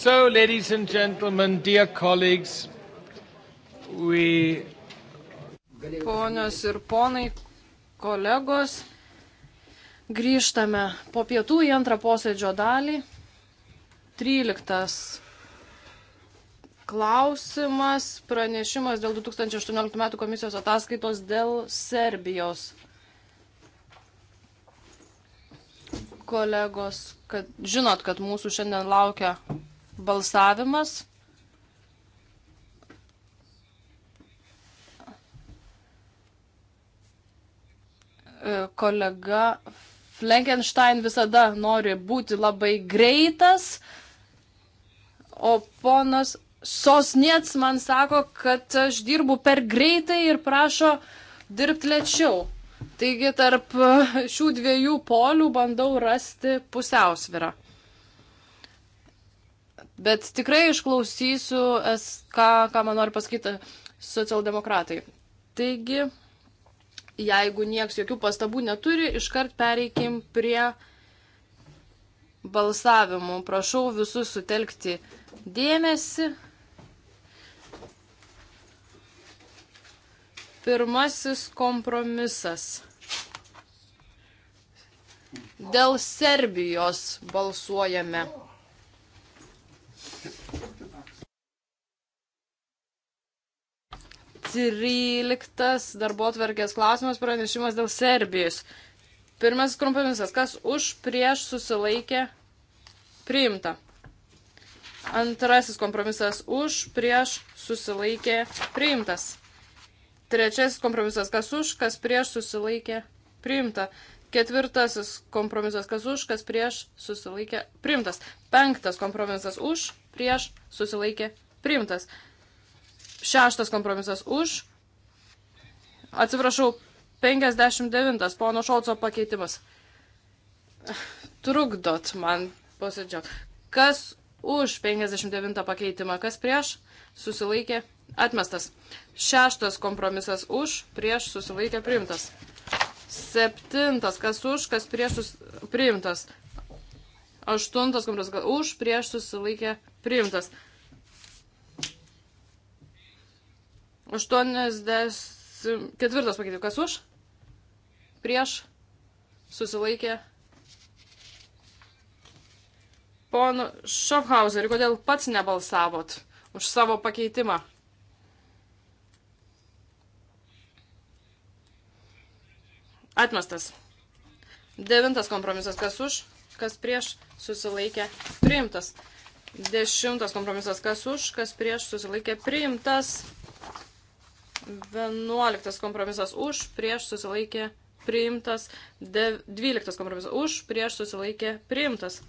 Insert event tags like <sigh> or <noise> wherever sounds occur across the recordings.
So, ladies and gentlemen, dear colleagues, we. Ponios ir ponai, kolegos, grįžtame po pietų į antrą posėdžio dalį. 13 klausimas, pranešimas dėl 2018 m. komisijos ataskaitos dėl Serbijos. Kolegos, kad žinot, kad mūsų šiandien laukia balsavimas. E, kolega Flankenstein visada nori būti labai greitas, o ponas Sosniec man sako, kad aš dirbu per greitai ir prašo dirbti lėčiau. Taigi tarp šių dviejų polių bandau rasti pusiausvirą. Bet tikrai išklausysiu, es, ką, ką man nori pasakyti socialdemokratai. Taigi, jeigu nieks jokių pastabų neturi, iškart pereikim prie balsavimų. Prašau visus sutelkti dėmesį. Pirmasis kompromisas. Dėl Serbijos balsuojame. 13 darbo atverkės klausimas pranešimas dėl Serbijos. Pirmasis kompromisas, kas už prieš susilaikė priimta. Antrasis kompromisas už prieš susilaikė priimtas. Trečiasis kompromisas, kas už, kas prieš susilaikė priimta. Ketvirtasis kompromisas, kas už, kas prieš susilaikė priimtas. Penktas kompromisas už prieš susilaikė priimtas. Šeštas kompromisas už. Atsiprašau, 59 pono Šolco pakeitimas. Trukdot man posėdžio. Kas už 59 pakeitimą, kas prieš? Susilaikė. Atmestas. Šeštas kompromisas už, prieš susilaikė priimtas. Septintas, kas už, kas prieš sus... priimtas. Aštuntas kompromisas, už, prieš susilaikė priimtas. 84 pakeitimas. Kas už? Prieš. Susilaikė. Pon Schaffhauser, kodėl pats nebalsavot už savo pakeitimą? Atmestas. Devintas kompromisas. Kas už? Kas prieš? Susilaikė. Priimtas. Dešimtas kompromisas. Kas už? Kas prieš? Susilaikė. Priimtas. 11 kompromisas už, prieš susilaikė priimtas. 12 kompromisas už, prieš susilaikė priimtas.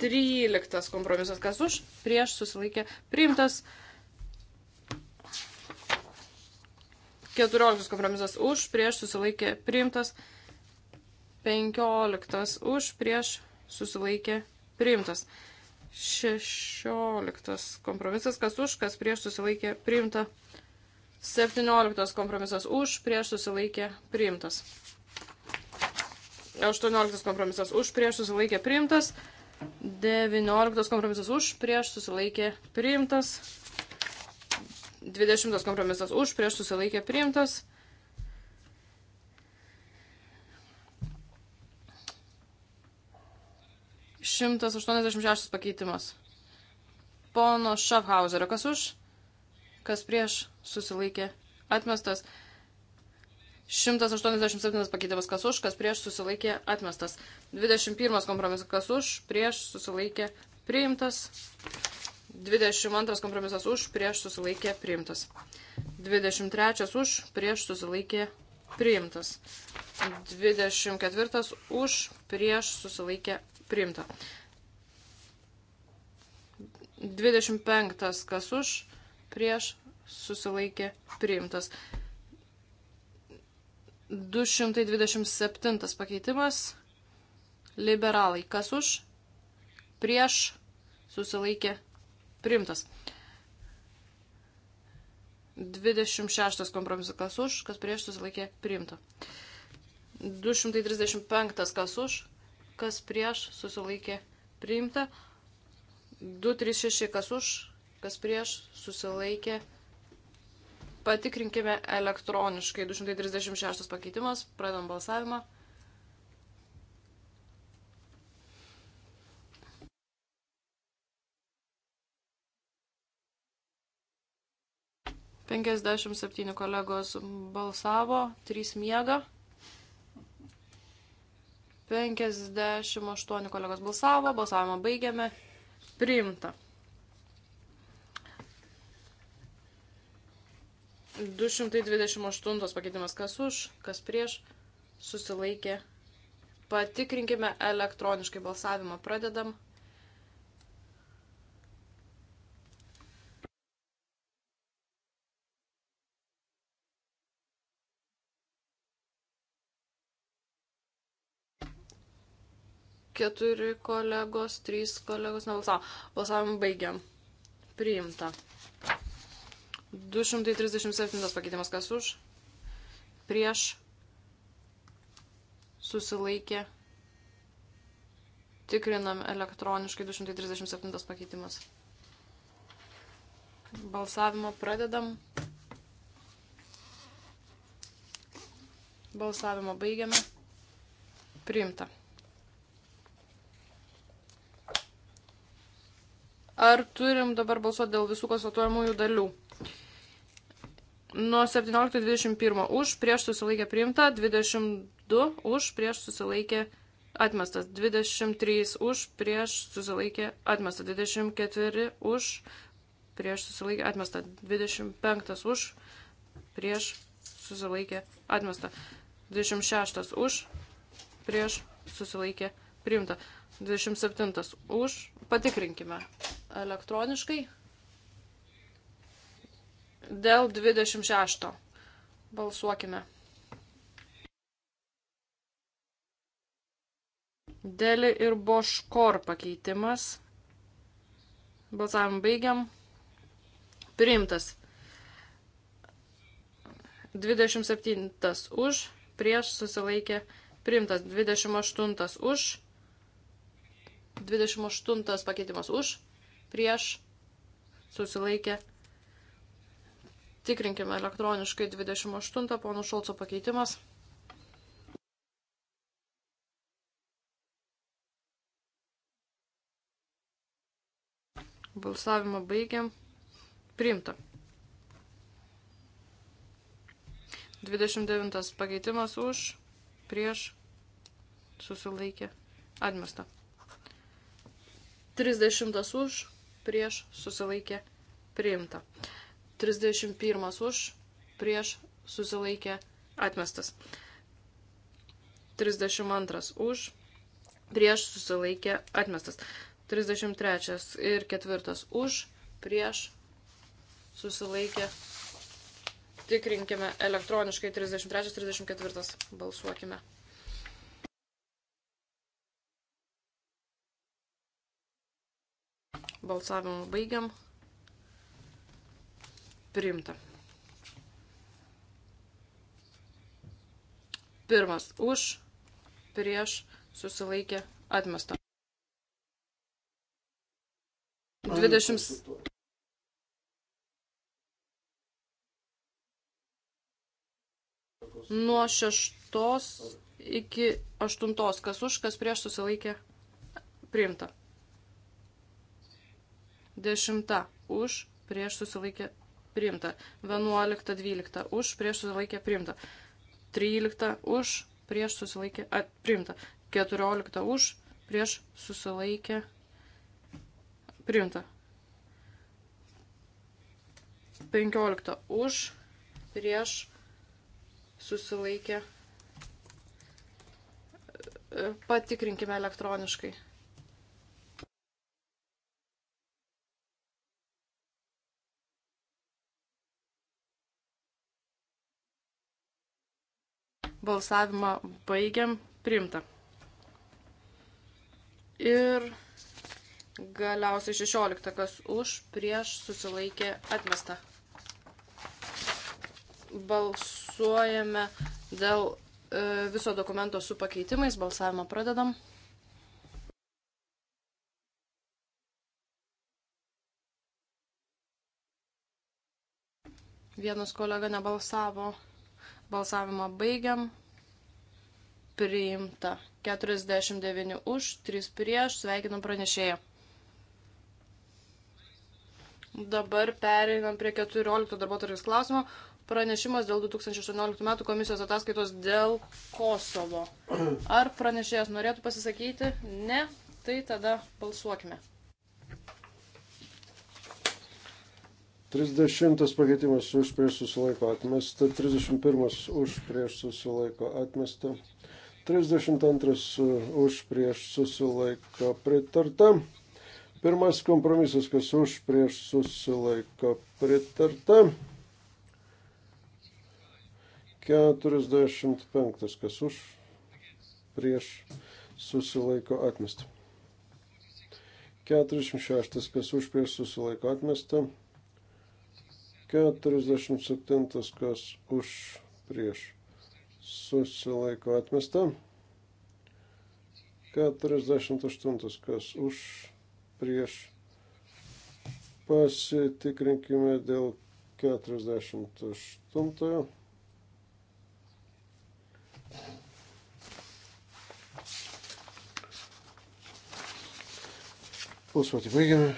13 kompromisas kas už, prieš susilaikė priimtas. 14 kompromisas už, prieš susilaikė priimtas. 15 už, prieš susilaikė priimtas. 16 kompromisas, kas už, kas prieš susilaikė priimta. 17 kompromisas už, prieš susilaikė priimtas. 18 kompromisas už, prieš susilaikė priimtas. 19 kompromisas už, prieš susilaikė priimtas. 20 kompromisas už, prieš susilaikė priimtas. 186 pakeitimas. Pono Schaffhauserio, kas už, kas prieš susilaikė atmestas. 187 pakeitimas, kas už, kas prieš susilaikė atmestas. 21 kompromisas, kas už, prieš susilaikė priimtas. 22 kompromisas už, prieš susilaikė priimtas. 23 už, prieš susilaikė priimtas. 24 už, prieš susilaikė priimta. 25. Kas už, prieš, susilaikė, priimtas. 227 pakeitimas. Liberalai. Kas už, prieš, susilaikė, priimtas. 26 kompromisas kas už, kas prieš susilaikė priimta. 235 kas už, kas prieš, susilaikė priimta. 236, kas už, kas prieš, susilaikė. Patikrinkime elektroniškai. 236 pakeitimas, pradam balsavimą. Penkiasdešimt septyni kolegos balsavo, trys miega. 58 kolegos balsavo, balsavimą baigiame. Priimta. 228 pakeitimas kas už, kas prieš, susilaikė. Patikrinkime elektroniškai balsavimą, pradedam. keturi kolegos, trys kolegos nebalsavo. Balsavimą baigiam. Priimta. 237 pakeitimas kas už. Prieš. Susilaikė. Tikrinam elektroniškai 237 pakeitimas. Balsavimą pradedam. Balsavimą baigiame. Priimta. Ar turim dabar balsuoti dėl visų konstatuojamųjų dalių? Nuo 17.21 už, prieš susilaikė priimta, 22 už, prieš susilaikė atmestas, 23 už, prieš susilaikė atmestas, 24 už, prieš susilaikė atmestą, 25 už, prieš susilaikė atmestą, 26 už, prieš susilaikė priimta, 27 už, patikrinkime elektroniškai dėl 26. Balsuokime. Deli ir Boškor pakeitimas. Balsavimą baigiam. Priimtas. 27 už, prieš susilaikė priimtas 28 už, 28 pakeitimas už, prieš susilaikė. Tikrinkime elektroniškai 28 pono Šolco pakeitimas. Balsavimą baigiam. Priimta. 29 pakeitimas už, prieš, susilaikė, atmesta. 30 už, prieš susilaikė priimta. 31 už prieš susilaikė atmestas. 32 už prieš susilaikė atmestas. 33 ir 4 už prieš susilaikė. Tikrinkime elektroniškai 33-34 balsuokime. Balsavimą baigiam. Priimta. Pirmas už, prieš, susilaikė, atmesta. 20. Nuo šeštos iki aštuntos, kas už, kas prieš susilaikė, priimta. 10 už, prieš susilaikė priimta. 11, 12 už, prieš susilaikė priimta. 13 už, prieš susilaikė atprimta. 14 už, prieš susilaikė priimta. 15 už, prieš susilaikė. Patikrinkime elektroniškai. Balsavimą baigiam. Primta. Ir galiausiai 16, kas už, prieš, susilaikė, atmesta. Balsuojame dėl e, viso dokumento su pakeitimais. Balsavimą pradedam. Vienas kolega nebalsavo. Balsavimą baigiam priimta. 49 už, 3 prieš, sveikinam pranešėją. Dabar pereinam prie 14 darbuotojų klausimo. Pranešimas dėl 2018 metų komisijos ataskaitos dėl Kosovo. Ar pranešėjas norėtų pasisakyti? Ne, tai tada balsuokime. 30 pakeitimas už prieš susilaiko atmestą, 31 už prieš susilaiko atmestą, 32 už prieš susilaiko pritarta. Pirmas kompromisas, kas už prieš susilaiko pritarta. 45, kas už prieš susilaiko atmestą. 46, kas už prieš susilaiko atmestą. 47, kas už prieš susilaiko atmesta. 48, kas už, prieš. Pasitikrinkime dėl 48. Pusvatį baigiame.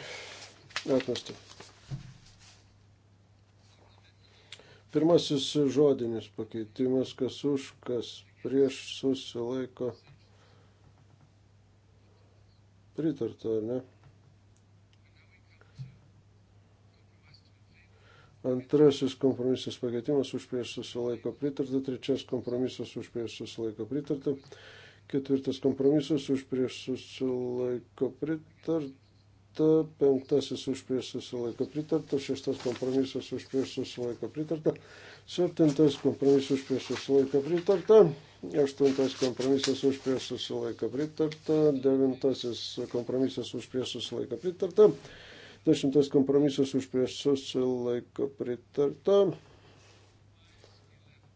Atmestą. Pirmasis žodinis pakeitimas, kas už, kas prieš susilaiko. Pritarta, ar ne? Antrasis kompromisas pakeitimas už prieš susilaiko pritarta, trečias kompromisas už prieš susilaiko pritarta, ketvirtas kompromisas už prieš susilaiko pritarta, pritarta, penktasis už prieš susilaiko pritarta, šeštas kompromisas už prieš susilaiko pritarta, septintas kompromisas už prieš susilaiko pritarta, aštuntas kompromisas už prieš susilaiko pritarta, devintasis kompromisas už prieš susilaiko pritarta, dešimtas kompromisas už prieš susilaiko pritarta.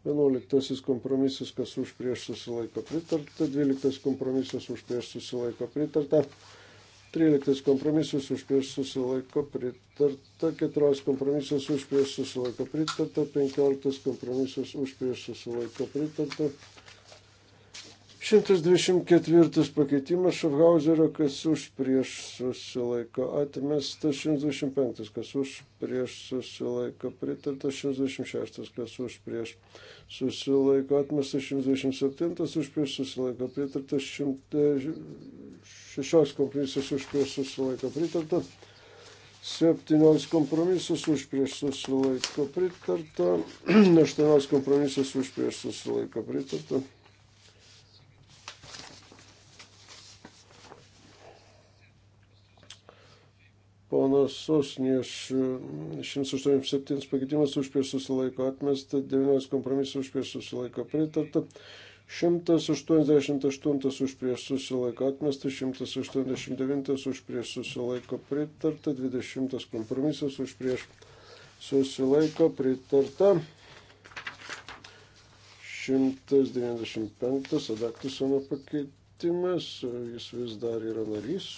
Vienuoliktasis kompromisas, kas už prieš susilaiko pritarta. Dvyliktas kompromisas už prieš susilaiko pritarta. 13 kompromisas už prieš susilaiko pritarta, 14 kompromisas už prieš susilaiko pritarta, 15 kompromisas už prieš susilaiko pritarta. 124 pakeitimas Šafhauserio, kas už prieš susilaiko atmestas, 125, kas už prieš susilaiko pritarta, 126, kas už prieš susilaiko atmestas, 127, už prieš susilaiko pritarta, 100. 16 kompromisas už prieš susilaiko pritarta. 17 kompromisas už prieš susilaiko pritarta. 18 <clears throat> kompromisas už prieš susilaiko pritarta. Ponas Sosnieš 187 pakeitimas už prieš susilaiko atmesta, 19 kompromisas už prieš susilaiko pritarta, 188 už prieš susilaiko atmestas, 189 už prieš susilaiko pritarta, 20 kompromisas už prieš susilaiko pritarta. 195 adaktusono pakeitimas, jis vis dar yra narys.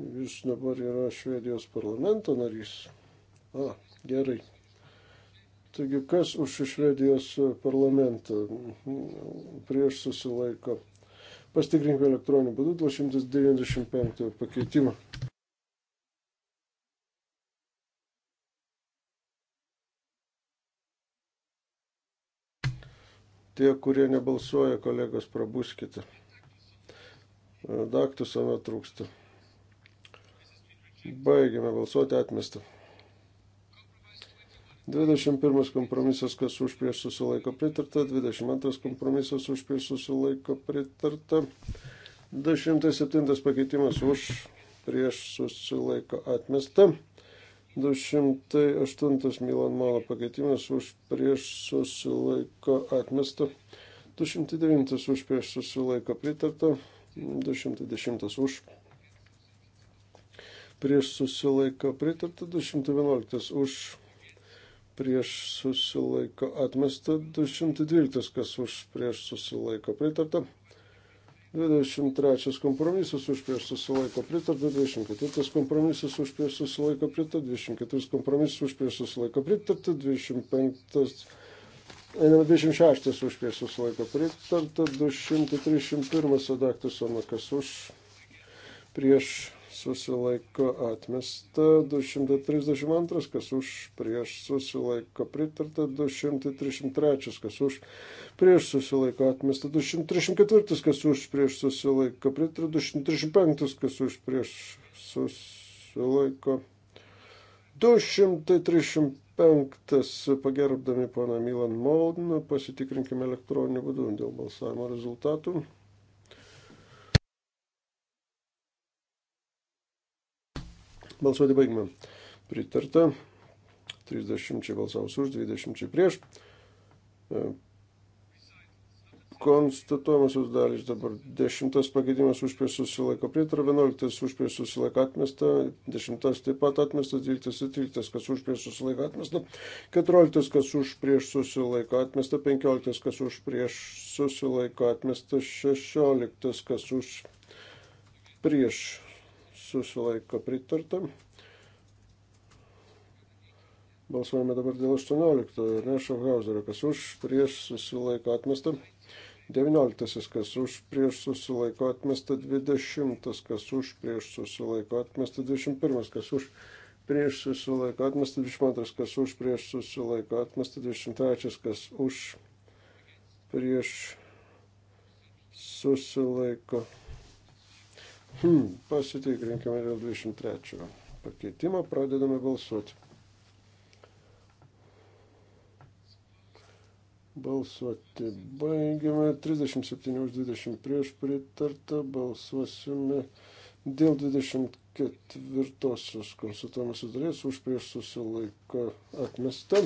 Jis dabar yra Švedijos parlamento narys. A, gerai. Taigi kas už Švedijos parlamentą prieš susilaiko? Pastikrinkime elektroniniu būdu dėl 195 pakeitimo. Tie, kurie nebalsuoja, kolegos, prabuskite. Daktų savo trūksta. Baigime balsuoti atmestą. 21 kompromisas, kas už prieš susilaiko pritarta, 22 kompromisas už prieš susilaiko pritarta, 207 pakeitimas už prieš susilaiko atmesta, 208 Milan Mano pakeitimas už prieš susilaiko atmesta, 209 už prieš susilaiko pritarta, 210 už prieš susilaiko pritarta, 211 už prieš susilaiko atmesta, 212 kas už prieš susilaiko pritarta, 23 kompromisas už prieš susilaiko pritarta, 24 kompromisas už prieš susilaiko pritarta, 24 kompromisas už prieš susilaiko pritarta, 25. 26 e, už prieš susilaiko pritarta, 231 adaktas onakas už prieš susilaiko atmesta, 232, kas už, prieš susilaiko pritarta, 233, kas už, prieš susilaiko atmesta, 234, kas už, prieš susilaiko pritarta, 235, kas už, prieš susilaiko. 235 pagerbdami poną Milan Moldiną pasitikrinkime elektroniniu būdu dėl balsavimo rezultatų. Balsuoti baigime. Pritarta. 30 balsams už, 20 prieš. E, Konstatuojamosios dalys dabar 10 pakeitimas už prieš susilaiko pritarą, 11 už prieš susilaiko atmesta, 10 taip pat atmesta, 12 ir 13 kas už prieš susilaiko atmesta, 14 kas už prieš susilaiko atmesta, 15 kas už prieš susilaiko atmesta, 16 kas už prieš susilaiko pritarta. Balsuojame dabar dėl 18, ne Šauhauserio, kas už, prieš susilaiko atmesta. 19, kas už, prieš susilaiko atmesta. 20, kas už, prieš susilaiko atmesta. 21, kas už prieš susilaiko atmestas 22, kas už prieš susilaiko atmestas 23, kas už prieš susilaiko Hmm, pasitikrinkime dėl 23 pakeitimo, pradedame balsuoti. Balsuoti baigiame, 37 už 20 prieš pritarta, balsuosime dėl 24 konsultuojamos dalies už prieš susilaiko atmestą.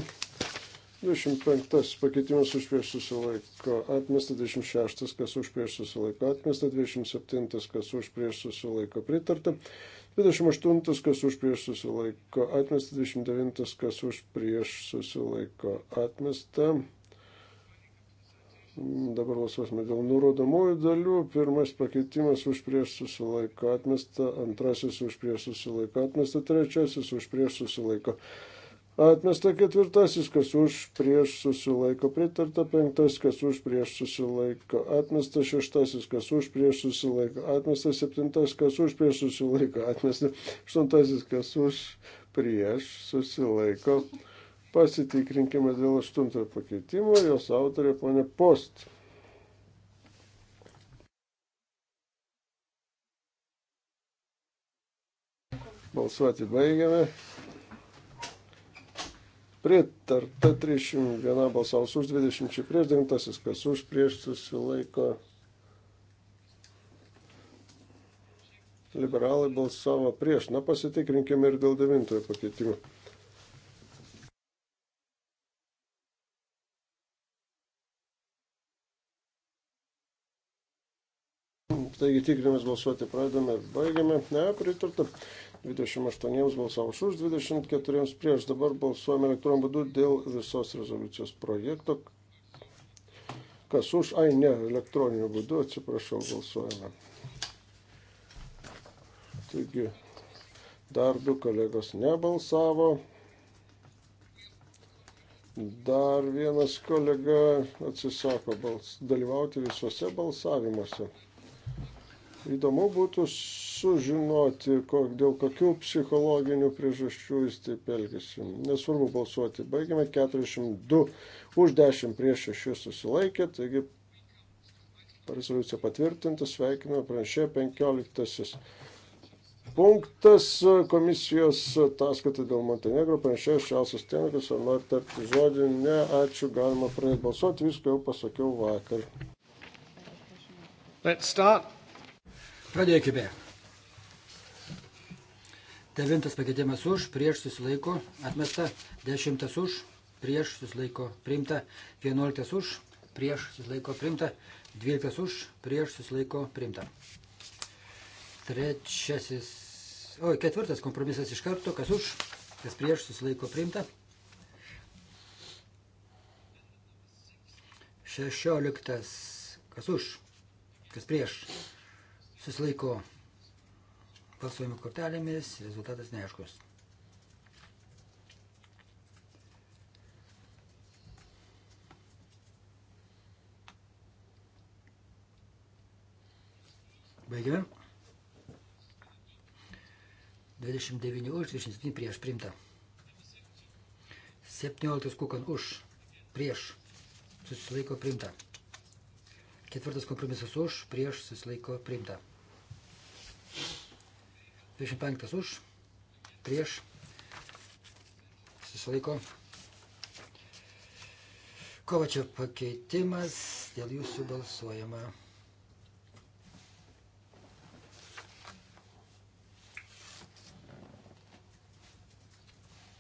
25 pakeitimas už prieš susilaiko atmesta, 26 kas už prieš susilaiko atmesta, 27 kas už prieš susilaiko pritarta, 28 kas už prieš susilaiko atmesta, 29 kas už prieš susilaiko atmesta. Dabar balsuosime dėl nurodomųjų dalių. Pirmas pakeitimas už prieš susilaiko atmesta, antrasis už prieš susilaiko atmesta, trečiasis už prieš susilaiko atmesta Atmesta ketvirtasis, kas už prieš susilaiko pritarta, penktas, kas už prieš susilaiko, atmesta šeštasis, kas už prieš susilaiko, atmesta septintas, kas už prieš susilaiko, atmesta aštuntasis, kas už prieš susilaiko. Pasitikrinkime dėl aštuntojo pakeitimo, jos autorė ponė Post. Balsuoti baigiame. Pritarta 301 balsavus už 20 prieš 9, kas už prieš susilaiko. Liberalai balsavo prieš. Na, pasitikrinkime ir dėl 9 pakeitimo. Taigi tikrinimas balsuoti pradame ir baigiame. Ne, pritarta. 28 balsavo už, 24 prieš. Dabar balsuojame elektroniniu būdu dėl visos rezoliucijos projekto. Kas už, ai ne, elektroniniu būdu, atsiprašau, balsuojame. Taigi, dar du kolegos nebalsavo. Dar vienas kolega atsisako bals, dalyvauti visuose balsavimuose. Įdomu būtų sužinoti, kok, dėl kokių psichologinių priežasčių jis taip elgesi. Nesvarbu balsuoti. Baigėme 42 už 10 prieš 6 susilaikė, taigi rezoliucija patvirtinta, sveikiname pranešė 15. Punktas komisijos ataskaita dėl Montenegro pranešėjas Šiausias Tenakas, ar nori tarti žodį, ne, ačiū, galima pradėti balsuoti, viską jau pasakiau vakar. Let's start. Pradėkime. Devintas pakeitimas už, prieš susilaiko, atmesta. Dešimtas už, prieš susilaiko, priimta. Vienuoliktas už, prieš susilaiko, priimta. Dvyliktas už, prieš susilaiko, priimta. Trečiasis, o ketvirtas kompromisas iš karto, kas už, kas prieš susilaiko, priimta. Šešioliktas, kas už, kas prieš susilaiko, priimta Balsuojame kortelėmis, rezultatas neaiškus. Baigiame. 29 už, 27 prieš primta. 17 kukan už, prieš susilaiko primta. Ketvirtas kompromisas už, prieš susilaiko primta. 25 už, prieš, susilaiko. Kovo čia pakeitimas, dėl jūsų balsuojama.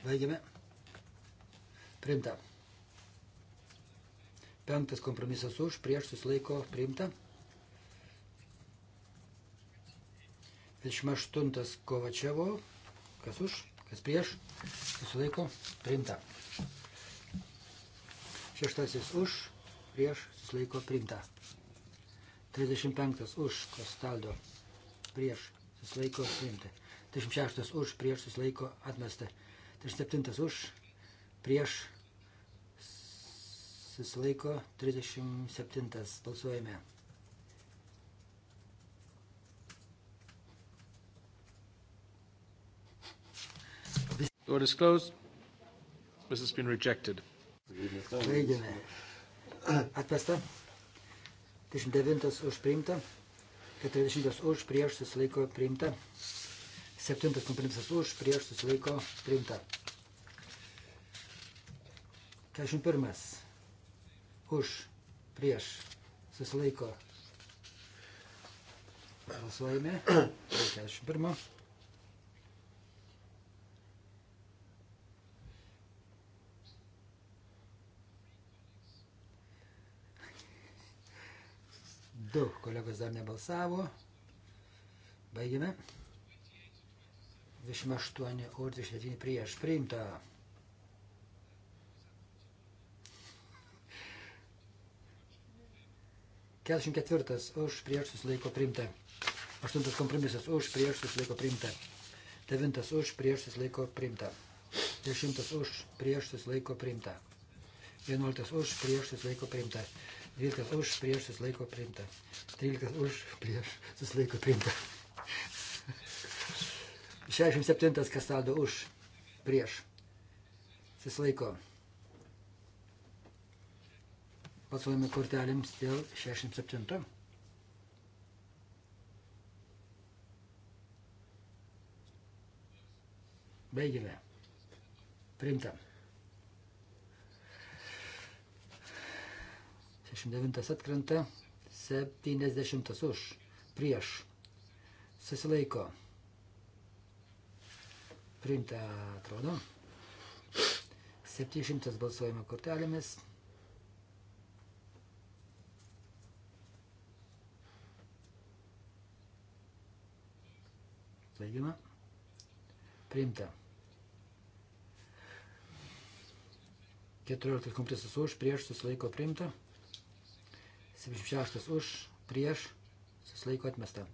Baigiame. Priimta. Penktas kompromisas už, prieš susilaiko priimta. 28 Kovačiavo, kas už, kas prieš, susilaiko, priimta. Šeštasis už, prieš, susilaiko, priimta. 35 už, Kostaldo, prieš, susilaiko, priimta. 36 už, prieš, susilaiko, atmesta. 37 už, prieš, susilaiko, 37 balsuojame. Vote is closed. This has been rejected. Baigėme. Atmesta. 39 už priimta. 40 už prieš susilaiko priimta. 7 kompromisas už prieš susilaiko priimta. 41 už prieš susilaiko. Balsuojame. 41. Du kolegos dar nebalsavo. Baigime. 28 už 27 prieš. Priimta. Keturiasdešimt ketvirtas už prieš susilaiko priimta. Aštuntas kompromisas už prieš susilaiko priimta. Devintas už prieš susilaiko priimta. Dešimtas už prieš susilaiko priimta. Vienuoliktas už prieš susilaiko priimta. 12 už, prieš susilaiko priimta. 13 už, prieš susilaiko priimta. 67 kastaldo už, prieš susilaiko. Pasuojame kortelėms dėl 67. Baigime. Priimtam. 69 atkrenta, 70 už, prieš, susilaiko. Priimta, atrodo. 700 balsuojame kortelėmis. Baigiama. Priimta. 14 kompresas už, prieš susilaiko priimta. 76 už, prieš, susilaiko atmesta.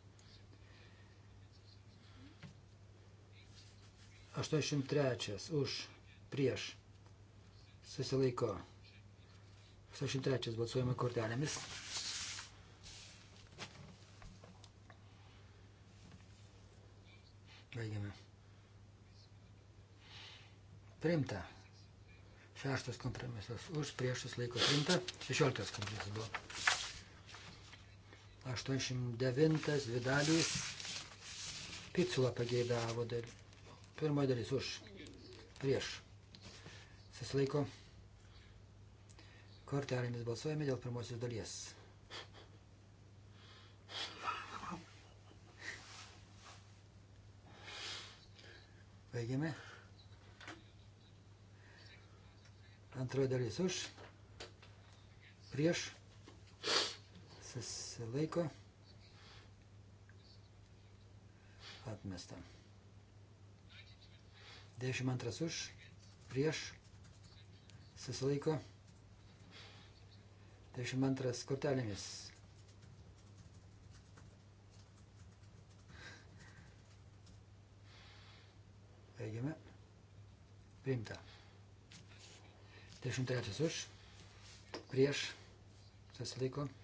83 už, prieš, susilaiko. 83 balsuojama kortelėmis. Baigiame. Primta. Šeštas kompromisas už priešus laiko primta. Šešioltas kompromisas buvo. 89 Vidalius Picula pageidavo dar. Pirmoji dalis už. Prieš. Susilaiko. Kortelėmis balsuojame dėl pirmosios dalies. Baigiame. Antroji dalis už. Prieš susilaiko, atmesta. 92 už, prieš, susilaiko, 92 kortelėmis. Baigiame. Priimta. 23 už, prieš, susilaiko, 92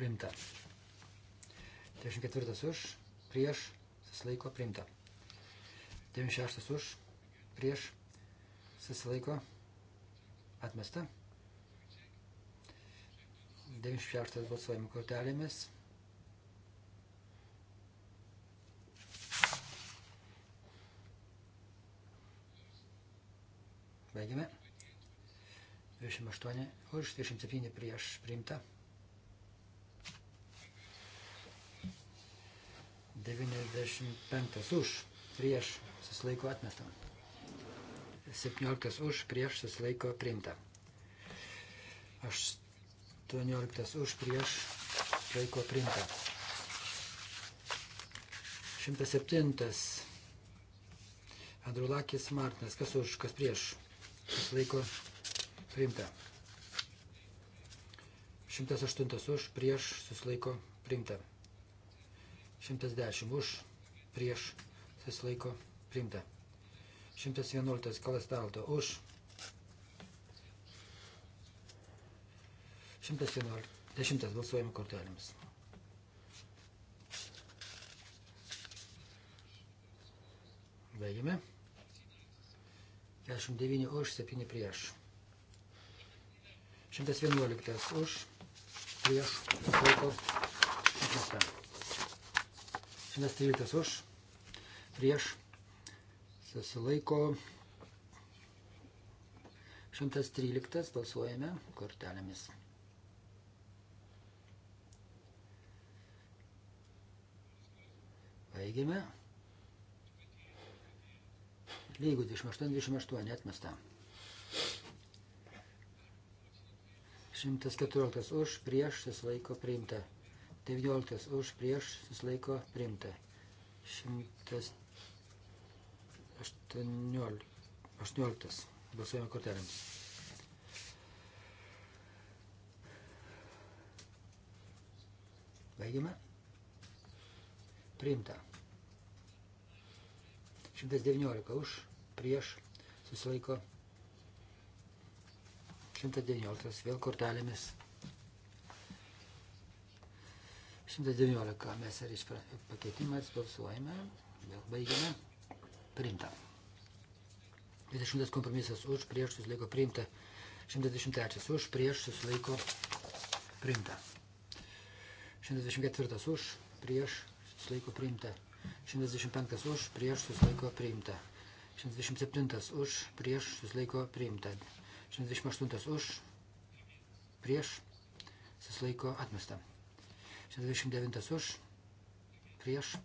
primta. 94 už, prieš, susilaiko primta. 96 už, prieš, susilaiko atmesta. 96 balsuojimo kortelėmis. Baigime. 28 už, 27 prieš priimta. 95 už, prieš susilaiko atmesta. 17 už, prieš susilaiko priimta. 18 už, prieš susilaiko priimta. 107 Andrulakis Martinas, kas už, kas prieš susilaiko priimta. 108 už, prieš susilaiko priimta. 110 už, prieš, susilaiko, priimta. 111 kalastalto už. 110 balsuojame kortelėmis. Baigiame. 49 už, 7 prieš. 111 už, prieš, laiko, atmesta. 113 už, prieš, susilaiko. 113 balsuojame kortelėmis. Baigime. Lygu 28-28 atmesta. 114 už, prieš, susilaiko priimta. 19 už prieš susilaiko priimta. 118. 18. Balsuojame kortelėms. Baigiame. Priimta. 119 už prieš susilaiko 119 vėl kortelėmis. 119 mes ar iš pakeitimas balsuojame, vėl baigiame, priimta. 20 kompromisas už, prieš susilaiko priimta. 123 už, prieš susilaiko priimta. 124 už, prieš susilaiko priimta. 125 už, prieš susilaiko priimta. 127 už, prieš susilaiko priimta. 128 už, prieš susilaiko atmesta. 129 už, prieš,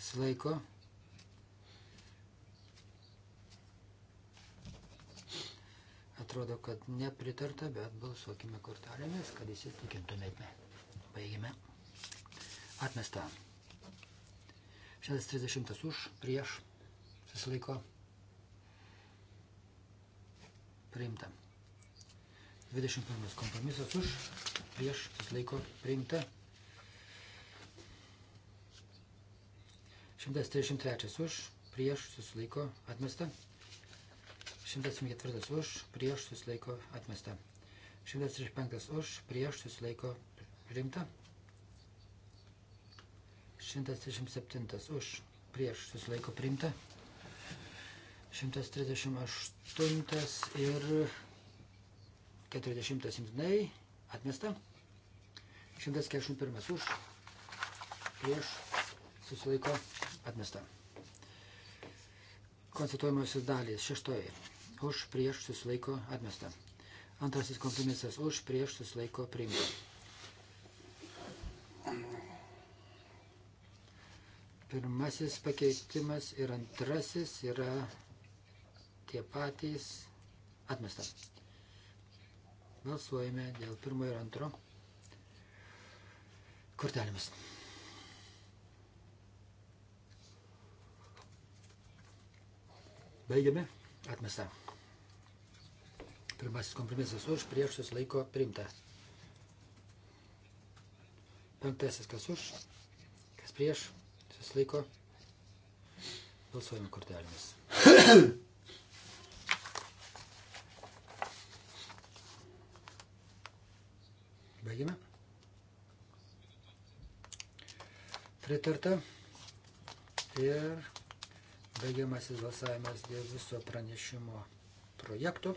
susilaiko. Atrodo, kad nepritarta, bet balsuokime kortelėmis, kad įsitikintumėme. Baigime. Atmesta. 130 už, prieš, susilaiko. Priimta. 21 kompromisas už, prieš, susilaiko priimta. 133 už, prieš, susilaiko atmesta. 174 už, prieš, susilaiko atmesta. 135 už, prieš, susilaiko priimta. 137 už, prieš, susilaiko priimta. 138 ir 40 simtinai atmesta. 141 už prieš susilaiko atmesta. Konstatuojamosios dalys šeštoji. Už prieš susilaiko atmesta. Antrasis kompromisas už prieš susilaiko priimta. Pirmasis pakeitimas ir antrasis yra tie patys atmesta. Balsuojame dėl pirmo ir antro kortelėmis. Baigiame. Atmesta. Pirmasis kompromisas už, prieš susilaiko priimta. Penktasis kas už, kas prieš susilaiko. Balsuojame kortelėmis. <coughs> Baigime. Pritarta. Ir baigiamasis balsavimas dėl viso pranešimo projekto.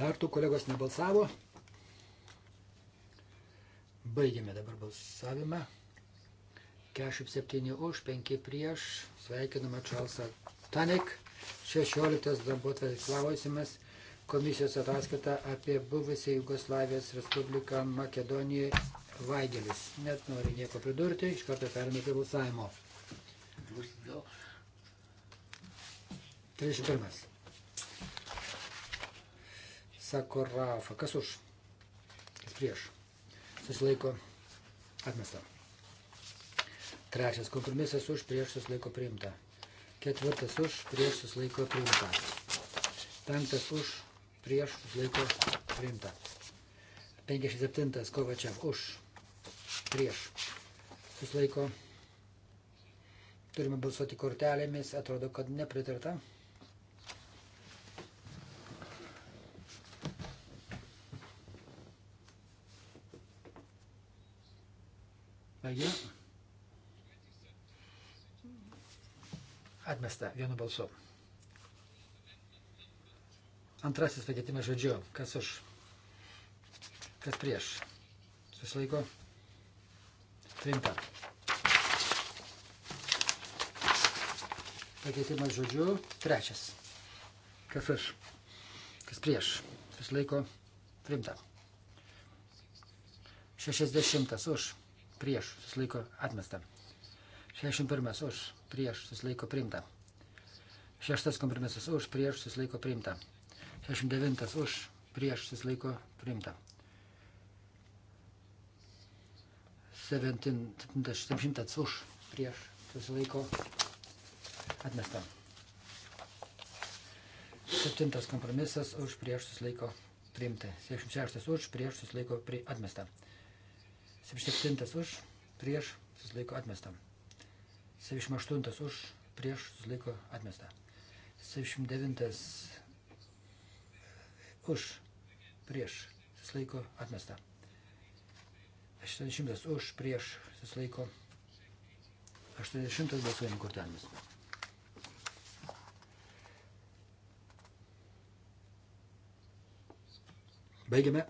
Dar tų kolegos nebalsavo. Baigėme dabar balsavimą. 47 už, 5 prieš. Sveikiname Čalsą Tanik. 16 darbuotojas klausimas. Komisijos ataskaita apie buvusią Jugoslavijos Respubliką Makedoniją Vaigelis. Net nori nieko pridurti, iš karto perėmė prie balsavimo. 31. Sako Rafa. Kas už? Kas prieš? Susilaiko. Atmestam. Trečias kompromisas už prieš susilaiko priimta. Ketvirtas už prieš susilaiko priimta. Penktas už prieš susilaiko priimta. 57 Kovačev už prieš susilaiko. Turime balsuoti kortelėmis, atrodo, kad nepritarta. Atmesta vienu balsu. Antrasis pakeitimas žodžiu. Kas už? Kas prieš? Susilaiko. Trinta. Pakeitimas žodžiu. Trečias. Kas už? Kas prieš? Susilaiko. Trinta. 60 už. Prieš. Susilaiko. Atmesta. 61 už. Prieš. Susilaiko. Primta. Šeštas kompromisas už prieš susilaiko priimta. 69 už prieš susilaiko priimta. 700 už prieš susilaiko atmesta. Septintas kompromisas už prieš susilaiko priimta. 76 už prieš susilaiko pri atmesta. 77 už prieš susilaiko atmesta. 78 už prieš susilaiko atmesta. 69 už, prieš, susilaiko, atmesta. 80 už, prieš, susilaiko, 80 balsuojami kortelėmis. Baigiame.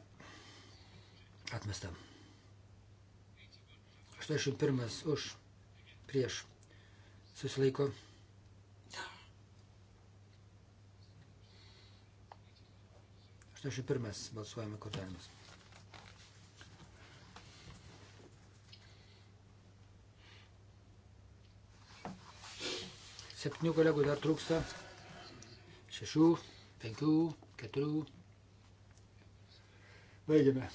Atmesta. 81 už, prieš, susilaiko, 80. 61 balsuojame kortelėmis. Septynių kolegų dar trūksta. Šešių, penkių, keturių. Baigiame.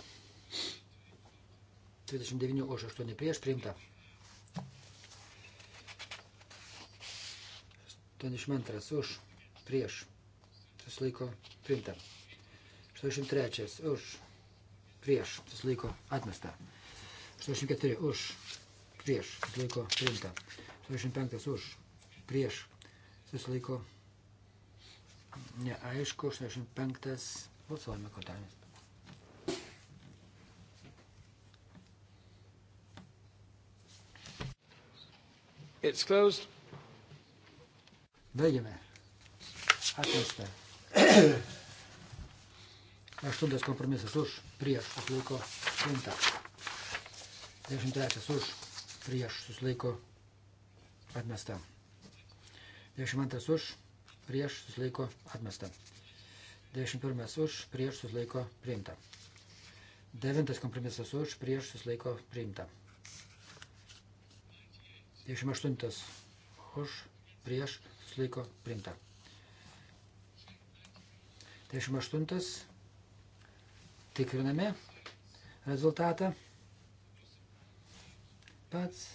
39 už 8 prieš priimta. 82 už prieš. Susilaiko priimta. 63 už, prieš, susilaiko atmesta. 84 už, prieš, susilaiko priimta. 85 už, prieš, susilaiko neaišku. 85 balsuojame kortelėmis. It's closed. Baigiame. Atmesta. Aštuntas kompromisas už, prieš, susilaiko priimta. 93 už, prieš, susilaiko atmesta. 92 už, prieš, susilaiko atmesta. 91 už, prieš, susilaiko priimta. 9 kompromisas už, prieš, susilaiko priimta. 28 už, prieš, susilaiko priimta. 38 Tikriname rezultatą. Pats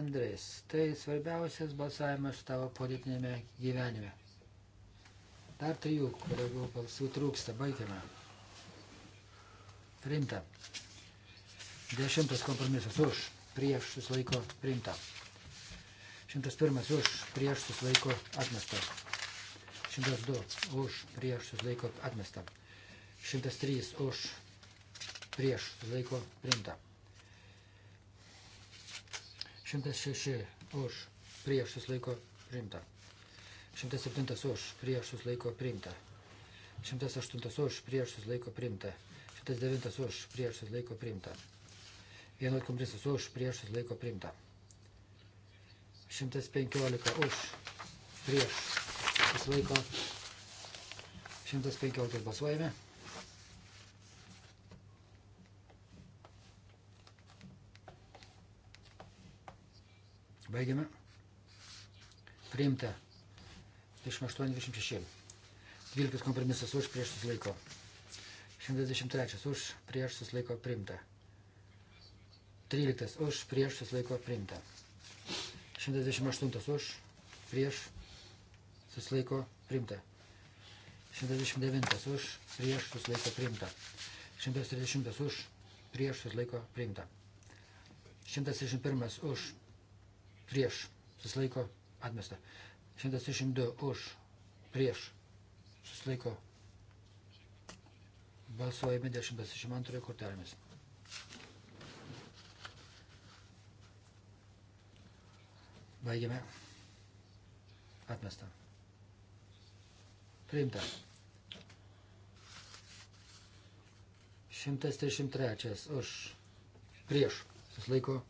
Andrės. Tai svarbiausias balsavimas tavo politinėme gyvenime. Dar trijų kolegų balsų trūksta. Baigiame. Primta. Dešimtas kompromisas už, prieš susilaiko primta. Šimtas pirmas už, prieš susilaiko atmesta. Šimtas du už, prieš susilaiko atmesta. 103 už prieš laiko priimta. 106 už prieš laiko priimta. 107 už prieš laiko priimta. 108 už prieš laiko priimta. 109 už prieš laiko priimta. 11 kompresas už prieš laiko priimta. 115 už prieš laiko. 115 balsuojame. Baigiame. Priimta. 28-26. 12 kompromisas už prieš susilaiko. 123 už prieš susilaiko priimta. 13 už prieš susilaiko priimta. 128 už prieš susilaiko priimta. 129 už prieš susilaiko priimta. 130 už prieš susilaiko priimta. 131 už prieš, susilaiko atmesta. 132 už, prieš, susilaiko. Balsuojame 162 kortelėmis. Baigiame. Atmesta. Priimta. 133 už prieš susilaiko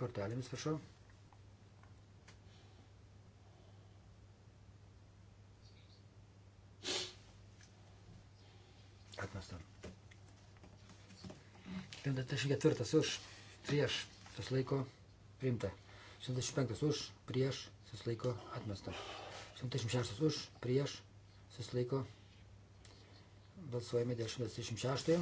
kortelėmis, prašau. Atmesta. 134 už, prieš, susilaiko, priimta. 105 už, prieš, susilaiko, atmesta. 136 už, prieš, susilaiko, balsuojame dėl 136.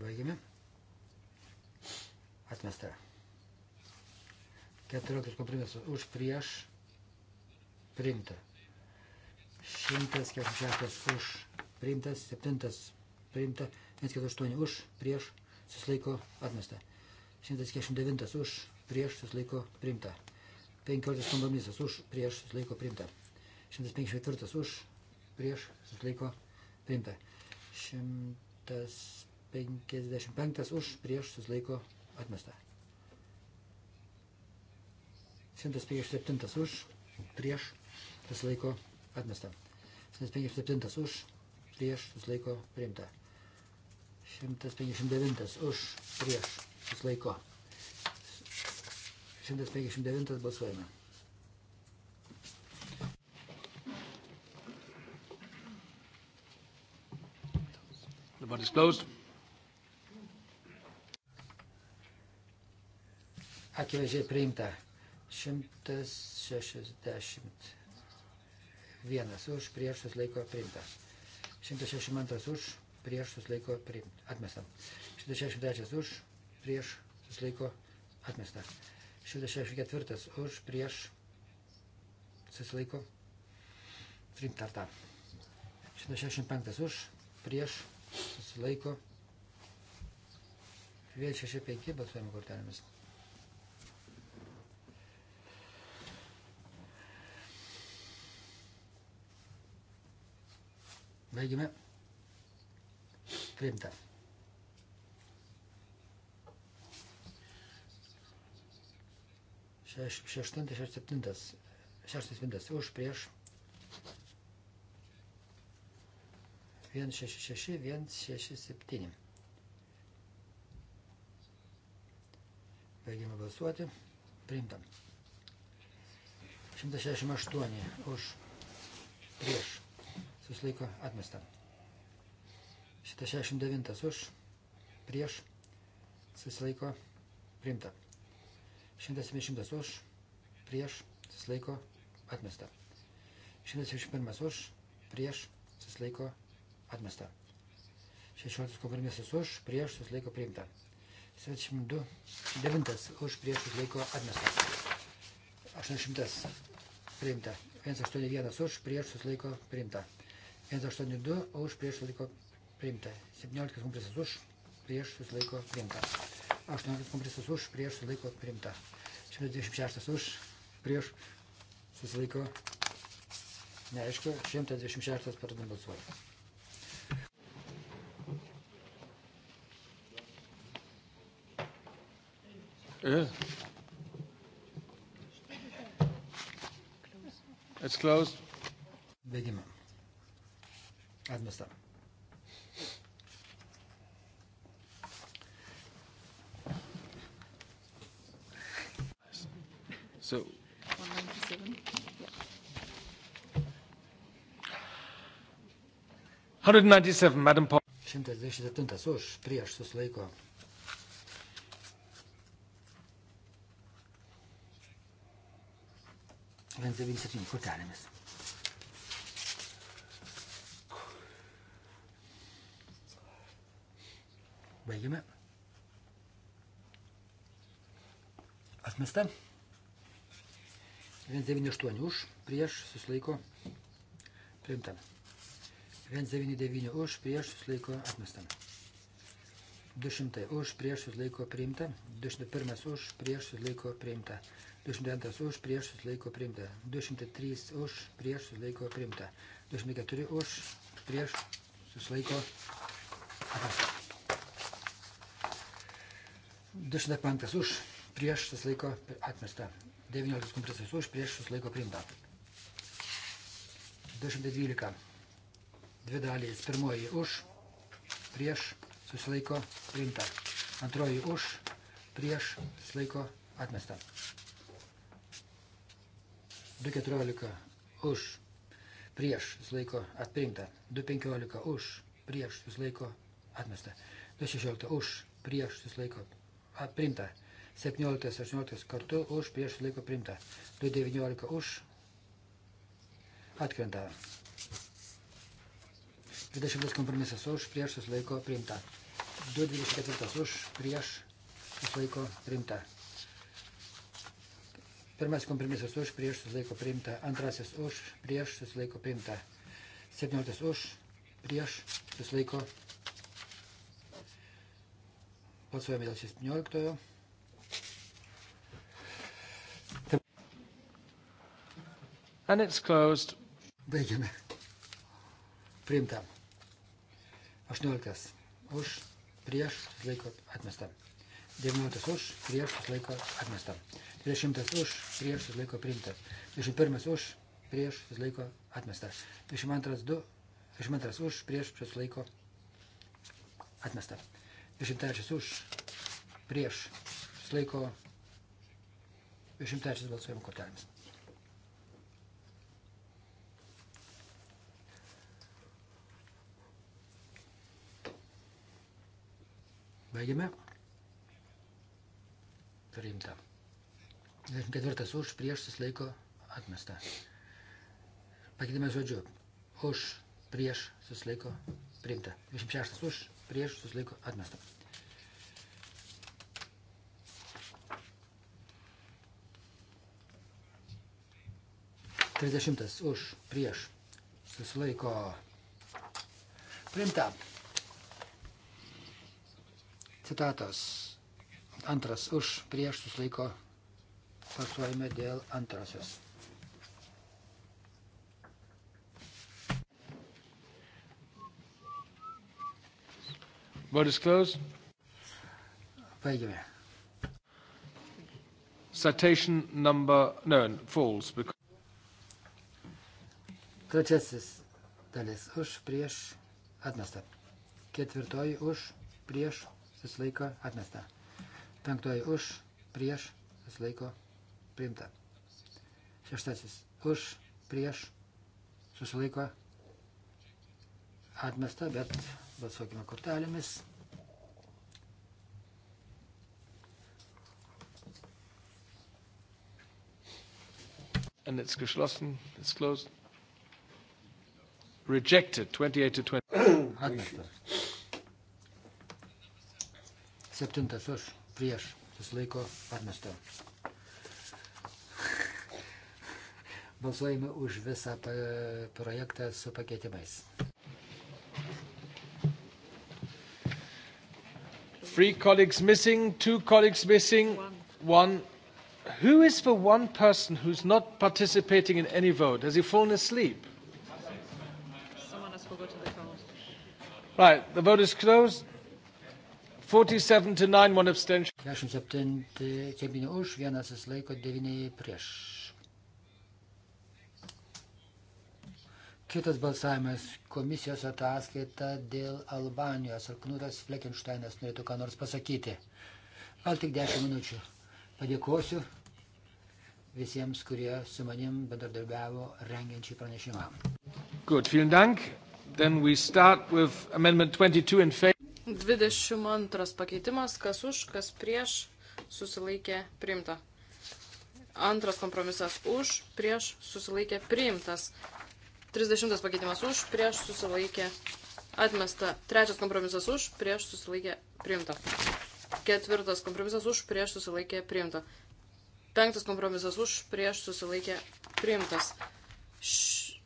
Baigiame. Atmesta. 14 kompromisų už prieš priimta. 146 už priimtas, 7 priimta, 148 už prieš susilaiko atmesta. 149 už prieš susilaiko priimta. 15 kompromisas už prieš susilaiko priimta. 154 už prieš susilaiko priimta. 100 55 už prieš susilaiko atmesta. 157 už prieš susilaiko atmesta. 157 už prieš susilaiko priimta. 159 už prieš susilaiko. 159 balsuojame. The vote is closed. akivaizdžiai priimta. 161 už prieš susilaiko priimta. 162 už prieš susilaiko priimta. Atmesta. 163 už prieš susilaiko atmesta. 164 už prieš susilaiko priimta. 165 už prieš susilaiko 265 balsuojimo kortelėmis. Baigime. Priimta. Šeš, šeštantas, šeš septintas, šeštas vintas už prieš. 166, 167. Baigime balsuoti. Priimta. 168 už prieš susilaiko atmesta. 169 už, prieš, susilaiko priimta. 170 už, prieš, susilaiko atmesta. 171 už, prieš, susilaiko atmesta. 16 kompromisas už, prieš, susilaiko priimta. 72, 9 už, prieš, susilaiko atmesta. 800 priimta. 181 už, prieš, susilaiko priimta. 182 už prieš laiko priimta. 17 kompresas už prieš susilaiko priimta. 18 kompresas už prieš susilaiko priimta. 126 už prieš susilaiko neaišku. 126 pradedam balsuoti. It's closed. Baigiame. Atmesta. So. 197. Yeah. 197, Madam Paul. 127 už prieš susilaiko. Vien 97 kortelėmis. Baigiame. Atmesta. 198 už, prieš, susilaiko, priimta. 199 už, prieš, susilaiko, atmesta. 200 už, prieš, susilaiko, priimta. 201 už, prieš, susilaiko, priimta. 202 už, prieš, susilaiko, priimta. 203 už, prieš, susilaiko, priimta. 204 už, prieš, susilaiko, atmesta. 205 už, prieš susilaiko atmesta. 19 kompresas už, prieš susilaiko priimta. 212. Dvi dalys. Pirmoji už, prieš susilaiko priimta. Antroji už, prieš susilaiko atmesta. 214 už, prieš susilaiko atprimta. 215 už, prieš susilaiko atmesta. 216 už, prieš susilaiko atmesta primta. 17-18 kartu už prieš laiko primta. 2-19 už atkrenta. 20 kompromisas už prieš laiko primta. 2-24 už prieš laiko primta. Pirmas kompromisas už prieš laiko primta. Antrasis už prieš laiko primta. 17 už prieš laiko primta Balsuojame dėl 17. And it's closed. Baigiame. Priimta. 18. Už, prieš, laiko atmesta. 19. Už, prieš, laiko atmesta. 20. Už, prieš, laiko priimta. 21. Už, prieš, laiko atmesta. 22. 2. 22. Už, prieš, laiko atmesta. 23 už, prieš, slaiko 23 balsuojimo kortelėmis. Baigiame. Priimta. 24 už, prieš, susilaiko, atmesta. Pakeitimas žodžiu. Už, prieš, susilaiko, priimta. 26 už, prieš susilaiko atmesta. Trisdešimtas už prieš susilaiko priimta. Citatos. Antras už prieš susilaiko pasuojame dėl antrosios. Vote is closed. Baigėme. Citation number, no, falls. Because... Trečiasis dalis už prieš atmestą. Ketvirtoji už prieš susilaiko atmestą. Penktoji už prieš susilaiko priimta. Šeštasis už prieš susilaiko atmestą, bet Balsuokime kortelėmis. And it's geschlossen. It's closed. Rejected. 28 to 20. <clears throat> Atmestas. Septintas už. Prieš. Jis laiko atmestą. Balsuojame už visą projektą su pakeitimais. Three colleagues missing, two colleagues missing, one. Who is the one person who's not participating in any vote? Has he fallen asleep? Someone has forgotten the count. Right, the vote is closed. 47 to 9, one abstention. 47 už, vienas susilaiko, 9 prieš. Kitas balsavimas - komisijos ataskaita dėl Albanijos. Ar Knutas Fleckensteinas norėtų ką nors pasakyti? Gal tik 10 minučių. Padėkosiu visiems, kurie su manim bendradarbiavo rengiančiai pranešimą. Good, vielen Dank. Then we start with amendment 22 in favor. 22 pakeitimas, kas už, kas prieš, susilaikė priimta. Antras kompromisas už, prieš, susilaikė priimtas. 30 pakeitimas už, prieš susilaikė atmesta. Trečias kompromisas už, prieš susilaikė priimta. Ketvirtas kompromisas už, prieš susilaikė priimta. Penktas kompromisas už, prieš susilaikė priimtas. Š...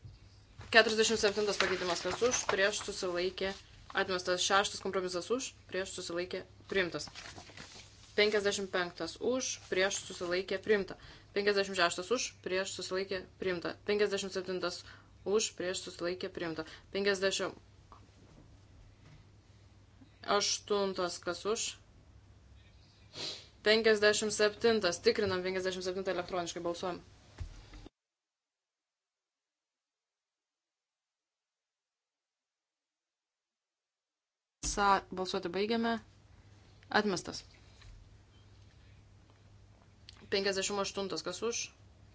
47 pakeitimas kas už, prieš susilaikė atmestas. Šeštas kompromisas už, prieš susilaikė priimtas. 55 už, prieš susilaikė priimta. 56 už, prieš susilaikė priimta. 57 už prieš susilaikė priimta. 58 kas už. 57. Tikrinam 57 elektroniškai balsuojam. Sa, balsuoti baigiame. Atmestas. 58 kas už,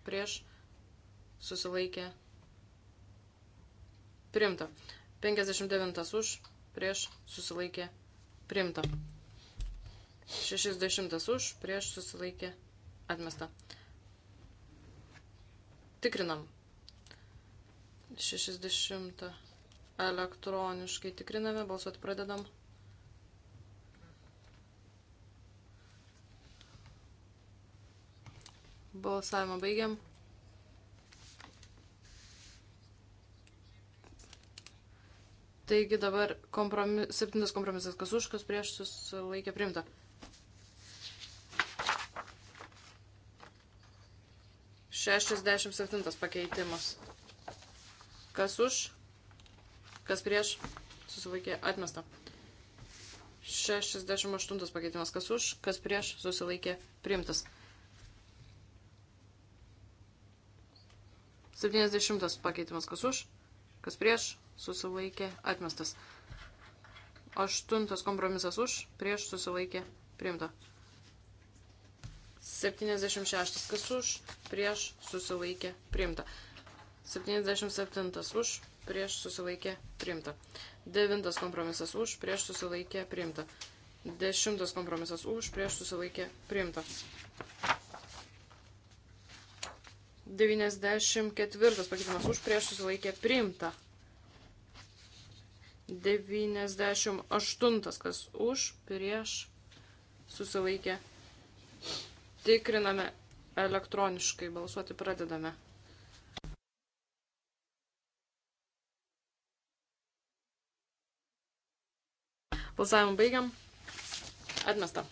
prieš, susilaikė, Primta. 59 už, prieš, susilaikė, primta. 60 už, prieš, susilaikė, atmesta. Tikrinam. 60 elektroniškai tikriname, balsuoti pradedam. Balsavimą baigiam. Taigi dabar kompromis, septintas kompromisas, kas už, kas prieš susilaikė primta. Šešiasdešimt septintas pakeitimas. Kas už, kas prieš susilaikė atmesta. 68 pakeitimas, kas už, kas prieš susilaikė primtas. 70 pakeitimas, kas už, kas prieš susilaikė, atmestas. Aštuntas kompromisas už, prieš susilaikė, priimta. 76 kas už, prieš susilaikė, priimta. 77 už, prieš susilaikė, priimta. 9 kompromisas už, prieš susilaikė, priimta. 10 kompromisas už, prieš susilaikė, priimta. 94 pakeitimas už, prieš susilaikė, priimta. 98, kas už, prieš, susilaikė. Tikriname elektroniškai, balsuoti pradedame. Balsavimą baigiam. Atmesta.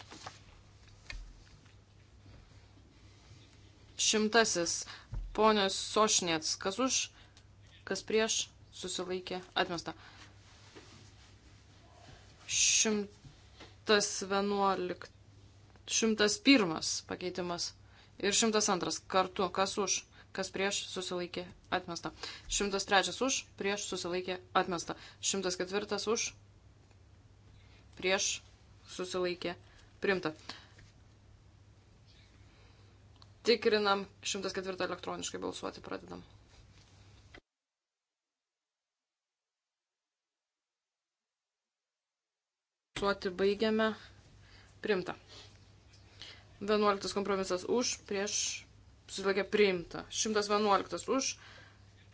Šimtasis. Ponios Sošnėts. Kas už, kas prieš, susilaikė. Atmesta. Atmesta. 111, 101 pakeitimas ir 102 kartu, kas už, kas prieš susilaikė atmesta. 103 už, prieš susilaikė atmesta. 104 už, prieš susilaikė primta. Tikrinam 104 elektroniškai balsuoti, pradedam. Balsuoti baigiame. Primta. 11 kompromisas už, prieš susilaikė priimta. 111 už,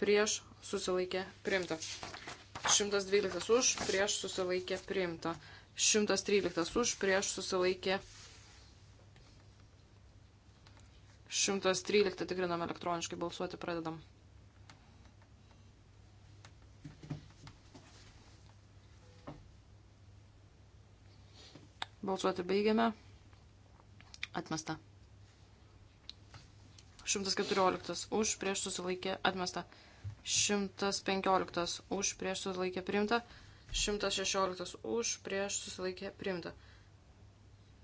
prieš susilaikė priimta. 112 už, prieš susilaikė priimta. 113 už, prieš susilaikė. 113 tikrinam elektroniškai balsuoti, pradedam. Balsuoti baigiame. Atmesta. 114 už prieš susilaikė atmesta. 115 už prieš susilaikė priimta. 116 už prieš susilaikė priimta.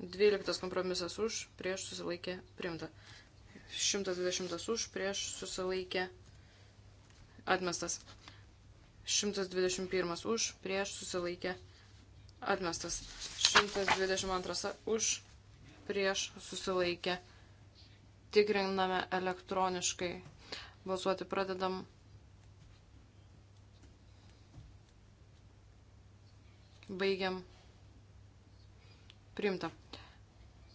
12 kompromisas už prieš susilaikė priimta. 120 už prieš susilaikė atmestas. 121 už prieš susilaikė atmestas. 122 už prieš susilaikę. Tikriname elektroniškai. Balsuoti pradedam. Baigiam. Priimta.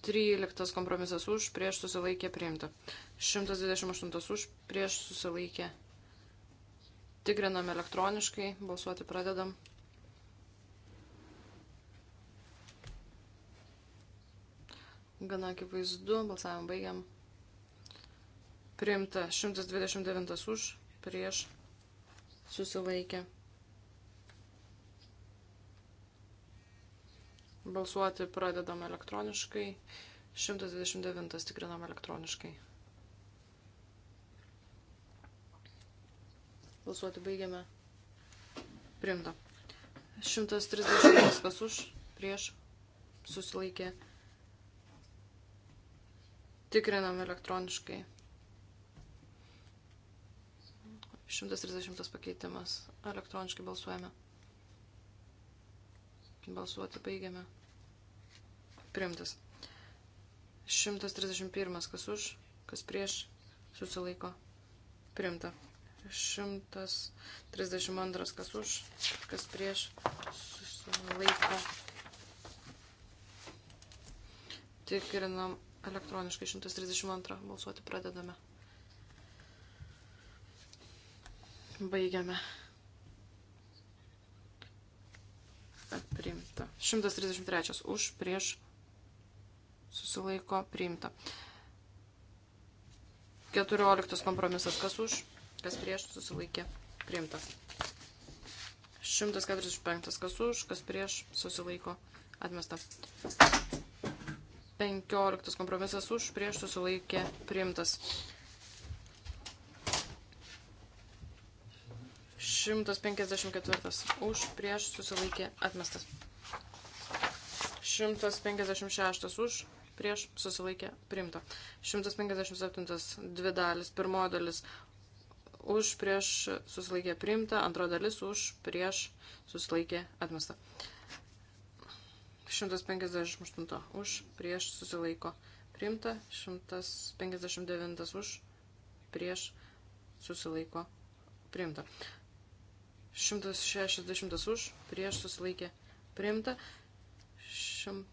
13 kompromisas už, prieš susilaikė priimta. 128 už, prieš susilaikė. Tikriname elektroniškai, balsuoti pradedam. Gana akivaizdu, balsavimą baigiam. Priimta 129 už, prieš, susilaikė. Balsuoti pradedam elektroniškai. 129 tikrinam elektroniškai. Balsuoti baigiame. Primta. 130 kas už, prieš, susilaikė. Tikrinam elektroniškai. 130 pakeitimas. Elektroniškai balsuojame. Balsuoti baigiame. Primtas. 131. Kas už, kas prieš, susilaiko. Primta. 132. Kas už, kas prieš, susilaiko. Tikrinam Elektroniškai 132 balsuoti pradedame. Baigiame. Priimta. 133 už, prieš, susilaiko, priimta. 14 kompromisas, kas už, kas prieš, susilaikė, priimta. 145, kas už, kas prieš, susilaiko, atmesta. 15 kompromisas už, prieš susilaikė priimtas. 154 už, prieš susilaikė atmestas. 156 už, prieš susilaikė primta. 157 dvi dalis, pirmoji dalis už, prieš susilaikė primta, antroji dalis už, prieš susilaikė atmesta. 158 už, prieš susilaiko priimta, 159 už, prieš susilaiko priimta. 160 už, prieš susilaikė priimta, 161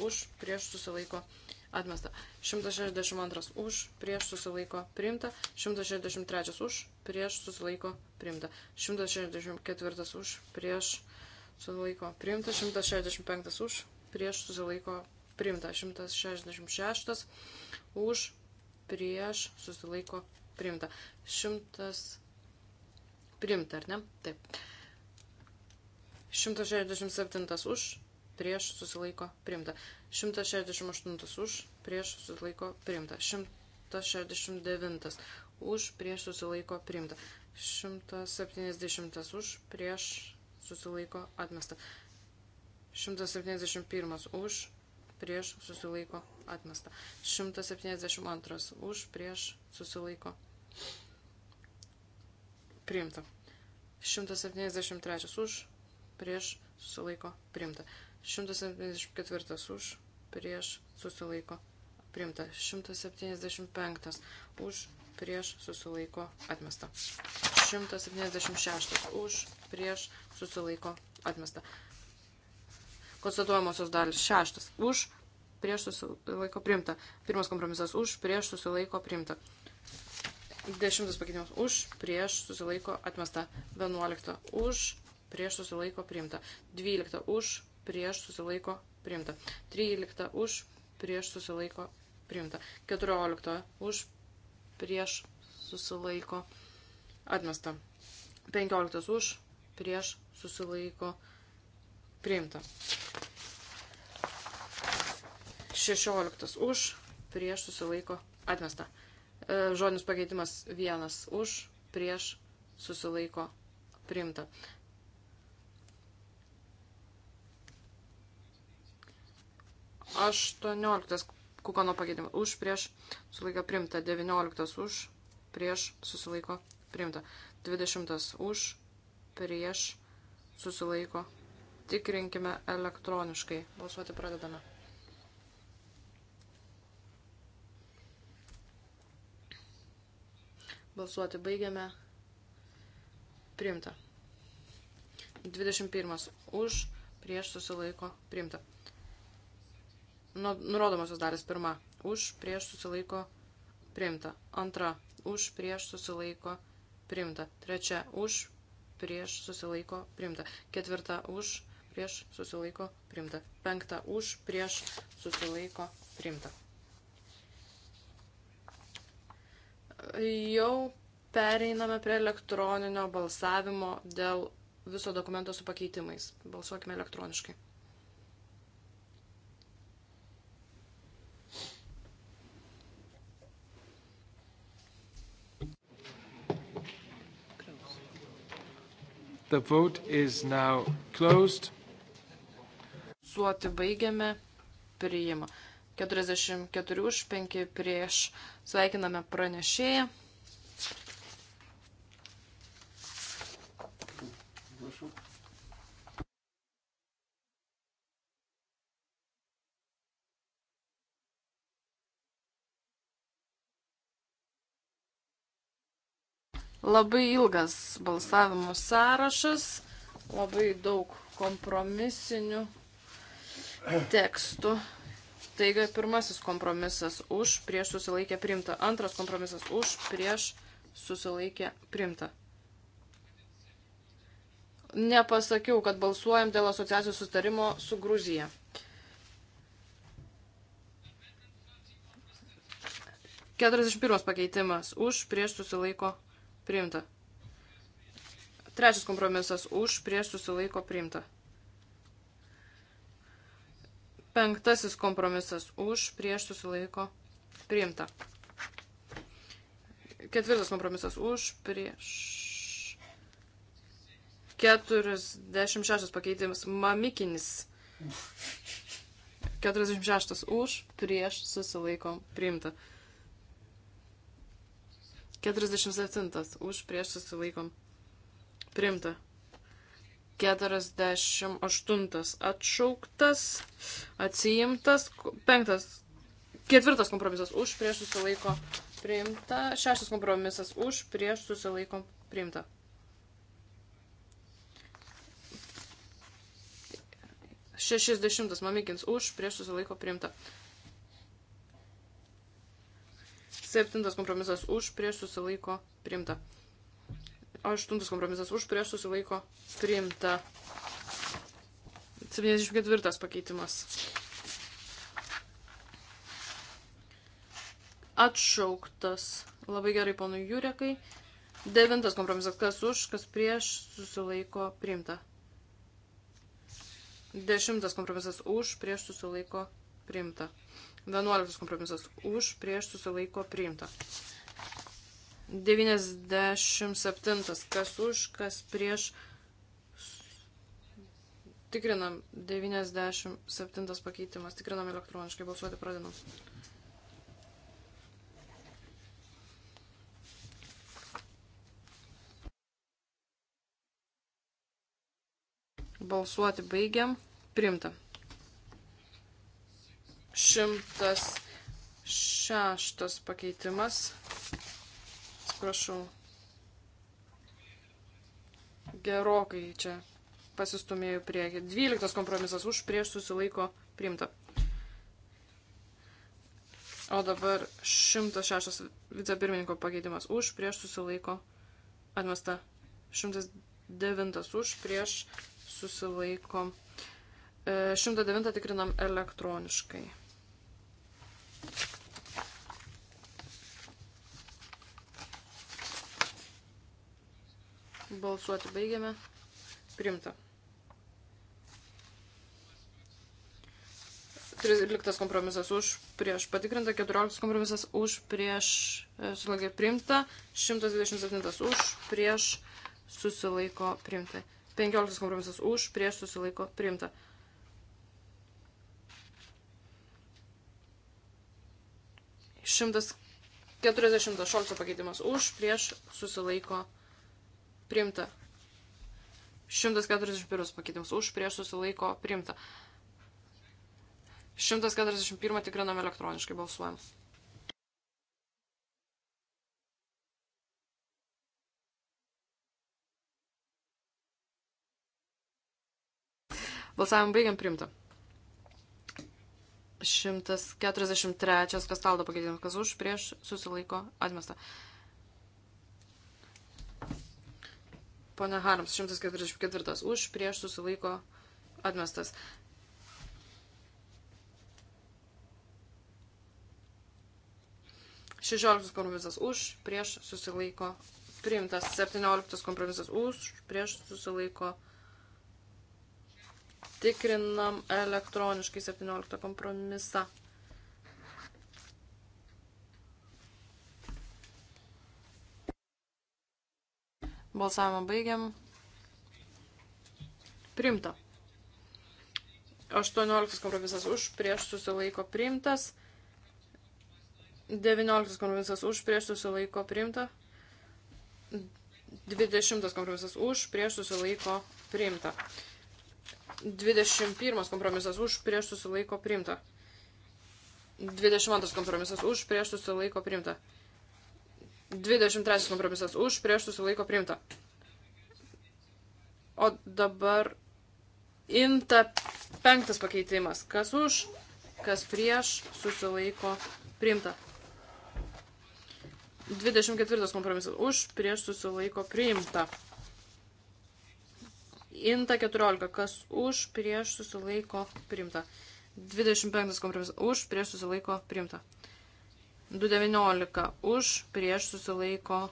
už, prieš susilaiko atmesta, 162 už, prieš susilaiko priimta, 163 už, prieš susilaiko priimta, 164 už, prieš susilaiko priimta susilaiko priimta, 165 už, prieš susilaiko priimta, 166 už, prieš susilaiko priimta, 100 priimta, ar ne? Taip. 167 už, prieš susilaiko priimta, 168 už, prieš susilaiko priimta, 169 už, prieš susilaiko priimta, 170 už, prieš susilaiko atmesta. 171 už, prieš susilaiko atmesta. 172 už, prieš susilaiko priimta. 173 už, prieš susilaiko priimta. 174 už, prieš susilaiko priimta. 175 už, prieš susilaiko atmesta. 176 už prieš susilaiko atmesta. Konstatuojamosios dalis 6 už prieš susilaiko primta. Pirmas kompromisas už prieš susilaiko primta. Dešimtas pakeitimas už prieš susilaiko atmesta. Vienuolikta už prieš susilaiko primta. Dvylikta už prieš susilaiko primta. Trylikta už prieš susilaiko primta. Keturiolikta už prieš susilaiko atmesta. 15 už prieš susilaiko priimta. 16 už prieš susilaiko atmesta. E, žodinis pakeitimas 1 už prieš susilaiko priimta. Aštuonioliktas Kukono pakeitimą už, prieš, susilaiko primta. 19 už, prieš, susilaiko primta. 20 už, prieš, susilaiko. Tikrinkime elektroniškai. Balsuoti pradedame. Balsuoti baigiame. Primta. 21 už, prieš susilaiko primta. Nu, nurodomosios dalis pirma, už prieš susilaiko primta. Antra, už prieš susilaiko primta. Trečia, už prieš susilaiko primta. Ketvirta, už prieš susilaiko primta. Penkta, už prieš susilaiko primta. Jau pereiname prie elektroninio balsavimo dėl viso dokumento su pakeitimais. Balsuokime elektroniškai. The vote is now closed. Suoti baigiame. Priima. 44 už 5 prieš. Sveikiname pranešėją. Labai ilgas balsavimo sąrašas, labai daug kompromisinių tekstų. Taigi pirmasis kompromisas už, prieš susilaikė primta. Antras kompromisas už, prieš susilaikė primta. Nepasakiau, kad balsuojam dėl asociacijos sustarimo su Gruzija. Keturiasdešimt pirmas pakeitimas už, prieš susilaiko primta. Priimta. Trečias kompromisas už, prieš susilaiko priimta. Penktasis kompromisas už, prieš susilaiko priimta. Ketvirtas kompromisas už, prieš. 46 pakeitimas mamikinis. 46 už, prieš susilaiko priimta. 47 už prieš susilaikom. Primta. 48 atšauktas, atsiimtas, 5 Ketvirtas kompromisas už, prieš susilaiko priimta. Šeštas kompromisas už, prieš susilaiko priimta. Šešisdešimtas mamikins už, prieš susilaiko priimta. Septintas kompromisas už, prieš susilaiko priimta. Aštuntas kompromisas už, prieš susilaiko priimta. 74 pakeitimas. Atšauktas. Labai gerai, ponui Jurekai. Devintas kompromisas. Kas už, kas prieš susilaiko priimta. Dešimtas kompromisas už, prieš susilaiko priimta. 11 kompromisas už, prieš susilaiko priimta. 97 kas už, kas prieš. Tikrinam 97 pakeitimas, tikrinam elektroniškai, balsuoti pradedam. Balsuoti baigiam. Primta. 106 pakeitimas. Atsiprašau. Gerokai čia pasistumėjau prieki. 12 kompromisas už prieš susilaiko priimta. O dabar 106 vicepirmininko pakeitimas už prieš susilaiko atmesta. 109 už prieš susilaiko. 109 e, tikrinam elektroniškai. Balsuoti baigiame. Primta. 13 kompromisas už prieš patikrinta, 14 kompromisas už prieš e, sulaikė primta, 127 už prieš susilaiko primta, 15 kompromisas už prieš susilaiko primta, 140 šolco pakeitimas už, prieš susilaiko primta. 141 pakeitimas už, prieš susilaiko primta. 141 tikrinam elektroniškai balsuojam. Balsavimą baigiam primta. 143 kastaldo pakeitimas, kas už, prieš, susilaiko, atmesta. Pone Harms, 144 už, prieš, susilaiko, atmestas. Šešioliktas kompromisas už, prieš, susilaiko, priimtas. Septynioliktas kompromisas už, prieš, susilaiko, atmestas. Tikrinam elektroniškai 17 kompromisą. Balsavimą baigiam. Primta. 18 kompromisas už, prieš susilaiko priimtas. 19 kompromisas už, prieš susilaiko priimta. 20 kompromisas už, prieš susilaiko priimta. 21 kompromisas už prieš susilaiko priimta. 22 kompromisas už prieš susilaiko priimta. 23 kompromisas už prieš susilaiko priimta. O dabar inta penktas pakeitimas. Kas už, kas prieš susilaiko priimta. 24 kompromisas už prieš susilaiko priimta. Inta 14, kas už, prieš susilaiko primta. 25 kompromisas už, prieš susilaiko primta. 219 už, prieš susilaiko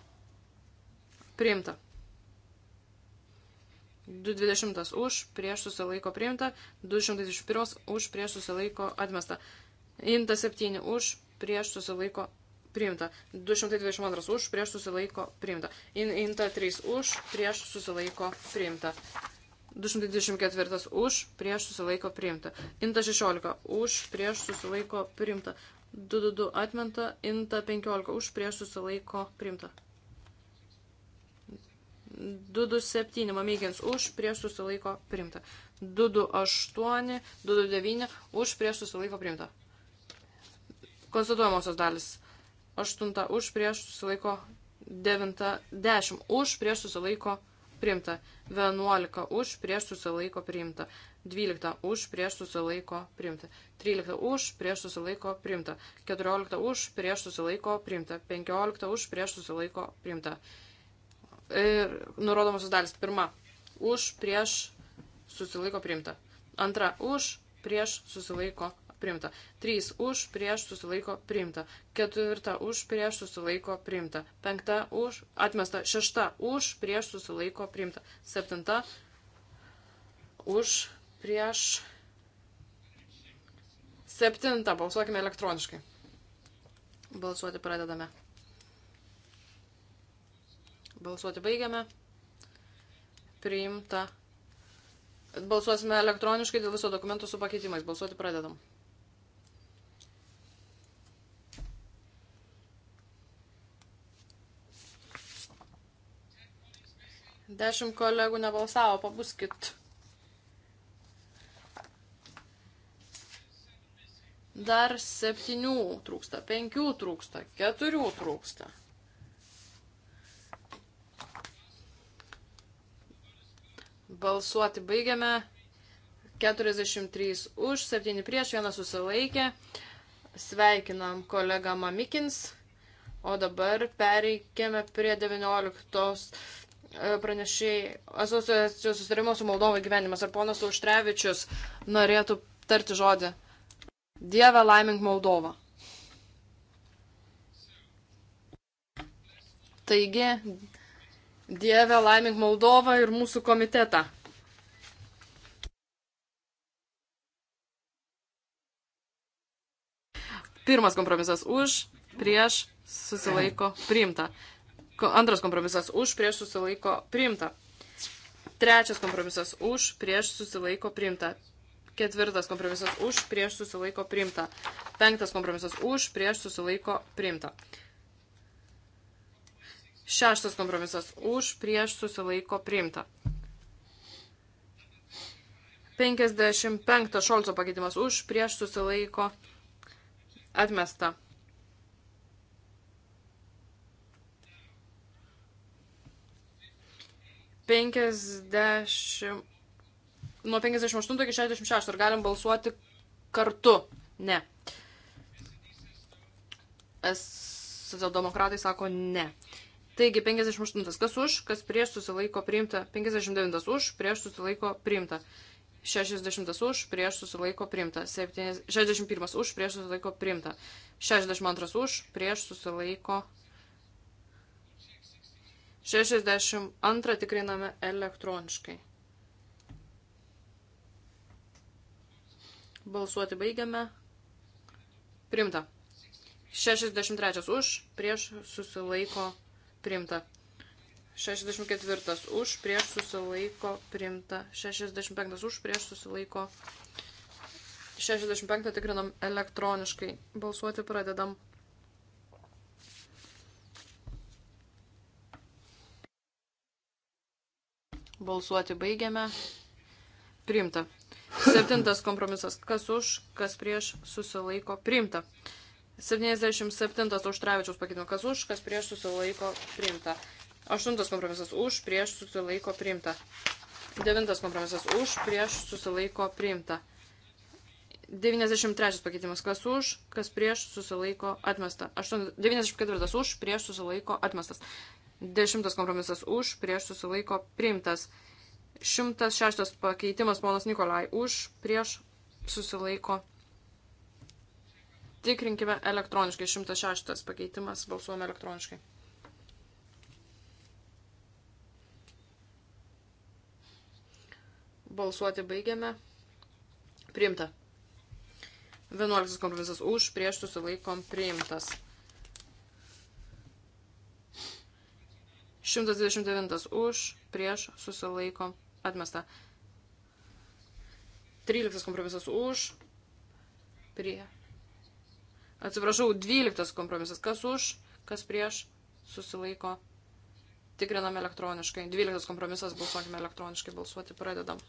primta. 220 už, prieš susilaiko primta. 221 už, prieš susilaiko atmesta. Inta 7 už, prieš susilaiko priimta. 222 už, prieš susilaiko priimta. In, inta 3 už, prieš susilaiko priimta. 224 už, prieš susilaiko priimta. Inta 16 už, prieš susilaiko priimta. 222 atmenta, inta 15 už, prieš susilaiko priimta. 227 mamygins už, prieš susilaiko priimta. 228, 229 už, prieš susilaiko priimta. Konstatuojamosios dalis aštunta už prieš susilaiko devinta dešimt už prieš susilaiko priimta vienuolika už prieš susilaiko priimta dvylikta už prieš susilaiko priimta trylikta už prieš susilaiko priimta keturiolikta už prieš susilaiko priimta penkiolikta už prieš susilaiko priimta ir nurodomosios dalis pirma už prieš susilaiko priimta antra už prieš susilaiko primta. 3 už, prieš susilaiko primta. 4 už, prieš susilaiko primta. 5 už, atmesta. 6 už, prieš susilaiko primta. 7 už, prieš. 7 balsuokime elektroniškai. Balsuoti pradedame. Balsuoti baigiame. Priimta. Balsuosime elektroniškai dėl viso dokumento su pakeitimais. Balsuoti pradedam. Dešimt kolegų nebalsavo, pabuskit. Dar septynių trūksta, penkių trūksta, keturių trūksta. Balsuoti baigiame. 43 už, 7 prieš, vienas susilaikė. Sveikinam kolegą Mamikins. O dabar pereikėme prie 19 E, pranešiai asociacijos sustarimo su Moldova gyvenimas. Ar ponas Auštrevičius norėtų tarti žodį? Dieve laimink Moldovą. Taigi, Dieve laimink Moldovą ir mūsų komitetą. Pirmas kompromisas už, prieš, susilaiko, priimta. Antras kompromisas už, prieš susilaiko priimta. Trečias kompromisas už, prieš susilaiko priimta. Ketvirtas kompromisas už, prieš susilaiko priimta. Penktas kompromisas už, prieš susilaiko priimta. Šeštas kompromisas už, prieš susilaiko priimta. 55 šolco pakeitimas už, prieš susilaiko atmesta. 50, nuo 58 iki 66. Ar galim balsuoti kartu? Ne. Socialdemokratai sako ne. Taigi 58. Kas už, kas prieš susilaiko priimta. 59. Už, prieš susilaiko priimta. 60 už, prieš susilaiko priimta. 61 už, prieš susilaiko priimta. 62 už, prieš susilaiko priimta. 62 tikriname elektroniškai. Balsuoti baigiame. Primta. 63 už, prieš susilaiko primta. 64 už, prieš susilaiko primta. 65 už, prieš susilaiko. 65 tikrinam elektroniškai. Balsuoti pradedam. Balsuoti baigiame. Priimta. Septintas kompromisas. Kas už, kas prieš, susilaiko. Priimta. 77 Auštrevičiaus pakeitimo. Kas už, kas prieš, susilaiko. Priimta. Aštuntas kompromisas. Už, prieš, susilaiko. Priimta. Devintas kompromisas. Už, prieš, susilaiko. Priimta. 93 pakeitimas. Kas už, kas prieš, susilaiko. Atmesta. 94 už, prieš, susilaiko. Atmestas. Dešimtas kompromisas už, prieš susilaiko priimtas. Šimtas šeštas pakeitimas ponas Nikolai už, prieš susilaiko. Tikrinkime elektroniškai. Šimtas šeštas pakeitimas balsuojame elektroniškai. Balsuoti baigiame. Priimta. 11 kompromisas už, prieš susilaikom priimtas. 129 už, prieš, susilaiko, atmesta. 13 kompromisas už, prie. Atsiprašau, 12 kompromisas. Kas už, kas prieš, susilaiko. Tikrinam elektroniškai. 12 kompromisas balsuokime elektroniškai. Balsuoti pradedam.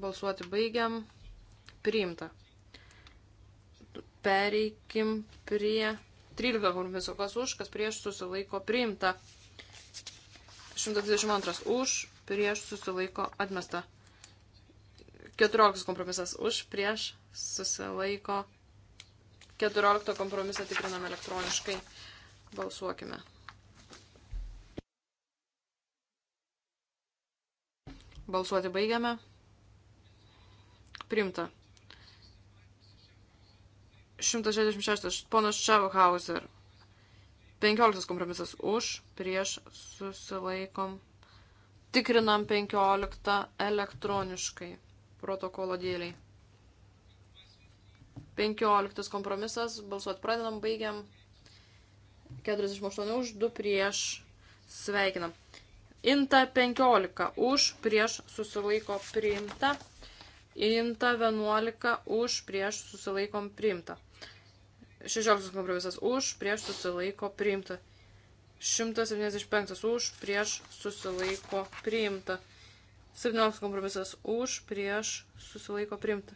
Balsuoti baigiam. Priimta. Pereikim prie 13 kompromiso, kas už, kas prieš susilaiko priimta. 122 už, prieš susilaiko atmesta. 14 kompromisas už, prieš susilaiko. 14 kompromisą tikrinam elektroniškai. Balsuokime. Balsuoti baigiame. Primta. 166. Ponas Šauhauser. 15 kompromisas už, prieš, susilaikom. Tikrinam 15 elektroniškai protokolo dėliai. 15 kompromisas, balsuot pradedam, baigiam. 48 už, 2 prieš, sveikinam. Inta 15 už, prieš, susilaiko priimta. Inta 11 už, prieš, susilaikom priimta. 16 kompromisas už, prieš susilaiko priimta. 175 už, prieš susilaiko priimta. 17 kompromisas už, prieš susilaiko priimta.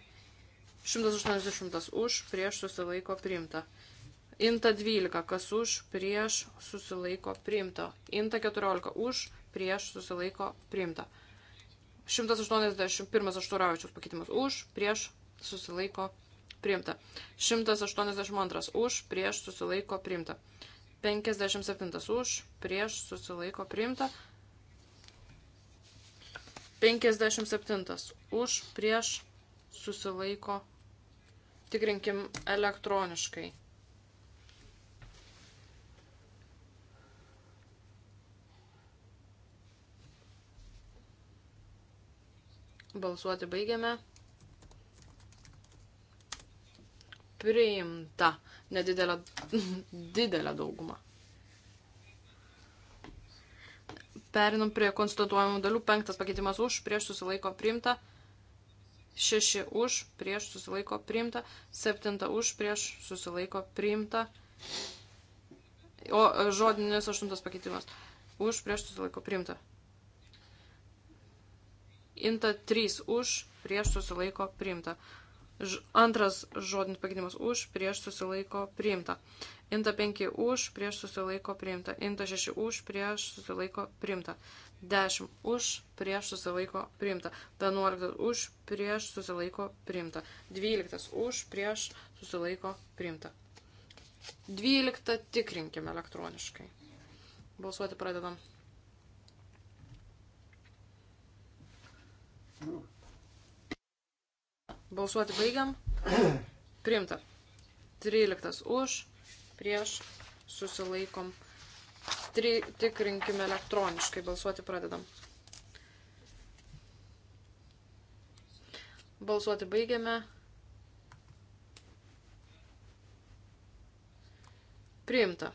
180 už, prieš susilaiko priimta. Inta 12, kas už, prieš susilaiko priimta. Inta 14, už, prieš susilaiko priimta. 181 ašturavičius pakeitimas už, prieš susilaiko priimta priimta. 182 už, prieš susilaiko priimta. 57 už, prieš susilaiko priimta. 57 už, prieš susilaiko. Tikrinkim elektroniškai. Balsuoti baigiame. priimta nedidelė, <laughs> didelė dauguma. Perinam prie konstatuojamų dalių. Penktas pakeitimas už, prieš susilaiko priimta. Šeši už, prieš susilaiko priimta. Septinta už, prieš susilaiko priimta. O e, žodinis aštuntas pakeitimas. Už, prieš susilaiko priimta. Inta 3 už, prieš susilaiko priimta. Ž antras žodinis pakeitimas už, prieš susilaiko priimta. Inta 5 už, prieš susilaiko priimta. Inta 6 už, prieš susilaiko priimta. 10 už, prieš susilaiko priimta. 11 už, prieš susilaiko priimta. 12 už, prieš susilaiko priimta. 12 tikrinkime elektroniškai. Balsuoti pradedam. Mm. Balsuoti baigiam. <clears throat> Primta. 13 už, prieš, susilaikom. Tri, tikrinkime elektroniškai, balsuoti pradedam. Balsuoti baigiame. Priimta.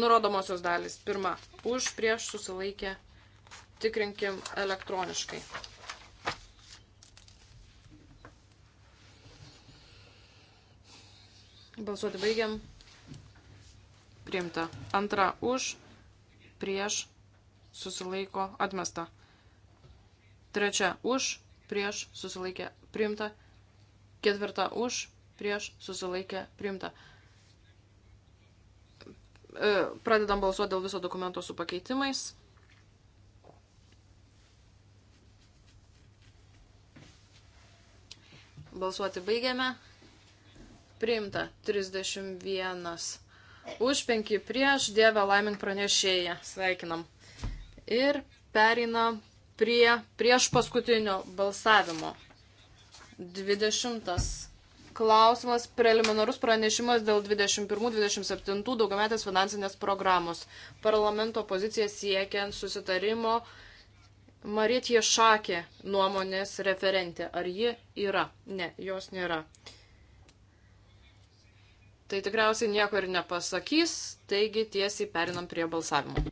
Nurodomosios dalys. Pirma. Už, prieš, susilaikė. Tikrinkim elektroniškai. Balsuoti baigiam. Priimta. Antra už, prieš, susilaiko, atmesta. Trečia už, prieš, susilaikė, priimta. Ketvirta už, prieš, susilaikė, priimta. E, pradedam balsuoti dėl viso dokumento su pakeitimais. Balsuoti baigiame. Priimta 31. Už 5 prieš Dievę laimink pranešėją. Sveikinam. Ir pereinam prie prieš paskutinio balsavimo. 20. Klausimas preliminarus pranešimas dėl 21-27 daugiametės finansinės programos. Parlamento pozicija siekiant susitarimo Maritė Šakė nuomonės referentė. Ar ji yra? Ne, jos nėra tai tikriausiai nieko ir nepasakys, taigi tiesiai perinam prie balsavimo.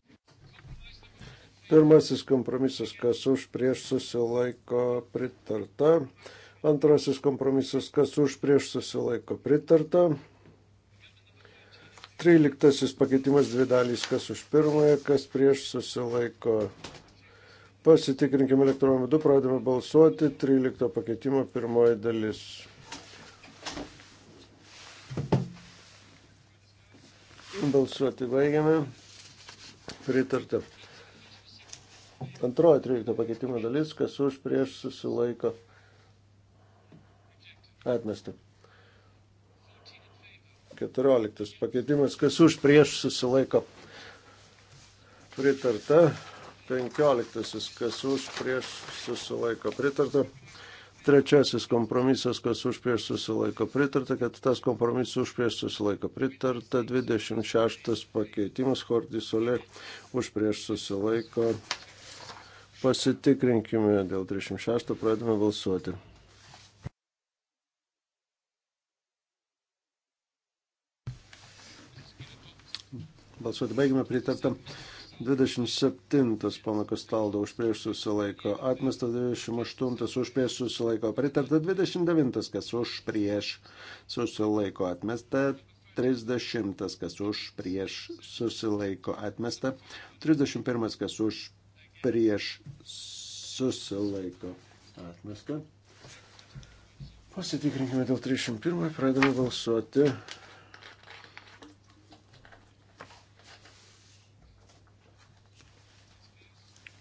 Pirmasis kompromisas, kas už prieš susilaiko pritarta. Antrasis kompromisas, kas už prieš susilaiko pritarta. Tryliktasis pakeitimas dvi dalys, kas už pirmąją, kas prieš susilaiko. Pasitikrinkime elektroniniu būdu, pradėjome balsuoti. Trylikto pakeitimo pirmoji dalis. Balsuoti baigiame. Pritarta. Antroji 13 pakeitimo dalis, kas už prieš susilaiko atmesta. 14 pakeitimas, kas už prieš susilaiko pritarta. 15 kas už prieš susilaiko pritarta. Trečiasis kompromisas, kas už prieš susilaiko pritarta, kad tas kompromisas už prieš susilaiko pritarta, 26 pakeitimas, Hordisolė už prieš susilaiko. Pasitikrinkime dėl 36, pradedame balsuoti. Balsuoti baigime pritartą. 27 pono Kastaldo už prieš susilaiko, atmestas 28 už prieš susilaiko, pritarta 29 kas už prieš susilaiko, atmesta 30 kas už prieš susilaiko, atmesta 31 kas už prieš susilaiko, atmesta. Pasitikrinkime dėl 31, pradedame balsuoti.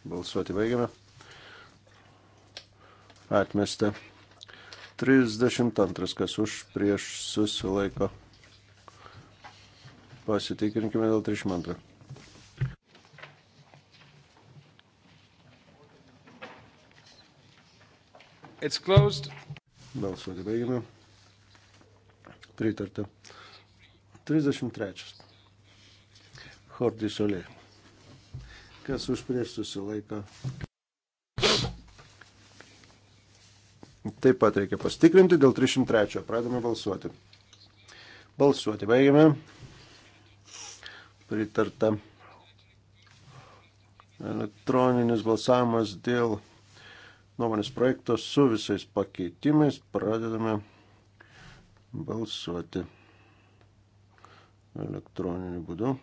Balsuoti baigiame. Atmesta. 32. Kas už prieš susilaiko. Pasitikrinkime dėl 32. It's closed. Balsuoti baigiame. Pritarta. 33. Hordi Solė kas už prieš susilaiko. Taip pat reikia pastikrinti dėl 303. Pradame balsuoti. Balsuoti baigiame. Pritarta. Elektroninis balsavimas dėl nuomonės projekto su visais pakeitimais. Pradedame balsuoti elektroniniu būdu.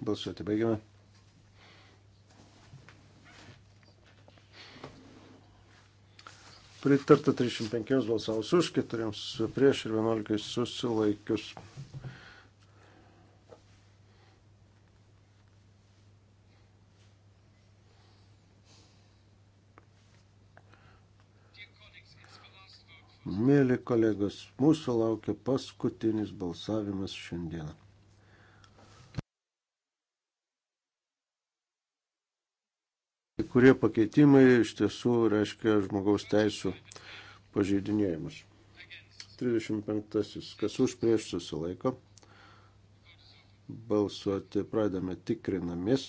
Balsuoti baigiame. Pritarta 305 balsavus už, 4 prieš ir 11 susilaikius. Mėly kolegos, mūsų laukia paskutinis balsavimas šiandieną. kurie pakeitimai iš tiesų reiškia žmogaus teisų pažeidinėjimus. 35. Kas už prieš susilaiko? Balsuoti pradame tikrinamis.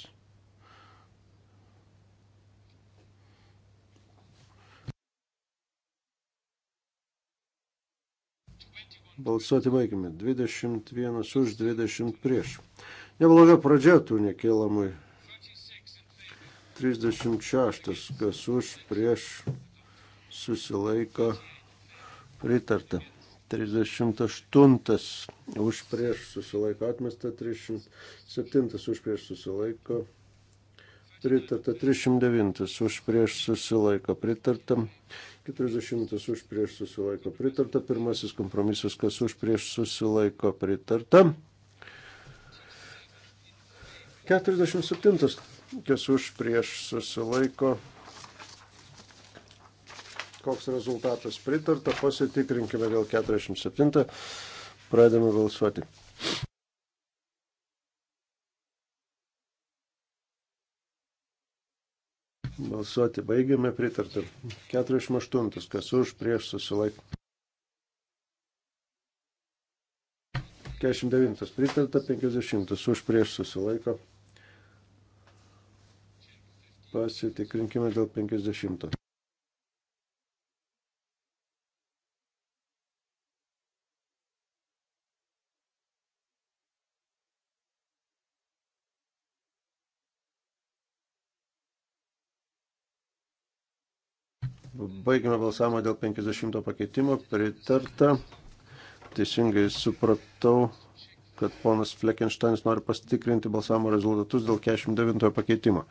Balsuoti baigime. 21 už 20 prieš. Nebloga pradžia tų nekėlamui 36, kas už prieš susilaiko pritarta. 38 už prieš susilaiko atmesta, 37 už prieš susilaiko pritarta, 309 už prieš susilaiko pritarta, 40 už prieš susilaiko pritarta, pirmasis kompromisas, kas už prieš susilaiko pritarta. 47 kas už prieš susilaiko. Koks rezultatas pritarta, pasitikrinkime dėl 47. Pradėme balsuoti. Balsuoti baigiame pritarti. 48. Kas už prieš susilaiko. 49 pritarta, 50 už prieš susilaiko. Pasitikrinkime dėl 50. Baigime balsavimą dėl 50 pakeitimo. Pritarta. Teisingai supratau, kad ponas Fleckensteinas nori pasitikrinti balsavimo rezultatus dėl 49 pakeitimo.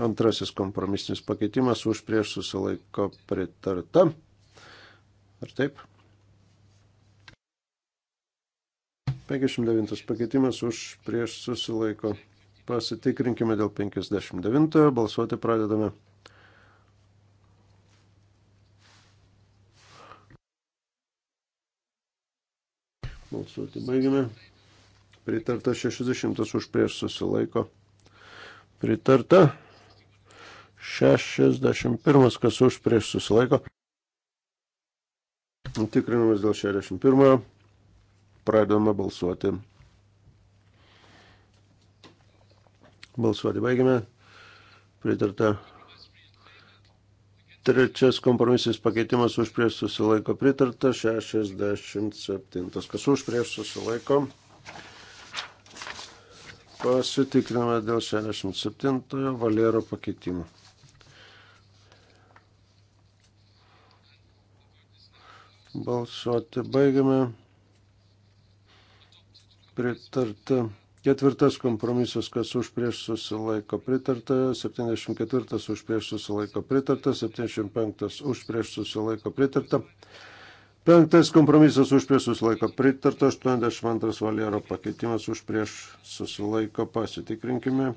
Antrasis kompromisinis pakeitimas už prieš susilaiko pritarta. Ar taip? 59 pakeitimas už prieš susilaiko. Pasitikrinkime dėl 59. Balsuoti pradedame. Balsuoti baigiame. Pritarta 60 už prieš susilaiko. Pritarta 61, kas už prieš susilaiko. Tikrinamas dėl 61. Pradedame balsuoti. Balsuoti baigime. Pritarta. Trečias kompromisas pakeitimas už prieš susilaiko pritarta. 67. Kas už prieš susilaiko. Pasitikriname dėl 67. Valero pakeitimo. Balsuoti baigiame. Pritarta. Ketvirtas kompromisas, kas už prieš susilaiko pritarta, 74 už prieš susilaiko pritarta, 75 už prieš susilaiko pritarta, 5 kompromisas už prieš susilaiko pritarta, 82 valiero pakeitimas už prieš susilaiko pasitikrinkime.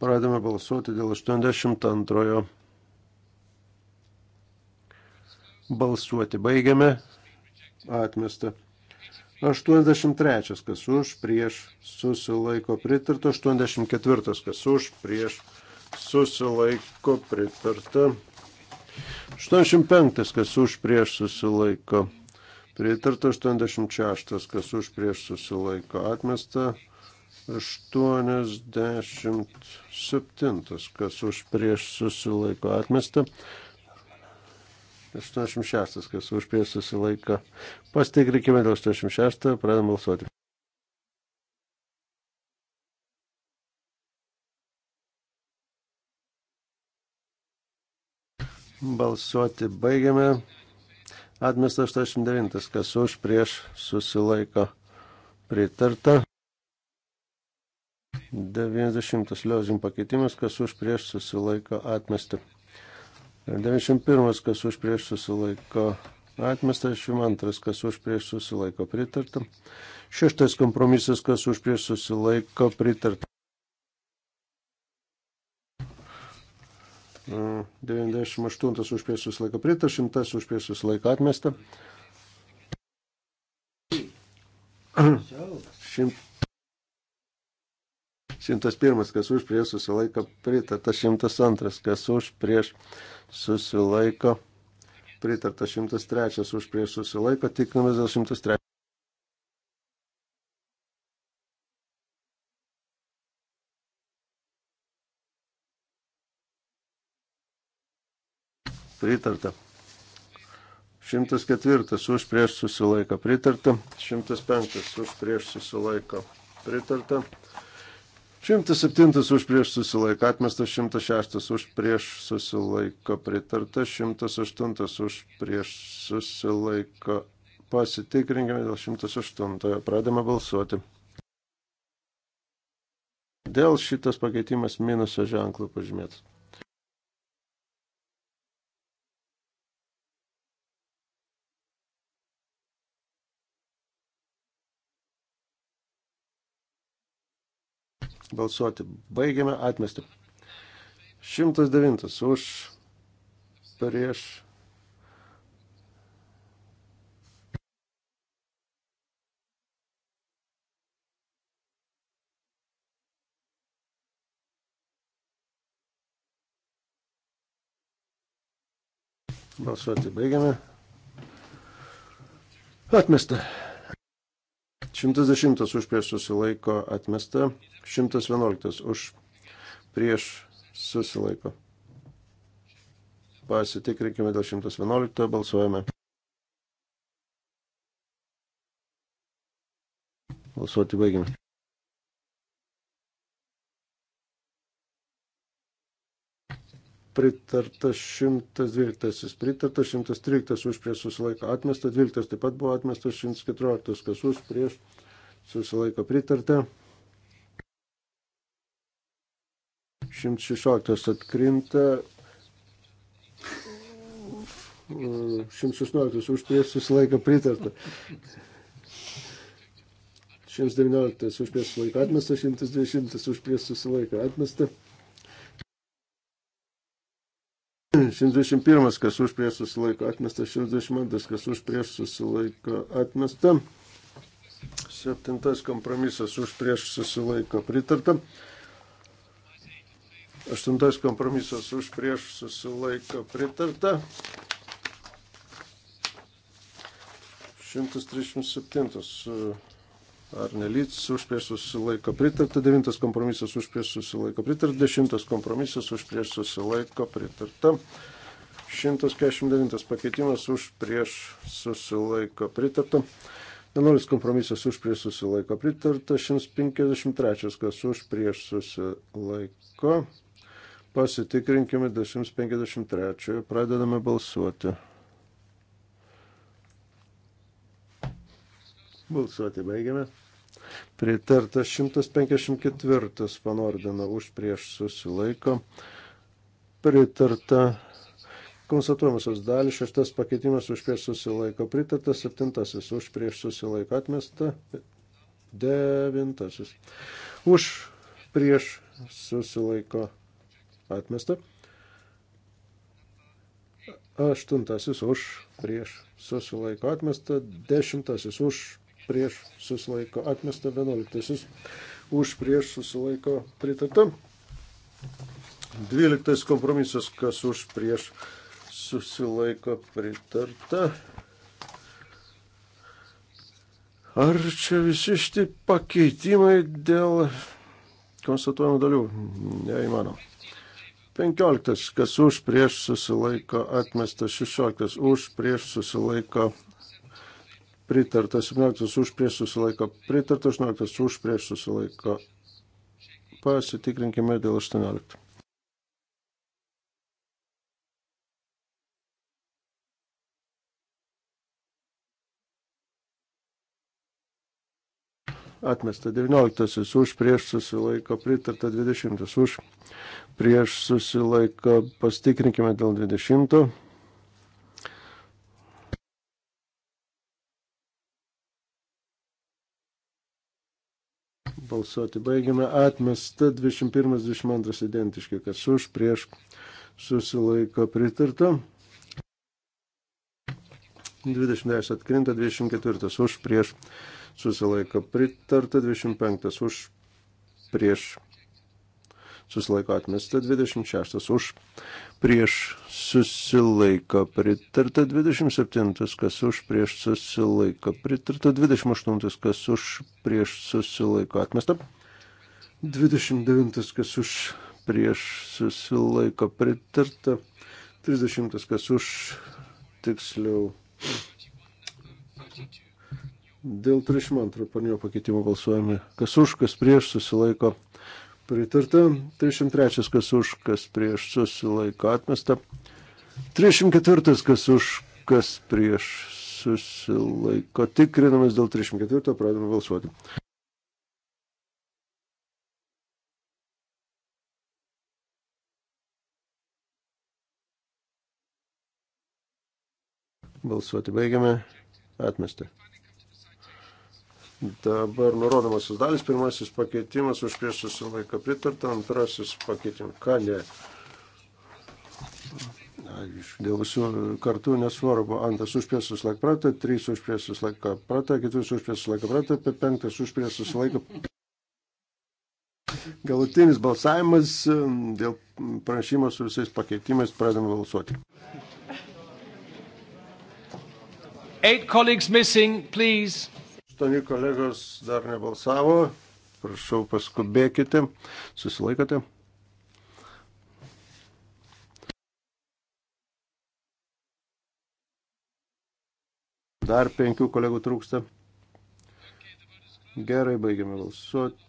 Pradėme balsuoti dėl 82. Balsuoti baigiame. Atmesta. 83 kas už, prieš susilaiko pritarta. 84 kas už, prieš susilaiko pritarta. 85 kas už, prieš susilaiko pritarta. 86 kas už, prieš susilaiko atmesta. 87 kas už, prieš susilaiko atmesta. 86, kas už prieš susilaiko. Pastikrinkime dėl 86, pradedam balsuoti. Balsuoti baigiame. Atmestas 89, kas už prieš susilaiko pritarta. 90 liozim pakeitimas, kas už prieš susilaiko atmesti. 91. Kas už prieš susilaiko atmestas. 92. Kas už prieš susilaiko pritarta. Šeštas kompromisas. Kas už prieš susilaiko pritarta. 98 už prieš susilaiką pritą, 100 už prieš susilaiką atmestą. 100 101, kas už prieš susilaiko pritarta, 102, kas už prieš susilaiko pritarta, 103, už prieš susilaiko, tikrinamės dėl 103. Pritarta. 104 už prieš susilaiko pritarta, 105 už prieš susilaiko pritarta, 107 už prieš susilaiką atmestas, 106 už prieš susilaiko pritarta, 108 už prieš susilaiko. Pasitikrinkime dėl 108. Pradame balsuoti. Dėl šitas pakeitimas minuso ženklų pažymėtas. Balsuoti. Baigiame atmesti. 109 už prieš. Balsuoti baigiame. Atmesta. 110 už prieš susilaiko atmesta, 111 už prieš susilaiko. Pasitikrinkime dėl 111, balsuojame. Balsuoti baigime. pritarta 112, pritarta 113 už prieš susilaiko atmesta, 12 taip pat buvo atmestas, 114 kas už prieš susilaiko pritarta. 116 atkrinta, 116 už prieš susilaiko pritarta. 119 už prieš susilaiko atmesta, 120 už prieš susilaiko atmesta. 121, kas už prieš susilaiko atmesta, 62, kas už prieš susilaiko atmesta, 7 kompromisas už prieš susilaiko pritarta, 8 kompromisas už prieš susilaiko pritarta, 137 ar nelyts už prieš susilaiko pritarta, devintas kompromisas už prieš susilaiko pritarta, dešimtas kompromisas už prieš susilaiko pritarta, 149 pakeitimas už prieš susilaiko pritarta, 11 kompromisas už prieš susilaiko pritarta, 153 kas už prieš susilaiko. Pasitikrinkime 153, pradedame balsuoti. Balsuoti baigiame pritarta 154 panordina už prieš susilaiko, pritarta konstatuojamosios dalis, šeštas pakeitimas už prieš susilaiko, pritarta septintasis už prieš susilaiko, atmesta devintasis už prieš susilaiko, atmesta aštuntasis už prieš susilaiko, atmesta dešimtasis už prieš susilaiko atmesta, 11 už prieš susilaiko pritarta. 12 kompromisas, kas už prieš susilaiko pritarta. Ar čia visi šitie pakeitimai dėl konstatuojamų dalių? Neįmanoma. 15. Kas už prieš susilaiko atmestas 16. Už prieš susilaiko pritarta, 17 už prieš susilaiko pritarta, 18 už prieš susilaiko. Pasitikrinkime dėl 18. Atmesta 19 už prieš susilaiko, pritarta 20 už prieš susilaiko, pastikrinkime dėl 20. Balsuoti baigiame. Atmesta 21-22 identiški, kas už prieš susilaiko pritarta. 20 atkrinta, 24 už prieš susilaiko pritarta, 25 už prieš susilaiko atmesta 26 už, prieš susilaiko pritarta 27, kas už, prieš susilaiko pritarta 28, kas už, prieš susilaiko atmesta 29, kas už, prieš susilaiko pritarta 30, kas už, tiksliau. Dėl 32 panio pakeitimo balsuojame. Kas už, kas prieš susilaiko Pritarta. 303 kas už, kas prieš susilaiko atmesta. 304 kas už, kas prieš susilaiko. Tikrinamas dėl 304 pradedame balsuoti. Balsuoti baigiame. Atmesta. Dabar nurodomasios dalis, pirmasis pakeitimas už prieš susilaiką pritarta, antrasis pakeitimas. Ką ne? Dėl visų kartų nesvarbu. Antras už prieš susilaiką prata, trys už prieš susilaiką prata, keturis už prieš susilaiką prata, apie penktas už prieš susilaiką. Galutinis balsavimas dėl pranešimo su visais pakeitimais pradėm balsuoti. Eight colleagues missing, please aštuoni kolegos dar nebalsavo. Prašau, paskubėkite. Susilaikote. Dar penkių kolegų trūksta. Gerai, baigiame balsuoti.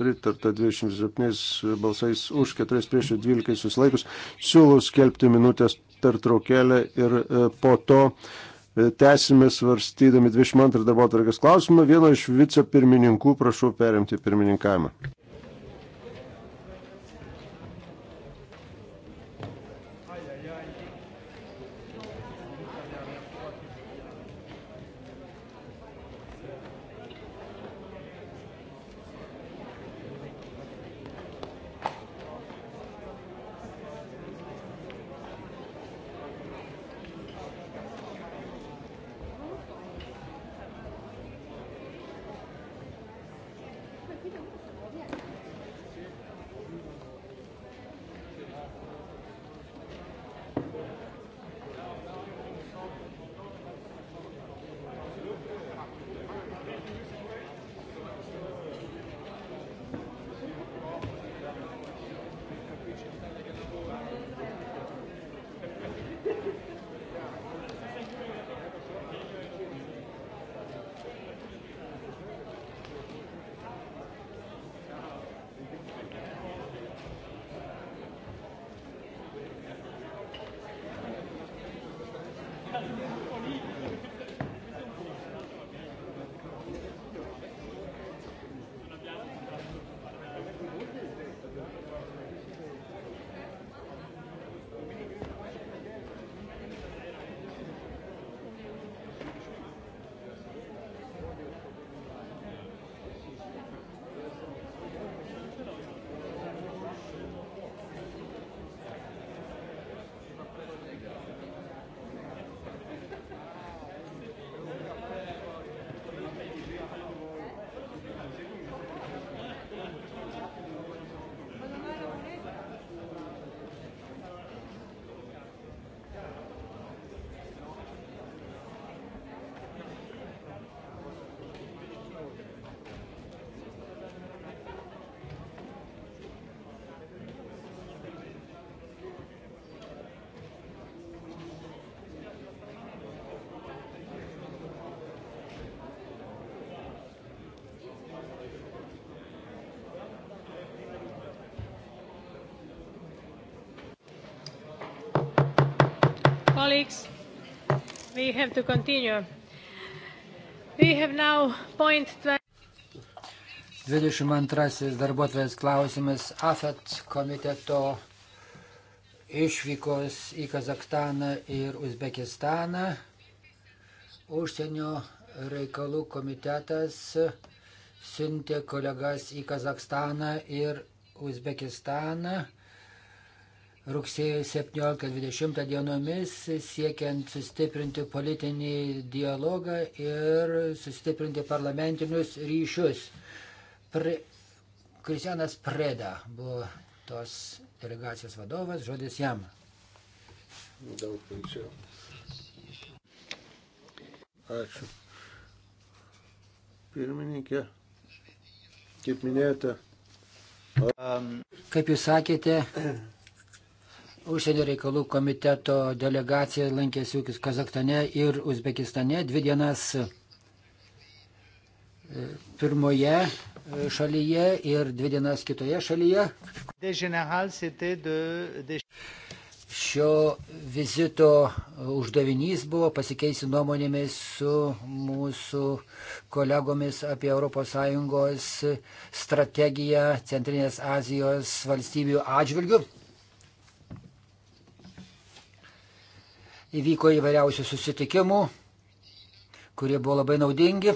Pritarta 27 balsais už, 4 prieš 12 susilaikus. Siūlau skelbti minutės pertraukėlę ir e, po to E, tęsime svarstydami 22 darbo atvarkės klausimą. Vieno iš vicepirmininkų prašau perimti pirmininkavimą. colleagues, we have to continue. We have now point 22 darbuotojas klausimas AFET komiteto išvykos į Kazakstaną ir Uzbekistaną. Užsienio reikalų komitetas siuntė kolegas į Kazakstaną ir Uzbekistaną rugsėjo 17-20 dienomis siekiant sustiprinti politinį dialogą ir sustiprinti parlamentinius ryšius. Pre... Kristianas Preda buvo tos delegacijos vadovas, žodis jam. Daug plačiau. Ačiū. Pirmininkė, kaip minėjote. Ar... Kaip jūs sakėte, Užsienio reikalų komiteto delegacija lankėsi Kazakstane ir Uzbekistane dvi dienas e, pirmoje e, šalyje ir dvi dienas kitoje šalyje. Šio vizito uždavinys buvo pasikeisti nuomonėmis su mūsų kolegomis apie ES strategiją Centrinės Azijos valstybių atžvilgių. Įvyko įvairiausių susitikimų, kurie buvo labai naudingi.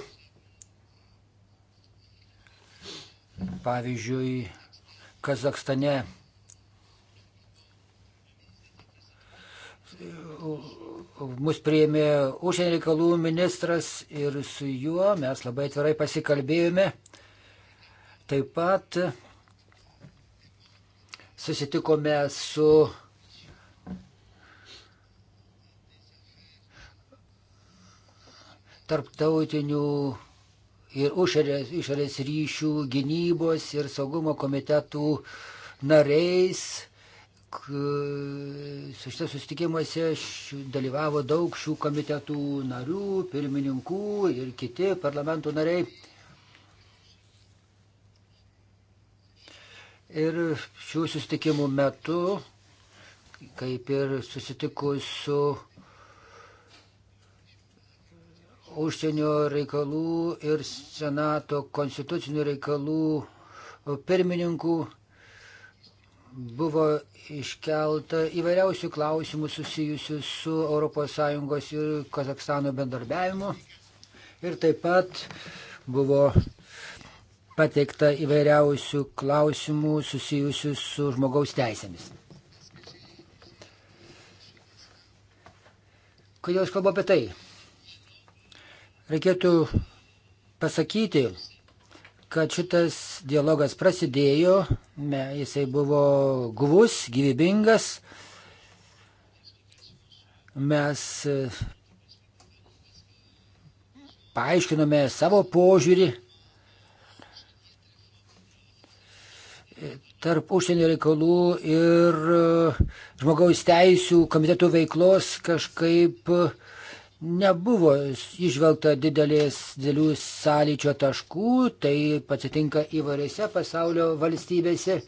Pavyzdžiui, Kazakstane mus prieimė užsienio reikalų ministras ir su juo mes labai atvirai pasikalbėjome. Taip pat susitikome su tarptautinių ir užarės, išorės ryšių, gynybos ir saugumo komitetų nariais. Su šitą susitikimuose dalyvavo daug šių komitetų narių, pirmininkų ir kiti parlamentų nariai. Ir šių susitikimų metu, kaip ir susitikus su užsienio reikalų ir Senato konstitucinių reikalų pirmininkų buvo iškelta įvairiausių klausimų susijusių su ES ir Kazakstano bendarbiavimu. Ir taip pat buvo pateikta įvairiausių klausimų susijusių su žmogaus teisėmis. Kodėl aš kalbu apie tai? Reikėtų pasakyti, kad šitas dialogas prasidėjo, jisai buvo guvus, gyvybingas. Mes e, paaiškinome savo požiūrį e, tarp užsienio reikalų ir e, žmogaus teisų komitetų veiklos kažkaip uh, nebuvo išvelgta didelės, didelių sąlyčio taškų, tai atsitinka įvairiose pasaulio valstybėse,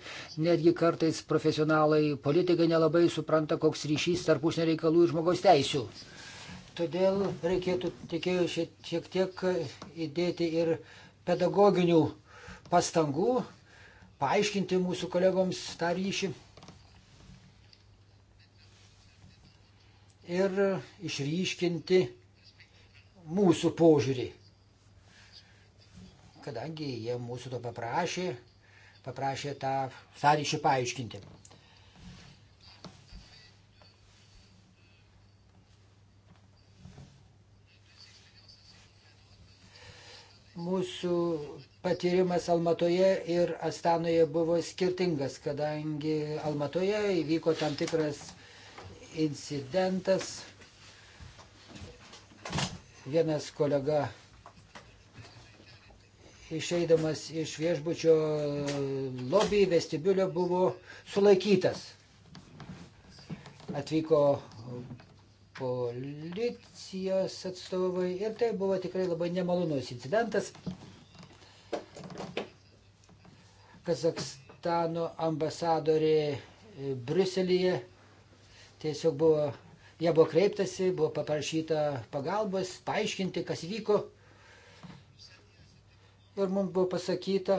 netgi kartais profesionalai, politikai nelabai supranta, koks ryšys tarp užsienio reikalų ir žmogaus teisų. Todėl reikėtų, tikėjau, šiek tiek įdėti ir pedagoginių pastangų, paaiškinti mūsų kolegoms tą ryšį. ir išryškinti mūsų požiūrį. Kadangi jie mūsų to paprašė, paprašė tą sąryšį paaiškinti. Mūsų patyrimas Almatoje ir Astanoje buvo skirtingas, kadangi Almatoje įvyko tam tikras incidentas. Vienas kolega išeidamas iš viešbučio lobby vestibiulio buvo sulaikytas. Atvyko policijos atstovai ir tai buvo tikrai labai nemalonus incidentas. Kazakstano ambasadorė Briuselėje Tiesiog buvo, jie buvo kreiptasi, buvo paprašyta pagalbos, paaiškinti, kas vyko. Ir mums buvo pasakyta,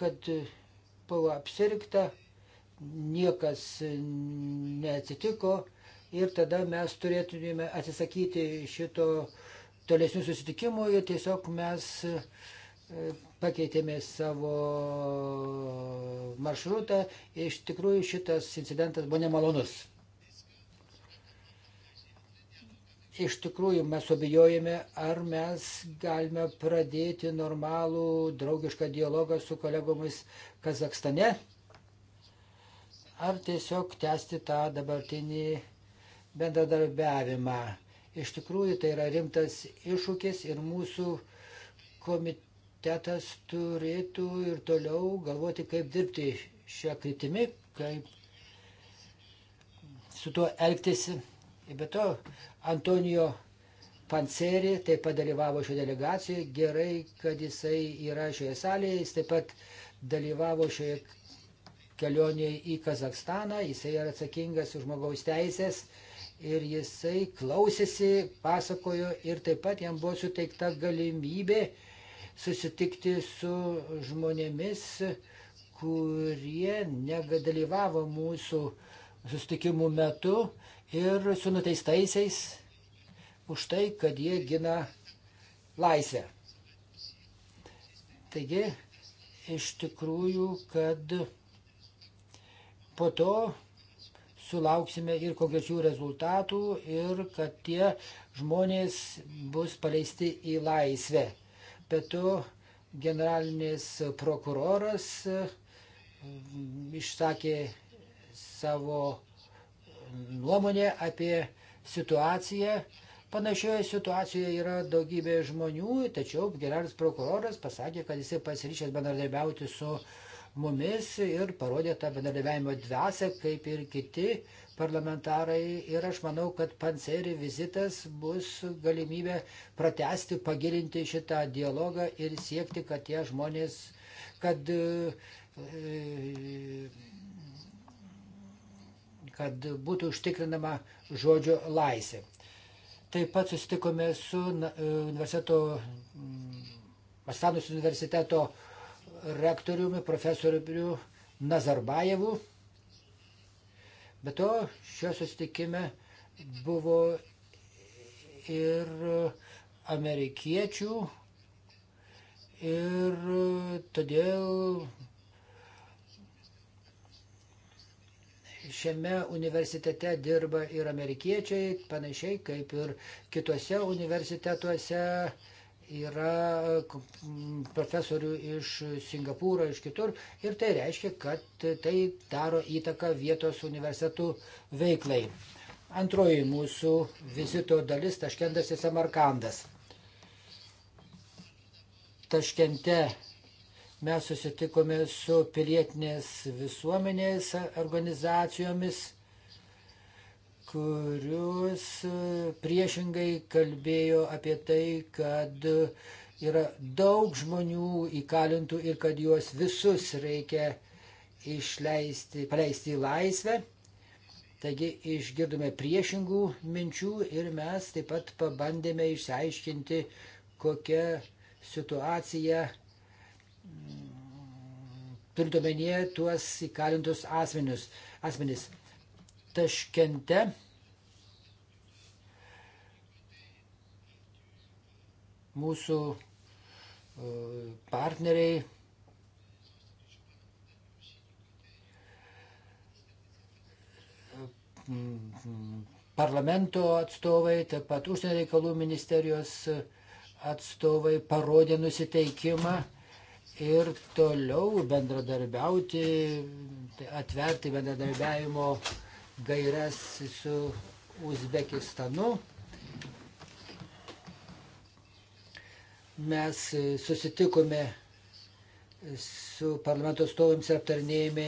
kad buvo apsirikta, niekas neatsitiko ir tada mes turėtume atsisakyti šito tolesnių susitikimų ir tiesiog mes pakeitėme savo maršrutą. Iš tikrųjų šitas incidentas buvo nemalonus. Iš tikrųjų mes abejojame, ar mes galime pradėti normalų draugišką dialogą su kolegomis Kazakstane, ar tiesiog tęsti tą dabartinį bendradarbiavimą. Iš tikrųjų tai yra rimtas iššūkis ir mūsų komitetas komitetas turėtų ir toliau galvoti, kaip dirbti šią kryptimį, kaip su tuo elgtis. Be to, Antonijo Panceri taip pat dalyvavo šioje delegacijoje. Gerai, kad jisai yra šioje salėje. Jis taip pat dalyvavo šioje kelionėje į Kazakstaną. Jisai yra atsakingas už žmogaus teisės. Ir jisai klausėsi, pasakojo ir taip pat jam buvo suteikta galimybė uh, susitikti su žmonėmis, kurie nedalyvavo mūsų susitikimų metu ir su nuteistaisiais už tai, kad jie gina laisvę. Taigi, iš tikrųjų, kad po to sulauksime ir konkrečių rezultatų ir kad tie žmonės bus paleisti į laisvę bet to generalinis prokuroras mm, išsakė savo nuomonę apie situaciją. Panašioje situacijoje yra daugybė žmonių, tačiau generalinis prokuroras pasakė, kad jisai pasiryšęs bendradarbiauti su mumis ir parodė tą bendradarbiavimo dvasę, kaip ir kiti parlamentarai ir aš manau, kad Panseri vizitas bus galimybė pratesti, pagilinti šitą dialogą ir siekti, kad tie žmonės, kad, e, kad būtų užtikrinama žodžio laisvė. Taip pat susitikome su e, universiteto, Mastanus mm, universiteto rektoriumi, profesoriumi Nazarbajevu. Be to, šio susitikime buvo ir amerikiečių ir todėl šiame universitete dirba ir amerikiečiai, panašiai kaip ir kitose universitetuose yra profesorių iš Singapūro, iš kitur. Ir tai reiškia, kad tai daro įtaką vietos universitetų veiklai. Antroji mūsų vizito dalis - Taškentas ir Samarkandas. Taškente mes susitikome su pilietinės visuomenės organizacijomis kurios e, priešingai kalbėjo apie tai, kad yra daug žmonių įkalintų ir kad juos visus reikia išleisti, paleisti į laisvę. Taigi išgirdome priešingų minčių ir mes taip pat pabandėme išsiaiškinti, kokia situacija turint omenyje tuos įkalintus asmenis. asmenis. Taškente mūsų e, partneriai parlamento atstovai, taip pat užsienio reikalų ministerijos atstovai parodė nusiteikimą ir toliau bendradarbiauti, tai atverti bendradarbiavimo uh, gairias su Uzbekistanu. Mes susitikome su parlamento stovams ir aptarnėjome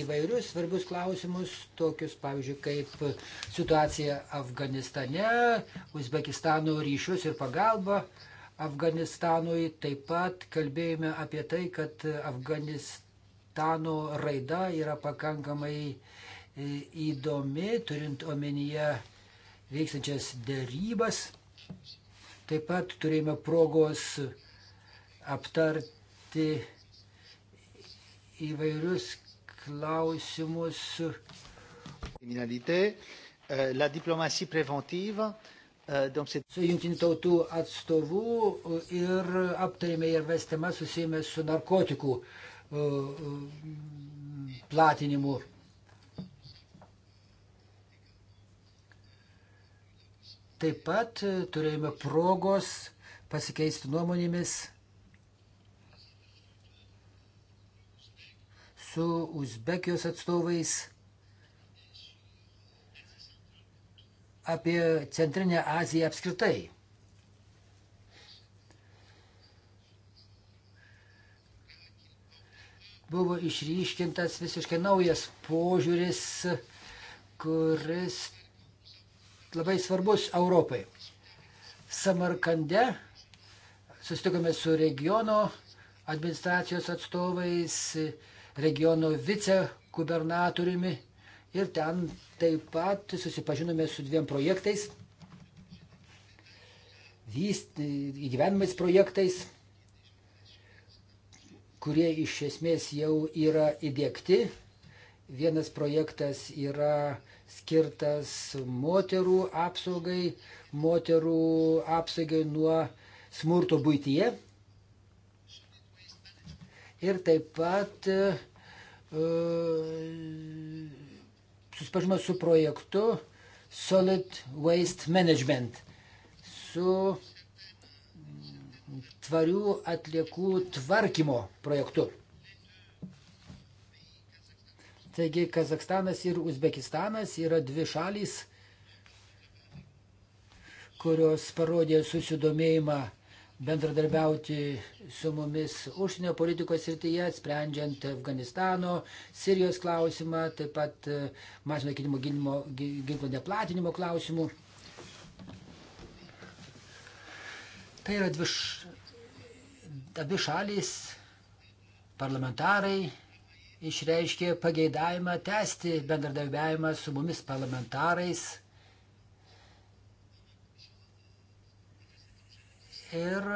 įvairius svarbius klausimus, tokius, pavyzdžiui, kaip situacija Afganistane, Uzbekistano ryšius ir pagalba Afganistanui. Taip pat kalbėjome apie tai, kad Afganistano raida yra pakankamai uh, E, įdomi, turint omenyje vykstančias dėrybas. Taip pat turėjome progos aptarti įvairius klausimus. Kriminalité, euh, la diplomatie préventive. Euh, su jungtinių tautų atstovu ir aptarėme ir vestimas susijęs su narkotikų platinimu Taip pat e, turėjome progos pasikeisti nuomonėmis su Uzbekijos atstovais apie Centrinę Aziją apskritai. buvo išryškintas visiškai naujas požiūris, kuris labai svarbus Europai. Samarkande susitikome su regiono administracijos atstovais, regiono vicegubernatoriumi ir ten taip pat susipažinome su dviem projektais, įgyvenimais projektais, kurie iš esmės jau yra įdėkti Vienas projektas yra skirtas moterų apsaugai, moterų apsaugai nuo smurto būtyje. Ir taip pat uh, e, susipažinimas su projektu Solid Waste Management, su tvarių atliekų tvarkymo projektu. Taigi Kazakstanas ir Uzbekistanas yra dvi šalys, kurios parodė susidomėjimą bendradarbiauti su mumis užsienio politikos srityje, sprendžiant Afganistano, Sirijos klausimą, taip pat e, mažino kinimo ginklo neplatinimo klausimų. Tai yra dvi, š... dvi šalys, parlamentarai, išreiškė pageidavimą tęsti bendradarbiavimą su mumis parlamentarais. Ir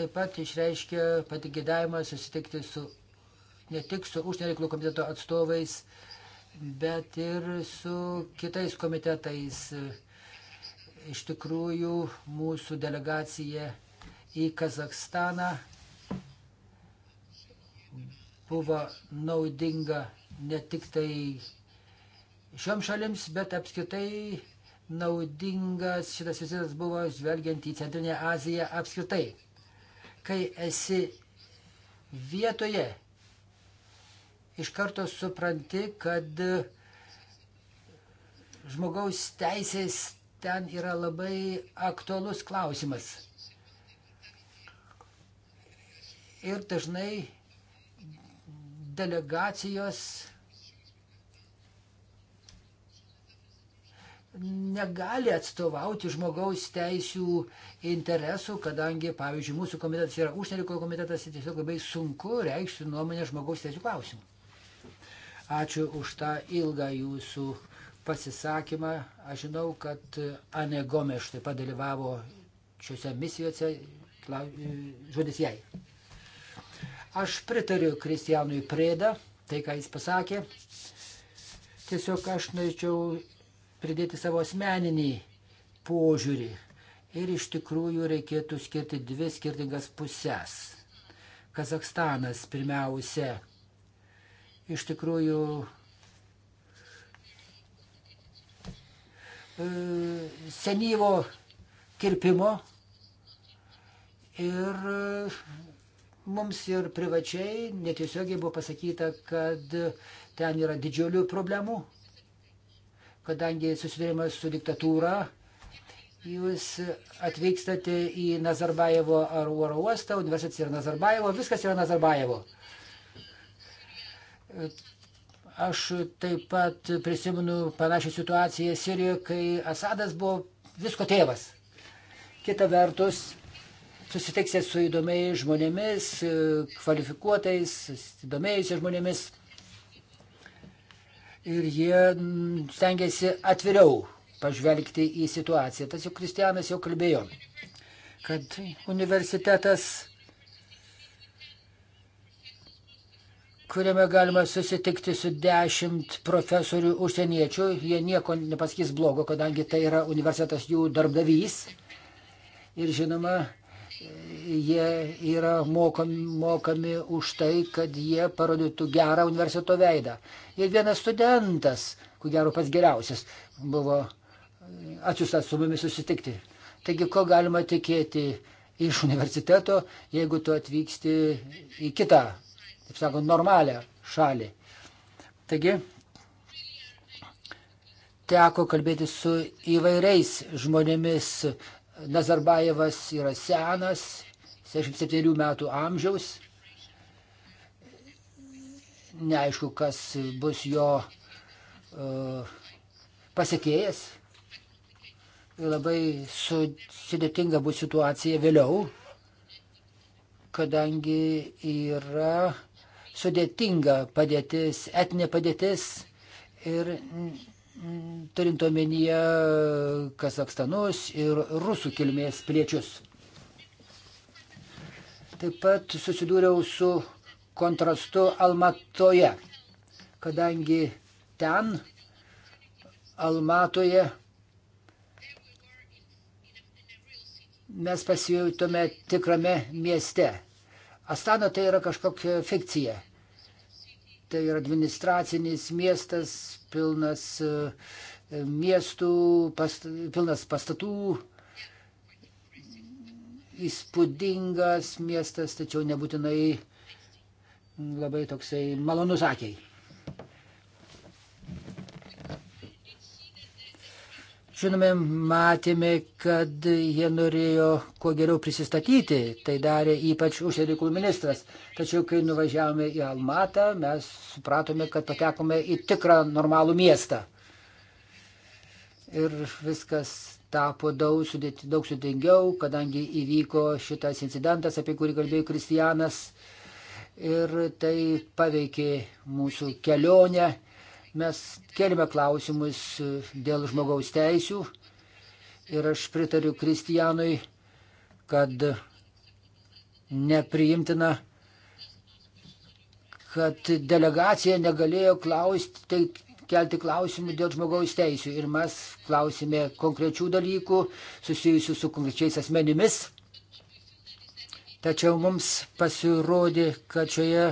taip pat išreiškė pageidavimą susitikti su ne tik su užsienio reikalų komiteto atstovais, bet ir su kitais komitetais. Iš tikrųjų, mūsų delegacija į Kazakstaną buvo naudinga ne tik tai šioms šalims, bet apskritai naudingas šitas vizitas buvo žvelgiant į Centrinę Aziją apskritai. Kai esi vietoje, iš karto supranti, kad žmogaus teisės ten yra labai aktualus klausimas. Ir dažnai delegacijos negali atstovauti žmogaus teisų interesų, kadangi, pavyzdžiui, mūsų komitetas yra užsienio komitetas ir tiesiog labai sunku reikšti nuomonę žmogaus teisų klausimų. Ačiū už tą ilgą jūsų pasisakymą. Aš žinau, kad Ane Gomeš taip pat dalyvavo šiuose misijose. Žodis jai. Aš pritariu Kristijanui Prėda, tai ką jis pasakė. Tiesiog aš norėčiau pridėti savo asmeninį požiūrį. Ir iš tikrųjų reikėtų skirti dvi skirtingas puses. Kazakstanas pirmiausia. Iš tikrųjų e, senyvo kirpimo ir Mums ir privačiai netiesiogiai buvo pasakyta, kad ten yra didžiulių problemų, kadangi susidurime su diktatūra. Jūs atvykstate į Nazarbayevo ar oro uostą, universitetas yra Nazarbayevo, viskas yra Nazarbayevo. Aš taip pat prisimenu panašią situaciją Sirijoje, kai Asadas buvo visko tėvas. Kita vertus, susitiksite su įdomiais žmonėmis, kvalifikuotais, įdomėjusiais žmonėmis. Ir jie stengiasi atviriau pažvelgti į situaciją. Tas jau Kristianas jau kalbėjo, kad universitetas, kuriame galima susitikti su dešimt profesorių užsieniečių, jie nieko nepasakys blogo, kadangi tai yra universitetas jų darbdavys. Ir žinoma, jie yra mokami, mokami už tai, kad jie parodytų gerą universiteto veidą. Ir vienas studentas, ku gero pats geriausias, buvo atsiųstas su mumis susitikti. Taigi, ko galima tikėti iš universiteto, jeigu tu atvyksti į kitą, taip sakant, normalią šalį. Taigi, teko kalbėti su įvairiais žmonėmis. Nazarbayevas yra senas, 67 metų amžiaus. Neaišku, kas bus jo uh, e, pasiekėjas. Labai sudėtinga bus situacija vėliau, kadangi yra sudėtinga padėtis, etinė padėtis ir turint omenyje Kazakstanus ir rusų kilmės piliečius. Taip pat susidūriau su kontrastu Almatoje, kadangi ten Almatoje mes pasijutome tikrame mieste. Astana tai yra kažkokia fikcija. Tai yra administracinis miestas, pilnas e, miestų, past, pilnas pastatų, įspūdingas miestas, tačiau nebūtinai labai toksai malonus akiai. Žinome, matėme, kad jie norėjo kuo geriau prisistatyti, tai darė ypač užsienio reikalų ministras. Tačiau, kai nuvažiavome į Almatą, mes supratome, kad patekome į tikrą normalų miestą. Ir viskas tapo daug, sudėti, daug sudėtingiau, kadangi įvyko šitas incidentas, apie kurį kalbėjo Kristijanas. Ir tai paveikė mūsų kelionę. Mes kelime klausimus dėl žmogaus teisių. Ir aš pritariu Kristijanui, kad nepriimtina kad delegacija negalėjo klausti, kelti klausimų dėl žmogaus teisų ir mes klausime konkrečių dalykų susijusių su konkrečiais asmenimis. Tačiau mums pasirodė, kad šioje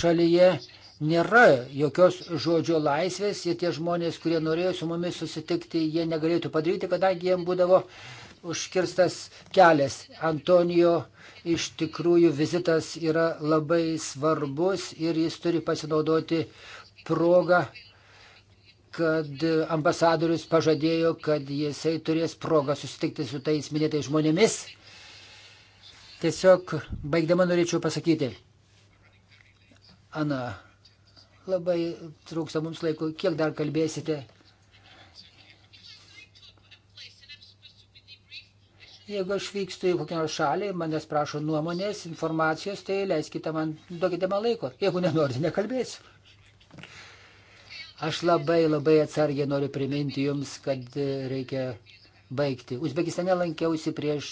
šalyje nėra jokios žodžio laisvės ir tie žmonės, kurie norėjo su mumis susitikti, jie negalėtų padaryti, kadangi jiems būdavo užkirstas kelias. Antonijo iš tikrųjų vizitas yra labai svarbus ir jis turi pasinaudoti progą kad ambasadorius pažadėjo, kad jisai turės progą susitikti su tais minėtais žmonėmis. Tiesiog baigdama norėčiau pasakyti, Ana, labai trūksta mums laiko, kiek dar kalbėsite? Jeigu aš vykstu į kokią nors šalį, manęs prašo nuomonės, informacijos, tai leiskite man, duokite man laiko. Jeigu nenorite, nekalbėsiu. Aš labai labai atsargiai noriu priminti Jums, kad e, reikia baigti. Uzbekistane lankiausi prieš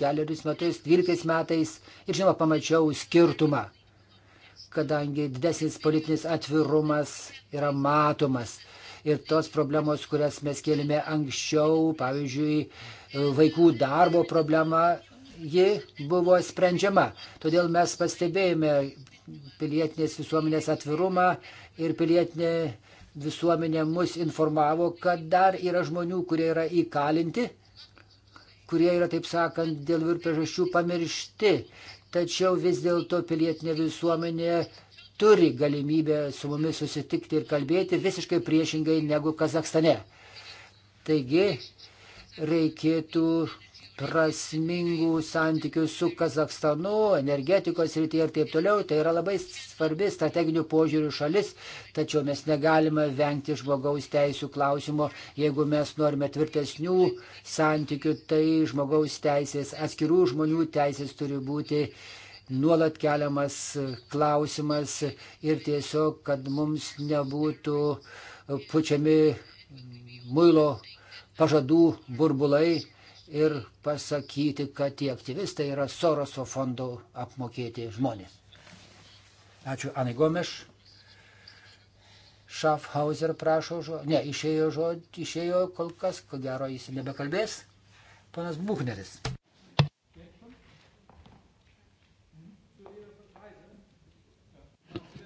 keliarius metus, 12 metais ir žinoma pamačiau skirtumą, kadangi didesnis politinis atvirumas yra matomas. Ir tos problemos, kurias mes kėlėme anksčiau, pavyzdžiui, e, vaikų darbo problema, ji buvo sprendžiama. Todėl mes pastebėjome pilietinės visuomenės atvirumą ir pilietinė visuomenė mus informavo, kad dar yra žmonių, kurie yra įkalinti, kurie yra, taip sakant, dėl ir priežasčių pamiršti. Tačiau vis dėlto pilietinė visuomenė turi galimybę su mumis susitikti ir kalbėti visiškai priešingai negu Kazakstane. Taigi reikėtų prasmingų santykių su Kazakstanu, energetikos rytyje ir taip toliau. Tai yra labai svarbi strateginių požiūrių šalis, tačiau mes negalime vengti žmogaus teisų klausimo. Jeigu mes norime tvirtesnių santykių, tai žmogaus teisės, atskirų žmonių teisės turi būti nuolat keliamas klausimas ir tiesiog, kad mums nebūtų pučiami muilo pažadų burbulai ir pasakyti, kad tie aktyvistai yra Soroso fondo apmokėti žmonės. Ačiū Anai Gomeš. Schaffhauser prašo žodžio. Ne, išėjo žodžio, išėjo kol kas, ko gero jis nebekalbės. Panas Buchneris.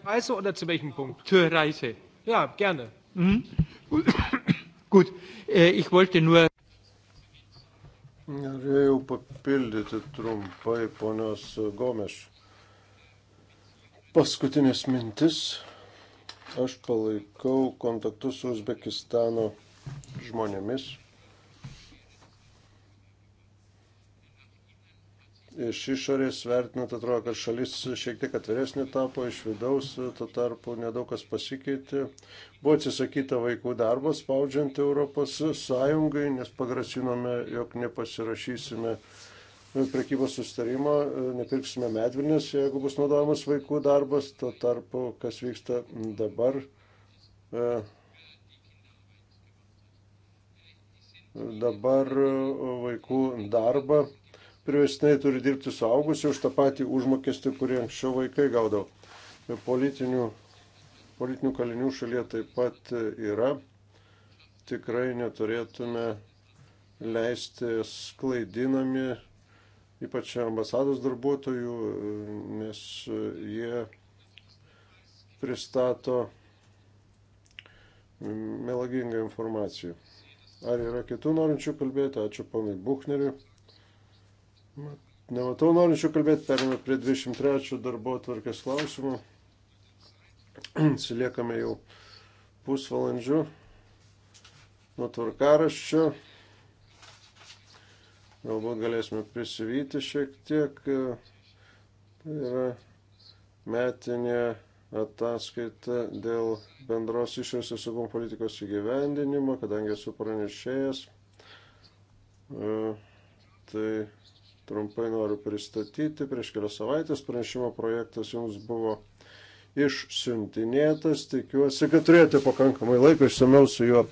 Reise oder zu welchem Punkt? Zur Reise. Ja, gerne. Mhm. Gut, äh, ich wollte nur. Norėjau papildyti trumpai ponios Gomeš. Paskutinės mintis. Aš palaikau kontaktus su Uzbekistano žmonėmis, iš išorės vertinant atrodo, kad šalis šiek tiek atviresnė tapo, iš vidaus tuo tarpu nedaug kas pasikeitė. Buvo atsisakyta vaikų darbo spaudžiant Europos Sąjungai, nes pagrasinome, jog nepasirašysime prekybos sustarimo, nepirksime medvilnės, jeigu bus naudojamas vaikų darbas, tuo tarpu, kas vyksta dabar. E, dabar vaikų darbą priverstinai turi dirbti suaugusiu už tą patį užmokestį, kurį anksčiau vaikai gaudavo. Politinių, politinių kalinių šalyje taip pat yra. Tikrai neturėtume leisti sklaidinami, ypač ambasados darbuotojų, nes jie pristato melagingą informaciją. Ar yra kitų norinčių kalbėti? Ačiū ponui Buchneriui. Nematau norinčių kalbėti, perėmė prie 23 darbo tvarkės klausimų. Siliekame jau pusvalandžių nuo tvarkaraščio. Galbūt galėsime prisivyti šiek tiek. Tai yra metinė ataskaita dėl bendros išorės ir saugumo politikos įgyvendinimo, kadangi esu pranešėjas. E, tai trumpai noriu pristatyti. Prieš kelias savaitės pranešimo projektas jums buvo išsiuntinėtas. Tikiuosi, kad turėjote pakankamai laiko išsameu su juo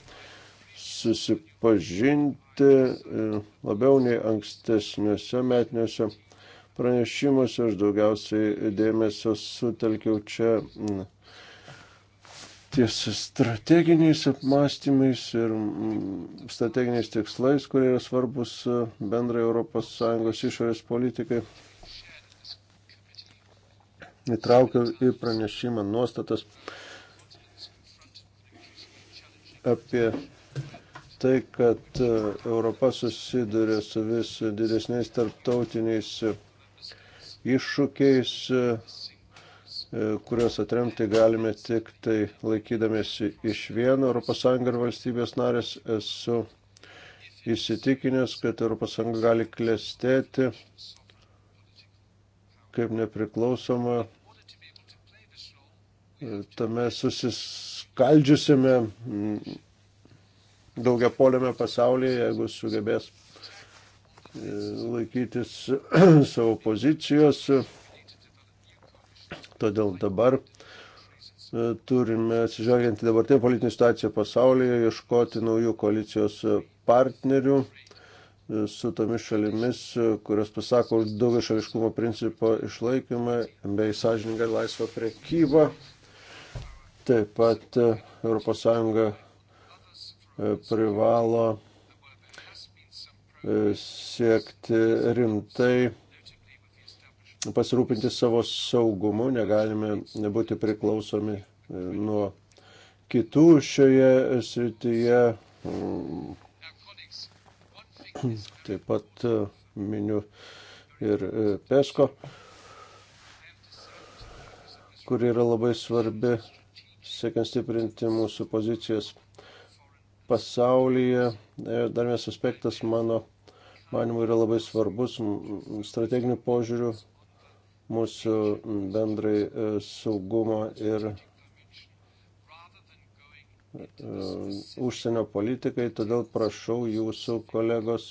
susipažinti e, labiau nei ankstesniuose metiniuose pranešimuose. Aš daugiausiai dėmesio sutelkiau čia ties strateginiais apmąstymais ir mm, strateginiais tikslais, kurie yra svarbus e, bendrai ES išorės politikai. Įtraukiau į pranešimą nuostatas apie tai, kad e, Europa susiduria su vis didesniais tarptautiniais e, iššūkiais E, kuriuos atremti galime tik tai laikydamėsi iš vieno ES ir valstybės narės. Esu įsitikinęs, kad ES gali klestėti kaip nepriklausoma e, tame susiskaldžiusiame mm, daugiapoliame pasaulyje, jeigu sugebės e, laikytis <clears throat> savo pozicijos Todėl dabar e, turime, atsižvelgiant į dabartinę politinę situaciją pasaulyje, ieškoti naujų koalicijos e, partnerių e, su tomis šalimis, kurios pasako už daugia šališkumo principo išlaikymą bei sąžininką laisvą priekybą. Taip pat ES privalo siekti rimtai pasirūpinti savo saugumu, negalime nebūti priklausomi e, nuo kitų šioje srityje. Taip pat e, miniu ir e, Pesko, kuri yra labai svarbi, siekiant stiprinti mūsų pozicijas pasaulyje. Dar vienas aspektas mano manimų yra labai svarbus strateginių požiūrių mūsų bendrai e, saugumo ir e, užsienio politikai, todėl prašau jūsų kolegos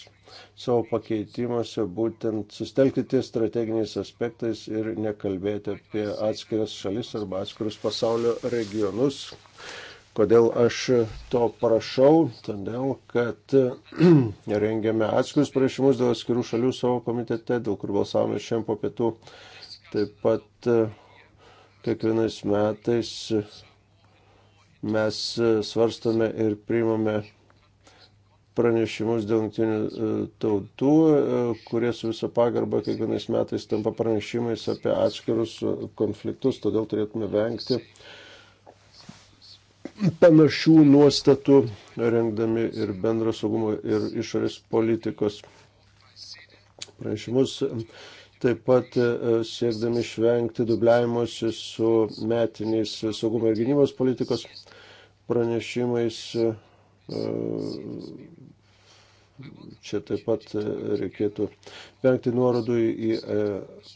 savo pakeitimuose būtent sustelkti ties strateginiais aspektais ir nekalbėti apie atskiras šalis arba atskirus pasaulio regionus. Kodėl aš to prašau? Todėl, kad <clears throat> rengiame atskirus prašymus dėl atskirų šalių savo komitete, dėl kur balsavome šiandien po pietų Taip pat e, kiekvienais metais mes e, svarstome ir priimame pranešimus dėl jungtinių e, tautų, kurie su viso pagarba kiekvienais metais tampa pranešimais apie atskirus konfliktus, todėl turėtume vengti panašių nuostatų, rengdami ir bendro saugumo ir išorės politikos pranešimus taip pat e, e, siekdami išvengti dubliavimuose su metiniais saugumo ir gynybos politikos pranešimais. E, čia taip pat reikėtų vengti nuorodų į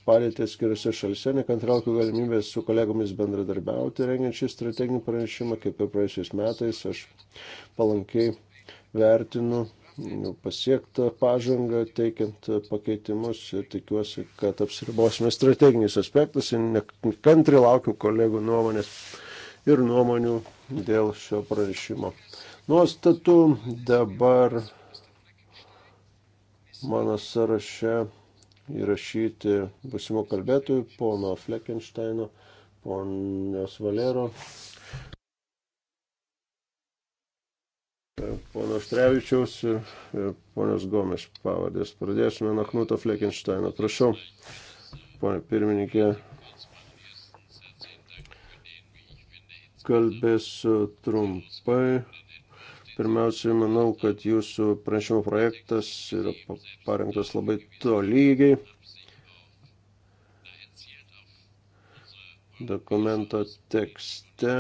padėtį skiriuose šalise, nekantraukiu galimybės su kolegomis bendradarbiauti, rengiant šį strateginį pranešimą, kaip ir praėjusiais metais aš palankiai vertinu Nu, pasiektą pažangą teikiant pakeitimus ir tikiuosi, kad apsiribosime strateginiais aspektais ir nekantri laukiu kolegų nuomonės ir nuomonių dėl šio pranešimo. Nuostatų dabar mano sąraše įrašyti busimo kalbėtojų, pono Fleckensteino, ponios Valero, Pono Štrevičiaus ir, ir ponios Gomes pavadės. Pradėsime nuo Knuto Fleckensteino. Prašau, ponė pirmininkė, kalbėsiu trumpai. Pirmiausiai, manau, kad jūsų pranešimo projektas yra parengtas labai tolygiai. Dokumento tekste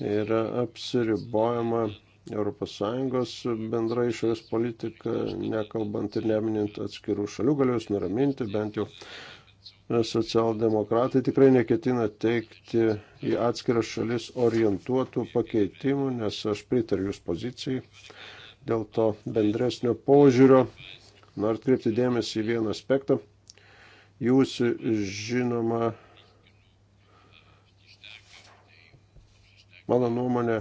yra apsiribojama ES bendra išorės politika, nekalbant ir neminint atskirų šalių, galiu jūs nuraminti, bent jau socialdemokratai tikrai neketina teikti į atskiras šalis orientuotų pakeitimų, nes aš pritariu jūs pozicijai dėl to bendresnio požiūrio. Noriu atkreipti dėmesį į vieną aspektą. Jūs žinoma mano nuomonė,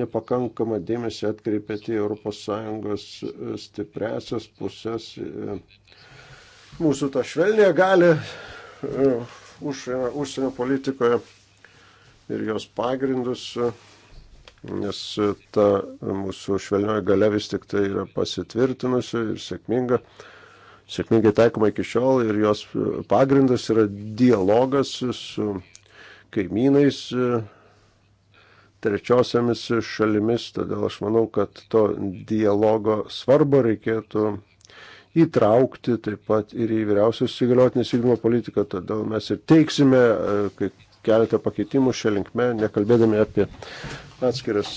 nepakankamą dėmesį atkreipėte į ES e, stipresias pusės, e, mūsų tą švelnę gali e, užsienio, užsienio politikoje ir jos pagrindus, nes ta mūsų švelnioji gale vis tik tai yra pasitvirtinusi ir sėkminga. Sėkmingai taikoma iki šiol ir jos pagrindas yra dialogas su kaimynais trečiosiamis šalimis, todėl aš manau, kad to dialogo svarbo reikėtų įtraukti taip pat ir į vyriausios įgaliotinės vykdymo politiką, todėl mes ir teiksime e, keletą pakeitimų šią linkmę, nekalbėdami apie atskiras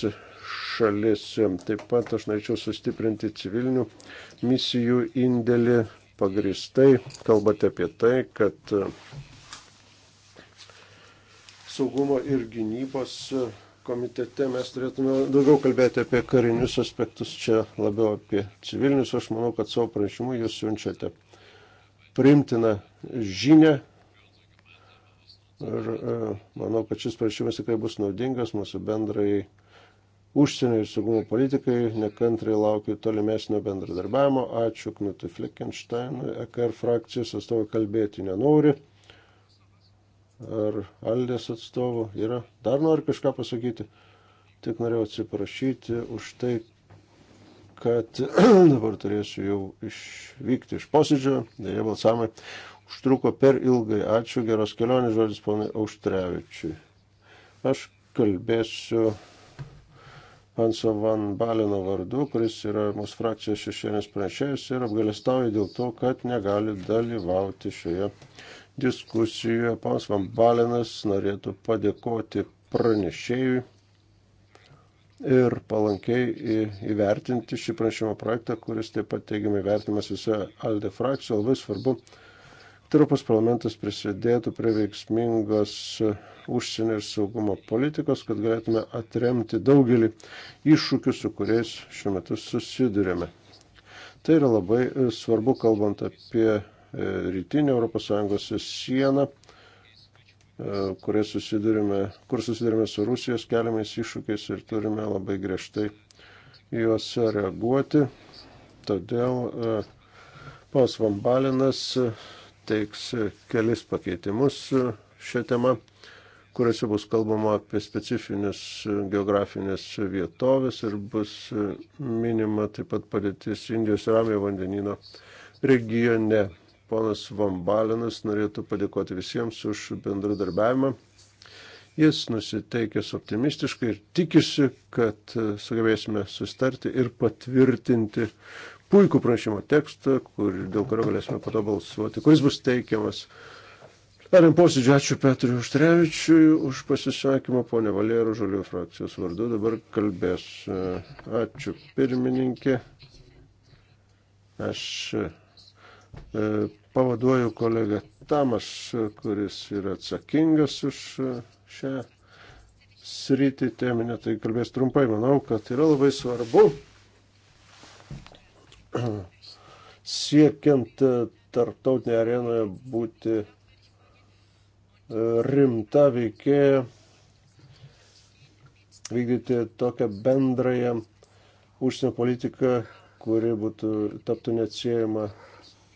šalis. Taip pat aš norėčiau sustiprinti civilinių misijų indėlį pagristai. Kalbate apie tai, kad saugumo ir gynybos komitete mes turėtume daugiau kalbėti apie karinius aspektus, čia labiau apie civilinius. Aš manau, kad savo pranešimu jūs siunčiate primtiną žinę. Ir e, manau, kad šis pranešimas tikrai bus naudingas mūsų bendrai užsienio ir saugumo politikai. Nekantrai laukiu tolimesnio bendradarbiavimo. Ačiū Knutui Fleckensteinui. EKR frakcijos atstovai kalbėti nenori ar Aldės atstovų yra. Dar noriu kažką pasakyti. Tik norėjau atsiprašyti už tai, kad <clears throat> dabar turėsiu jau išvykti iš posėdžio. Dėja, balsamai užtruko per ilgai. Ačiū, geros kelionės žodis ponai Auštrevičiui. Aš kalbėsiu Hanso Van Balino vardu, kuris yra mūsų frakcijos šešienės pranešėjas ir apgalėstauja dėl to, kad negali dalyvauti šioje diskusijoje. Panas Vambalinas norėtų padėkoti pranešėjui ir palankiai įvertinti šį pranešimo projektą, kuris taip pat teigiamai vertimas visoje ALDE frakcijoje. Labai svarbu, kad Europos parlamentas prisidėtų prie veiksmingos užsienio ir saugumo politikos, kad galėtume atremti daugelį iššūkių, su kuriais šiuo metu susidurėme. Tai yra labai svarbu, kalbant apie E, rytinę ES sieną, e, kur susidurime, kur susidurime su Rusijos keliamais iššūkiais ir turime labai griežtai juos reaguoti. Todėl e, pas Vambalinas teiks kelis pakeitimus šią temą, kuriuose bus kalbama apie specifinius geografinės vietovės ir bus minima taip pat padėtis Indijos ramio vandenino regione. Ponas Vambalinas norėtų padėkoti visiems už bendradarbiavimą. Jis nusiteikęs optimistiškai ir tikisi, kad sugebėsime sustarti ir patvirtinti puikų prašymo tekstą, kur, dėl kurio galėsime pato balsuoti, kuris bus teikiamas. Tarim posėdžiu, ačiū Petriu Užtrevičiui už pasisakymą, ponė Valero Žalių frakcijos vardu, dabar kalbės. Ačiū pirmininkė. Aš E, pavaduoju kolegą Tamas, kuris yra atsakingas už e, šią sritį teminę, tai kalbės trumpai, manau, kad yra labai svarbu <clears throat> siekiant e, tarptautinėje arenoje būti rimta veikėja, vykdyti tokią bendrąją užsienio politiką, kuri būtų taptų neatsiejama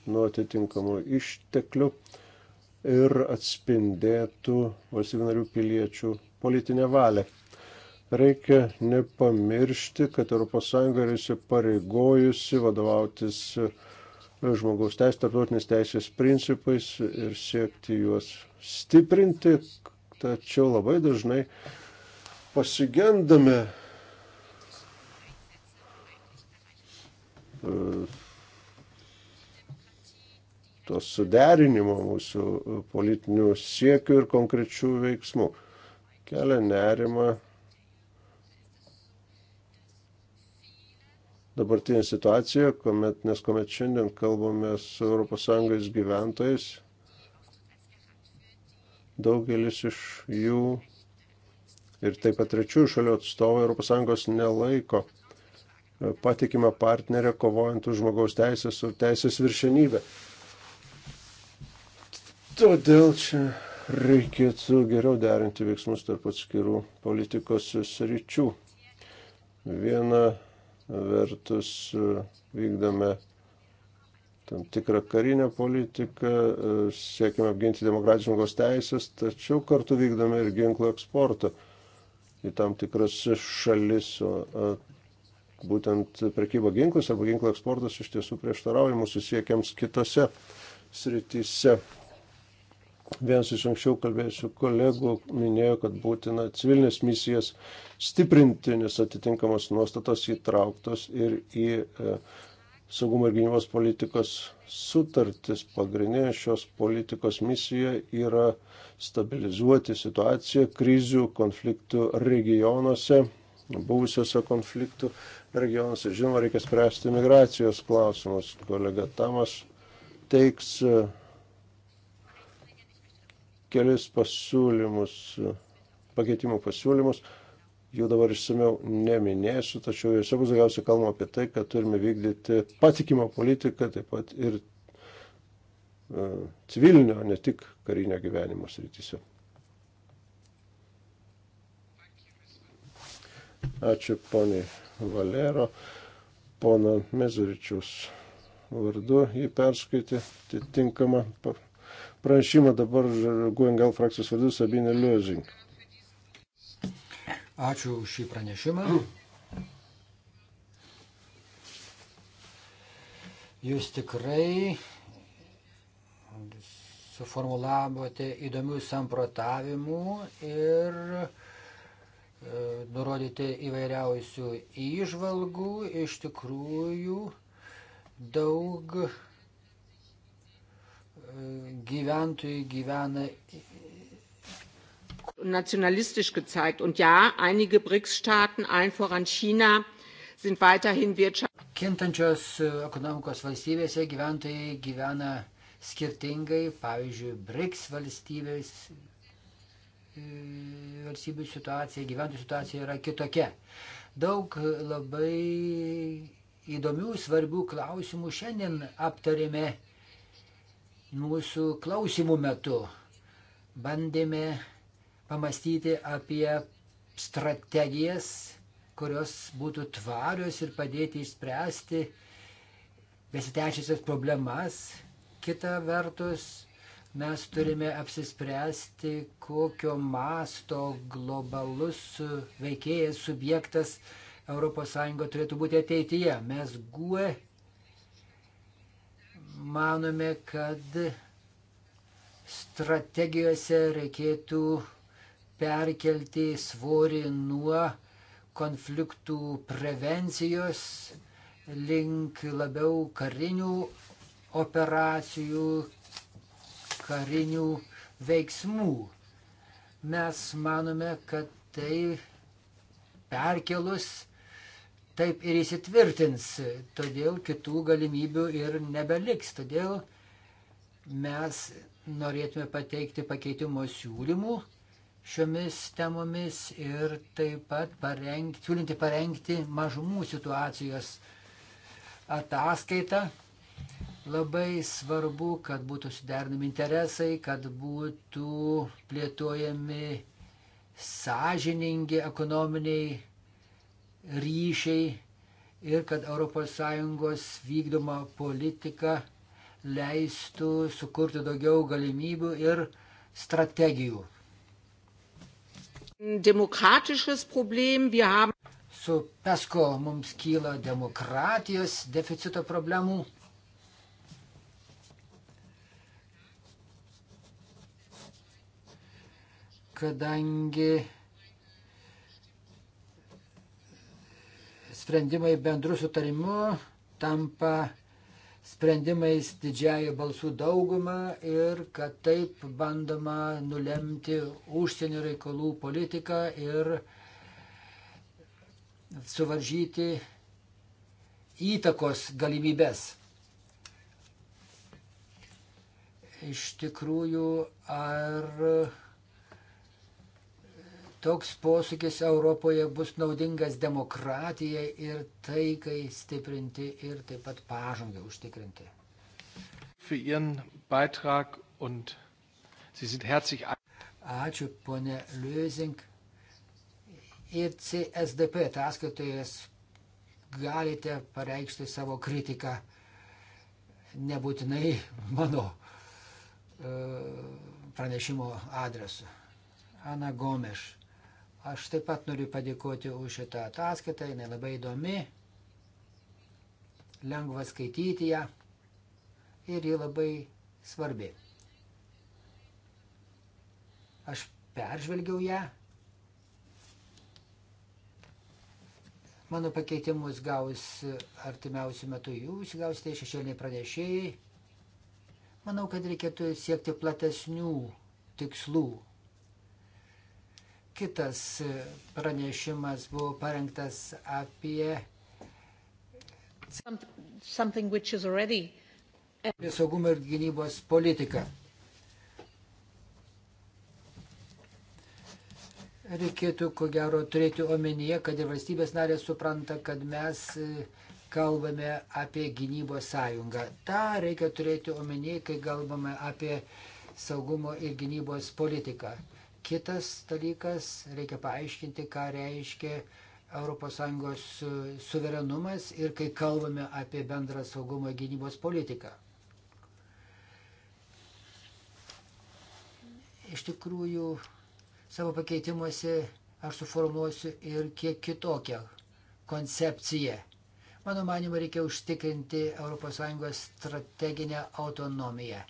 nuo atitinkamų išteklių ir atspindėtų valstybių narių piliečių politinę valią. Reikia nepamiršti, kad ES yra įsipareigojusi vadovautis žmogaus teisės, tarptautinės teisės principais ir siekti juos stiprinti, tačiau labai dažnai pasigendame to suderinimo mūsų politinių siekių ir konkrečių veiksmų. Kelia nerima dabartinė situacija, kuomet, nes kuomet šiandien kalbame su ES gyventojais, daugelis iš jų ir taip pat trečių šalių atstovai ES nelaiko patikimą partnerę kovojant už žmogaus teisės ir teisės viršenybę. Todėl čia reikėtų geriau derinti veiksmus tarp atskirų politikos sričių. Viena vertus e, vykdame tam tikrą karinę politiką, e, siekime apginti demokratijos žmogaus teisės, tačiau kartu vykdome ir ginklų eksportą į tam tikras šalis. O, būtent prekyba ginklus arba ginklų eksportas iš tiesų prieštarauja mūsų siekiams kitose srityse. Vienas iš anksčiau kalbėjusių kolegų minėjo, kad būtina civilinės misijas stiprinti, nes atitinkamos nuostatos įtrauktos ir į e, saugumo ir gynybos politikos sutartis. Pagrindinė šios politikos misija yra stabilizuoti situaciją krizių, konfliktų regionuose, buvusiuose konfliktų regionuose. Žinoma, reikia spręsti migracijos klausimus. Kolega Tamas teiks e, kelis pasiūlymus, pakeitimų pasiūlymus, jų dabar išsameu neminėsiu, tačiau juose bus daugiausiai kalbama apie tai, kad turime vykdyti patikimą politiką, taip pat ir uh, civilinio, ne tik karinio gyvenimo srityse. Ačiū poniai Valero, pono Mezuričius vardu jį perskaitė, atitinkamą. Tai pranešimą dabar Guengel frakcijos vardu Sabinė Liuozink. Ačiū už šį pranešimą. Jūs tikrai suformulavote įdomių samprotavimų ir e, nurodyti įvairiausių įžvalgų, iš tikrųjų daug gyventojai gyvena nationalistisch gezeigt. Und ja, einige BRICS-Staaten, allen voran China, sind weiterhin wirtschaftlich. Kintančios e, ekonomikos valstybėse gyventojai gyvena skirtingai, pavyzdžiui, BRICS valstybės, e, valstybių situacija, gyventojų situacija yra kitokia. Daug labai įdomių, svarbių klausimų šiandien aptarėme mūsų klausimų metu bandėme pamastyti apie strategijas, kurios būtų tvarios ir padėti išspręsti besitečiasias problemas. Kita vertus, mes turime apsispręsti, kokio masto globalus veikėjas, subjektas ES turėtų būti ateityje. Mes GUE manome, kad strategijose reikėtų perkelti svorį nuo konfliktų prevencijos link labiau karinių operacijų, karinių veiksmų. Mes manome, kad tai perkelus taip ir įsitvirtins, todėl kitų galimybių ir nebeliks. Todėl mes norėtume pateikti pakeitimo siūlymų šiomis temomis ir taip pat parengti, siūlinti parengti mažumų situacijos ataskaitą. Labai svarbu, kad būtų suderinami interesai, kad būtų plėtojami sąžiningi ekonominiai ryšiai ir kad ES vykdoma politika leistų sukurti daugiau galimybių ir strategijų. Demokratiškas problemas, wir haben su PESCO mums kyla demokratijos deficito problemų. Kadangi sprendimai bendru sutarimu tampa sprendimais didžiąją balsų daugumą ir kad taip bandoma nulemti užsienio reikalų politiką ir suvaržyti įtakos galimybės. Iš tikrųjų, ar Toks posūkis Europoje bus naudingas demokratijai ir taikai stiprinti ir taip pat pažangą užtikrinti. Ačiū, ponė Liuzink. Ir CSDP ataskaitojas galite pareikšti savo kritiką, nebūtinai mano e, pranešimo adresu. Ana Gomeš. Aš taip pat noriu padėkoti už šitą ataskaitą, jinai labai įdomi, lengva skaityti ją ir ji labai svarbi. Aš peržvelgiau ją. Mano pakeitimus gaus artimiausių metų jūs, gausite šešėliniai pranešėjai. Manau, kad reikėtų siekti platesnių tikslų Kitas pranešimas buvo parengtas apie already... Eh, saugumo ir gynybos politiką. Reikėtų, ko gero, turėti omenyje, kad ir valstybės narės supranta, kad mes e, kalbame apie gynybos sąjungą. Ta reikia turėti omenyje, kai kalbame apie saugumo ir gynybos politiką. Kitas dalykas, reikia paaiškinti, ką reiškia ES suverenumas ir kai kalbame apie bendrą saugumo gynybos politiką. Iš tikrųjų, savo pakeitimuose aš suformuosiu ir kiek kitokią koncepciją. Mano manimo, reikia užtikrinti ES strateginę autonomiją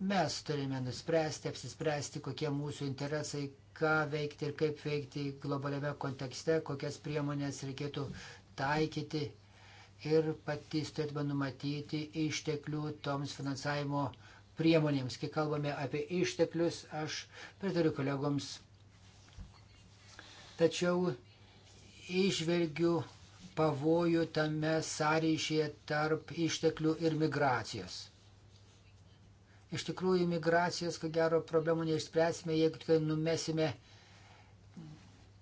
Mes turime nuspręsti, apsispręsti, kokie mūsų interesai, ką veikti ir kaip veikti globaliame kontekste, kokias priemonės reikėtų taikyti ir patys turėtume numatyti išteklių toms finansavimo priemonėms. Kai kalbame apie išteklius, aš pritariu kolegoms. Tačiau išvelgiu pavojų tame sąryšyje tarp išteklių ir migracijos. Iš tikrųjų, migracijos, ko gero, problemų neišspręsime, jeigu tik numesime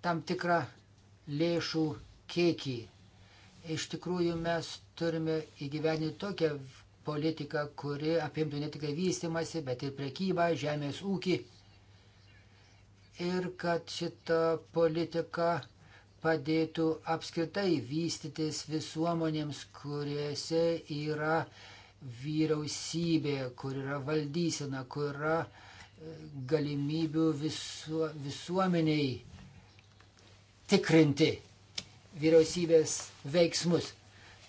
tam tikrą lėšų kiekį. Iš tikrųjų, mes turime įgyveninti tokią politiką, kuri apimtų ne tik tai vystimasi, bet ir prekybą, žemės ūkį. Ir kad šita politika padėtų apskritai vystytis visuomonėms, kuriuose yra uh, vyriausybė, kur yra valdysena, kur yra e, galimybių visu, visuomeniai tikrinti vyriausybės veiksmus.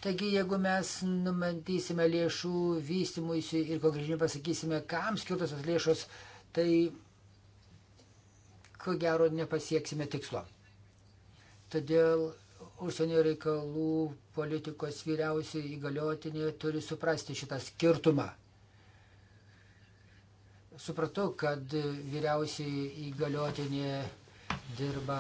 Taigi, jeigu mes numatysime lėšų vystimuisi ir konkrečiai pasakysime, kam skirtos tos lėšos, tai ko gero nepasieksime tikslo. Todėl užsienio reikalų politikos vyriausiai įgaliotinė turi suprasti šitą skirtumą. Supratau, kad vyriausiai įgaliotinė dirba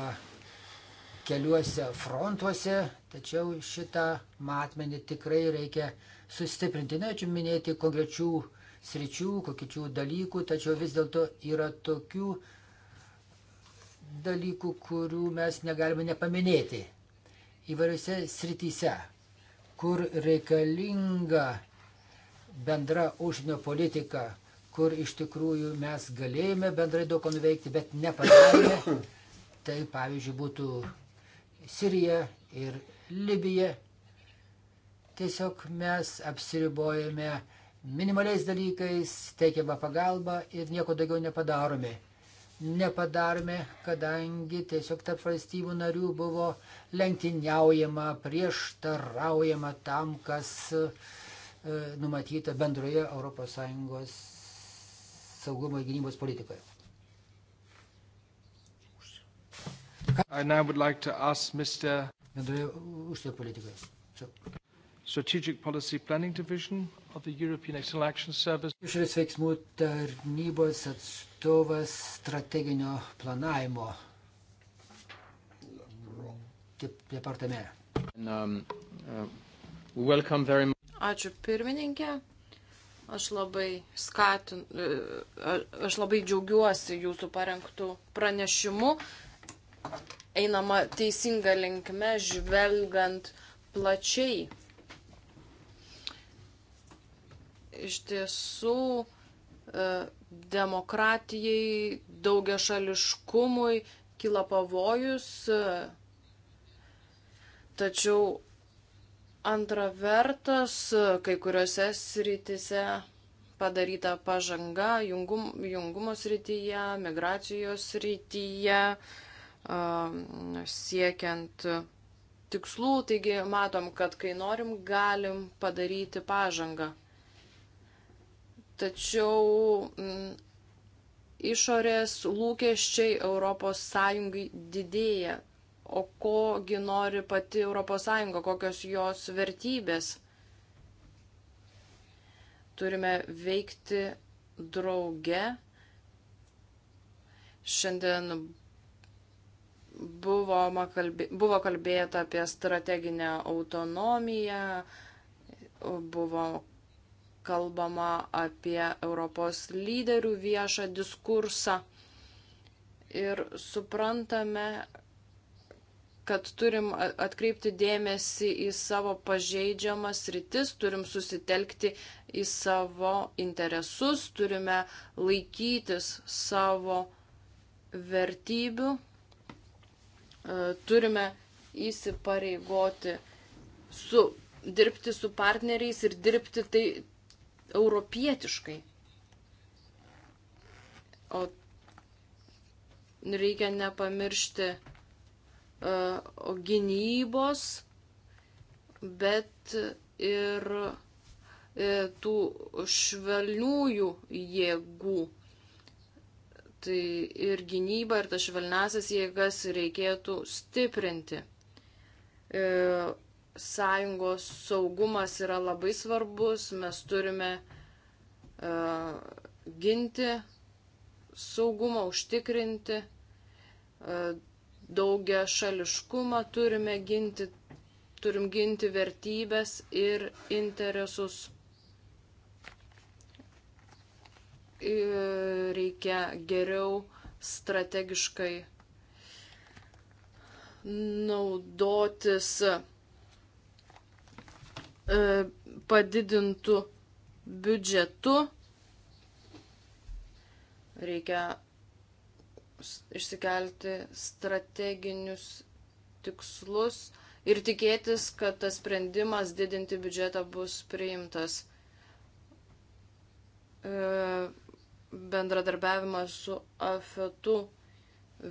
keliuose frontuose, tačiau šitą matmenį tikrai reikia sustiprinti. Norėčiau minėti konkrečių sričių, kokių dalykų, tačiau vis dėlto yra tokių dalykų, kurių mes negalime nepaminėti įvairiose srityse, kur reikalinga bendra užsienio politika, kur iš tikrųjų mes galėjome bendrai daug ko nuveikti, bet nepadarėme. Tai pavyzdžiui būtų Sirija ir Libija. Tiesiog mes apsiribojame minimaliais dalykais, teikiamą pagalbą ir nieko daugiau nepadarome nepadarome, kadangi tiesiog tarp valstybių narių buvo lenktyniaujama, prieštaraujama tam, kas e, numatyta bendroje ES saugumo ir gynybos politikoje. Like Mr... Bendroje užsienio politikoje. So. Strategic Policy Planning Division of the European External Action Service. Išorės veiksmų tarnybos atstovas strateginio planavimo departame. Um, uh, very... Ačiū pirmininkė. Aš labai skatin, uh, aš labai džiaugiuosi jūsų parengtų pranešimų. Einama teisinga linkme, žvelgiant plačiai iš tiesų e, demokratijai, daugia šališkumui kyla pavojus, e, tačiau antra vertas, e, kai kuriuose sritise padaryta pažanga jungum, jungumo srityje, migracijos srityje, siekiant tikslų, taigi matom, kad kai norim, galim padaryti pažangą tačiau m, mm, išorės lūkesčiai ES didėja. O kogi nori pati ES, kokios jos vertybės? Turime veikti drauge. Šiandien buvo, kalbė, buvo kalbėta apie strateginę autonomiją, buvo kalbama apie Europos lyderių viešą diskursą ir suprantame, kad turim atkreipti dėmesį į savo pažeidžiamas rytis, turim susitelkti į savo interesus, turime laikytis savo vertybių, e, turime įsipareigoti su, dirbti su partneriais ir dirbti tai, europietiškai. O reikia nepamiršti uh, gynybos, bet ir uh, tų švelniųjų jėgų. Tai ir gynyba, ir tas švelnasias jėgas reikėtų stiprinti. Uh, sąjungos saugumas yra labai svarbus, mes turime uh, ginti saugumą, užtikrinti, uh, e, daugia šališkumą turime ginti, turim ginti vertybės ir interesus. Ir reikia geriau strategiškai naudotis uh, E, padidintų biudžetu. Reikia išsikelti strateginius tikslus ir tikėtis, kad tas sprendimas didinti biudžetą bus priimtas. E, bendradarbiavimas su AFETu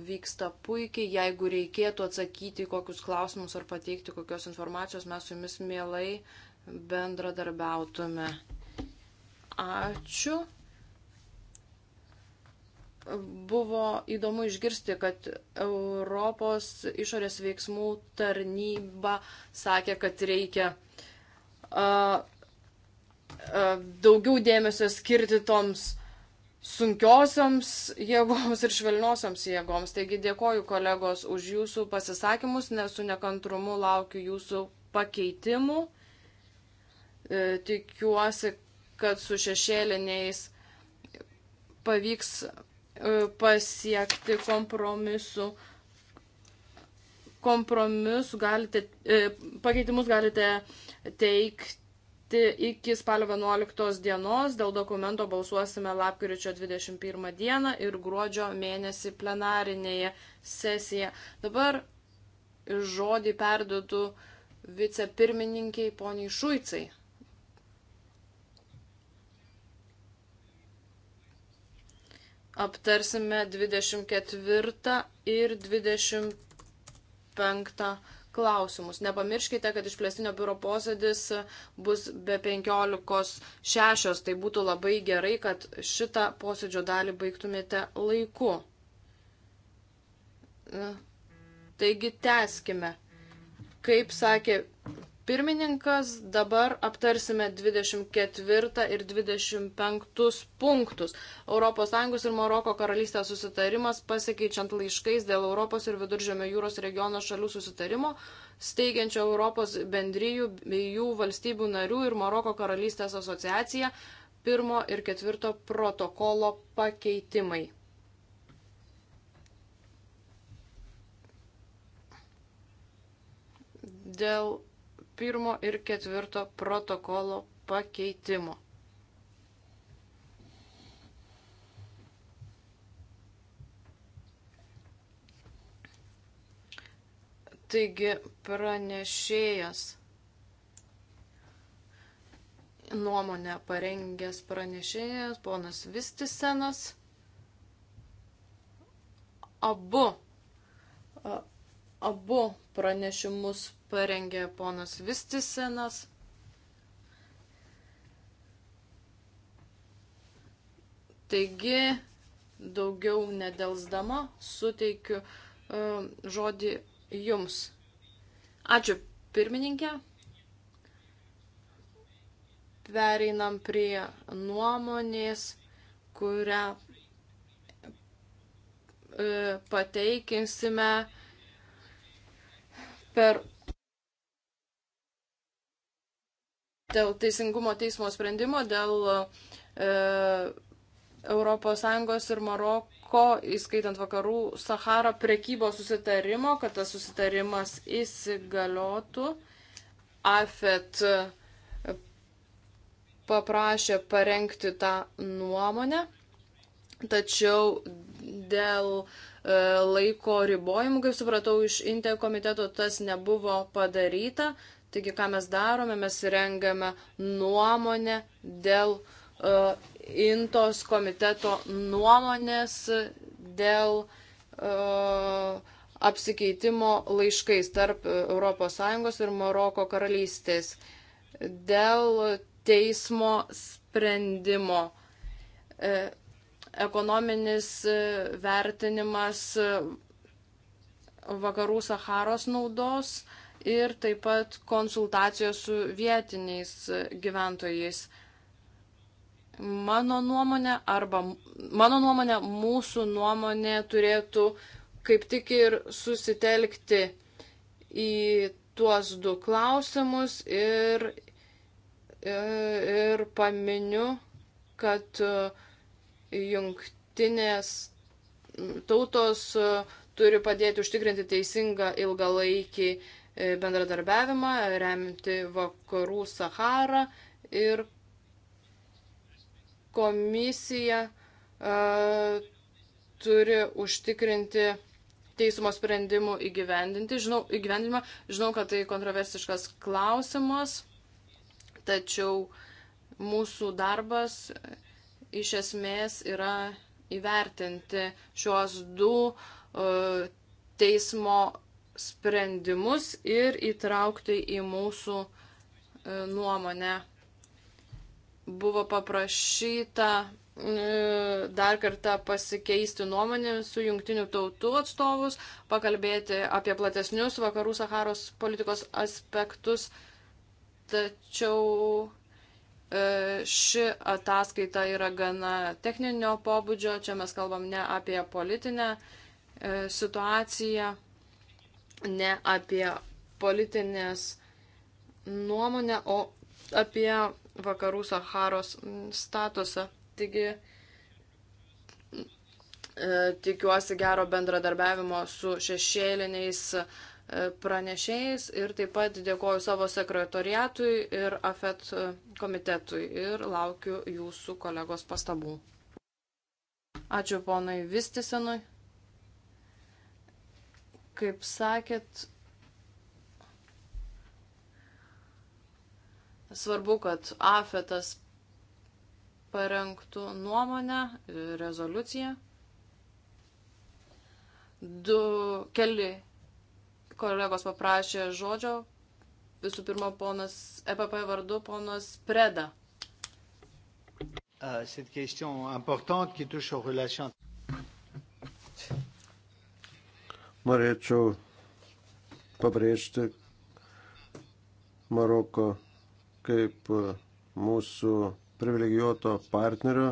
vyksta puikiai. Jeigu reikėtų atsakyti kokius klausimus ar pateikti kokios informacijos, mes su jumis mielai uh, bendradarbiautume. Ačiū. Buvo įdomu išgirsti, kad Europos išorės veiksmų tarnyba sakė, kad reikia uh, daugiau dėmesio skirti toms sunkiosioms jėgoms ir švelniosioms jėgoms. Taigi dėkoju kolegos už jūsų pasisakymus, nes su nekantrumu laukiu jūsų pakeitimų. E, tikiuosi, kad su šešėliniais pavyks e, pasiekti kompromisu. Kompromisu galite, e, pakeitimus galite teikti iki spalio 11 dienos, dėl dokumento balsuosime lapkričio 21 dieną ir gruodžio mėnesį plenarinėje sesijoje. Dabar žodį perduodu vicepirmininkiai poniai Šuicai. aptarsime 24 ir 25 klausimus. Nepamirškite, kad išplėstinio biuro posėdis bus be 15.6. Tai būtų labai gerai, kad šitą posėdžio dalį baigtumėte laiku. Taigi tęskime. Kaip sakė pirmininkas, dabar aptarsime 24 ir 25 punktus. ES ir Maroko karalystės susitarimas pasikeičiant laiškais dėl Europos ir Viduržėmio jūros regiono šalių susitarimo, steigiančio Europos bendryjų bei jų valstybių narių ir Maroko karalystės asociacija, pirmo ir ketvirto protokolo pakeitimai. Dėl pirmo ir ketvirto protokolo pakeitimo. Taigi pranešėjas nuomonę parengęs pranešėjas ponas Vistisenas abu Abu pranešimus parengė ponas Vistisenas. Taigi, daugiau nedelsdama suteikiu uh, žodį jums. Ačiū pirmininkė. Pereinam prie nuomonės, kurią uh, pateikinsime per dėl teisingumo teismo sprendimo, dėl e, ES ir Maroko, įskaitant vakarų Sahara, prekybos susitarimo, kad tas susitarimas įsigaliotų. AFET e, paprašė parengti tą nuomonę, tačiau dėl e, E, laiko ribojimų, kaip supratau, iš Inte komiteto tas nebuvo padaryta. Taigi, ką mes darome, mes rengame nuomonę dėl uh, Intos komiteto nuomonės dėl uh, apsikeitimo laiškais tarp ES ir Maroko karalystės dėl teismo sprendimo. Uh, ekonominis e, vertinimas e, vakarų Saharos naudos ir taip pat konsultacijos su vietiniais e, gyventojais. Mano nuomonė arba mano nuomonė, mūsų nuomonė turėtų kaip tik ir susitelkti į tuos du klausimus ir, ir, ir paminiu, kad uh, jungtinės tautos e, turi padėti užtikrinti teisingą ilgalaikį e, bendradarbiavimą, remti vakarų Saharą ir komisija a, e, turi užtikrinti teismo sprendimų įgyvendinti. Žinau, įgyvendinimą. Žinau, kad tai kontroversiškas klausimas, tačiau mūsų darbas iš esmės yra įvertinti šios du e, teismo sprendimus ir įtraukti į mūsų e, nuomonę. Buvo paprašyta e, dar kartą pasikeisti nuomonę su jungtinių tautų atstovus, pakalbėti apie platesnius vakarų Saharos politikos aspektus, tačiau E, ši ataskaita yra gana techninio pobūdžio, čia mes kalbam ne apie politinę e, situaciją, ne apie politinės nuomonę, o apie vakarų Saharos statusą. Taigi e, tikiuosi gero bendradarbiavimo su šešėliniais E, pranešėjais ir taip pat dėkoju savo sekretoriatui ir AFET komitetui ir laukiu jūsų kolegos pastabų. Ačiū ponui Vistisenui. Kaip sakėt, svarbu, kad AFETas parengtų nuomonę, rezoliuciją. Du, keli Kolegos paprašė žodžio. Visų pirma, ponas EPP vardu, ponas Preda. Ah, cette question importante qui touche aux relations. Norėčiau pabrėžti Maroko kaip mūsų privilegijuoto partnerio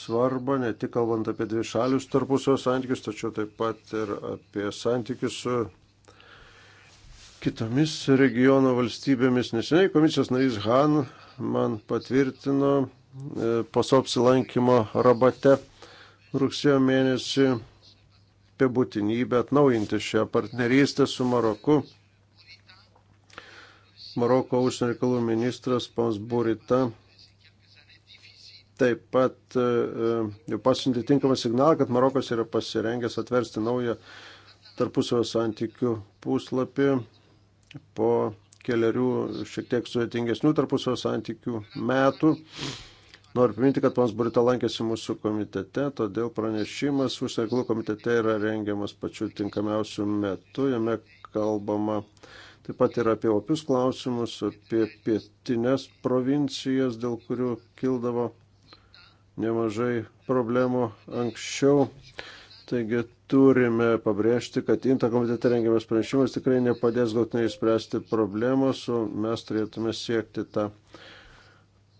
svarbą, ne tik kalbant apie dvi šalius tarpusio santykius, tačiau taip pat ir apie santykius su kitomis regiono valstybėmis. Neseniai komisijos narys Han man patvirtino e, po savo apsilankimo rabate rugsėjo mėnesį apie būtinybę atnaujinti šią partnerystę su Maroku. Maroko užsienio reikalų ministras Pons Burita taip pat e, e, jau pasiuntė tinkamą signalą, kad Marokas yra pasirengęs atversti naują tarpusavio santykių puslapį po keliarių šiek tiek sudėtingesnių tarpusio santykių metų. Noriu priminti, kad pons Burita lankėsi mūsų komitete, todėl pranešimas užsienio reikalų komitete yra rengiamas pačiu tinkamiausiu metu. Jame kalbama Taip pat ir apie opius klausimus, apie pietinės provincijas, dėl kurių kildavo nemažai problemų anksčiau. Taigi turime pabrėžti, kad INTA komitete rengiamas pranešimas tikrai nepadės gautinai išspręsti problemos, o mes turėtume siekti tą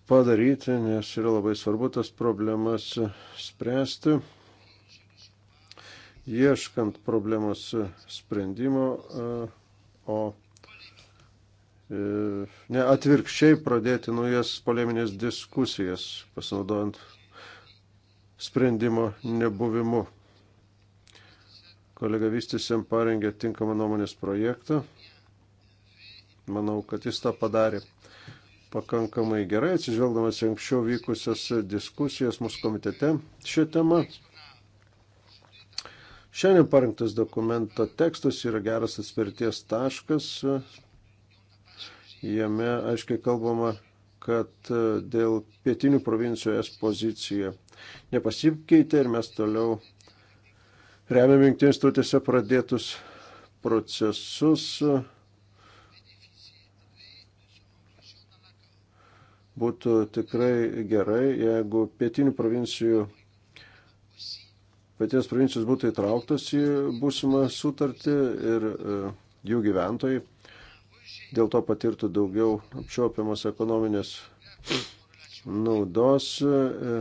padaryti, nes yra labai svarbu tas problemas spręsti. Ieškant problemos sprendimo, o e, ne atvirkščiai pradėti naujas poleminės diskusijas, pasinaudojant sprendimo nebuvimu. Kolega Vystis jam parengė tinkamą nuomonės projektą. Manau, kad jis tą padarė pakankamai gerai, atsižvelgdamas į anksčiau vykusias diskusijas mūsų komitete šią temą. Šiandien parengtas dokumento tekstas yra geras atspirties taškas. Jame aiškiai kalbama, kad dėl pietinių provincijų es pozicija nepasikeitė ir mes toliau remiame jungtinės tautėse pradėtus procesus. Būtų tikrai gerai, jeigu pietinių provincijų, pietinės provincijos būtų įtrauktos į būsimą sutartį ir e, jų gyventojai dėl to patirtų daugiau apčiopiamos ekonominės naudos. E,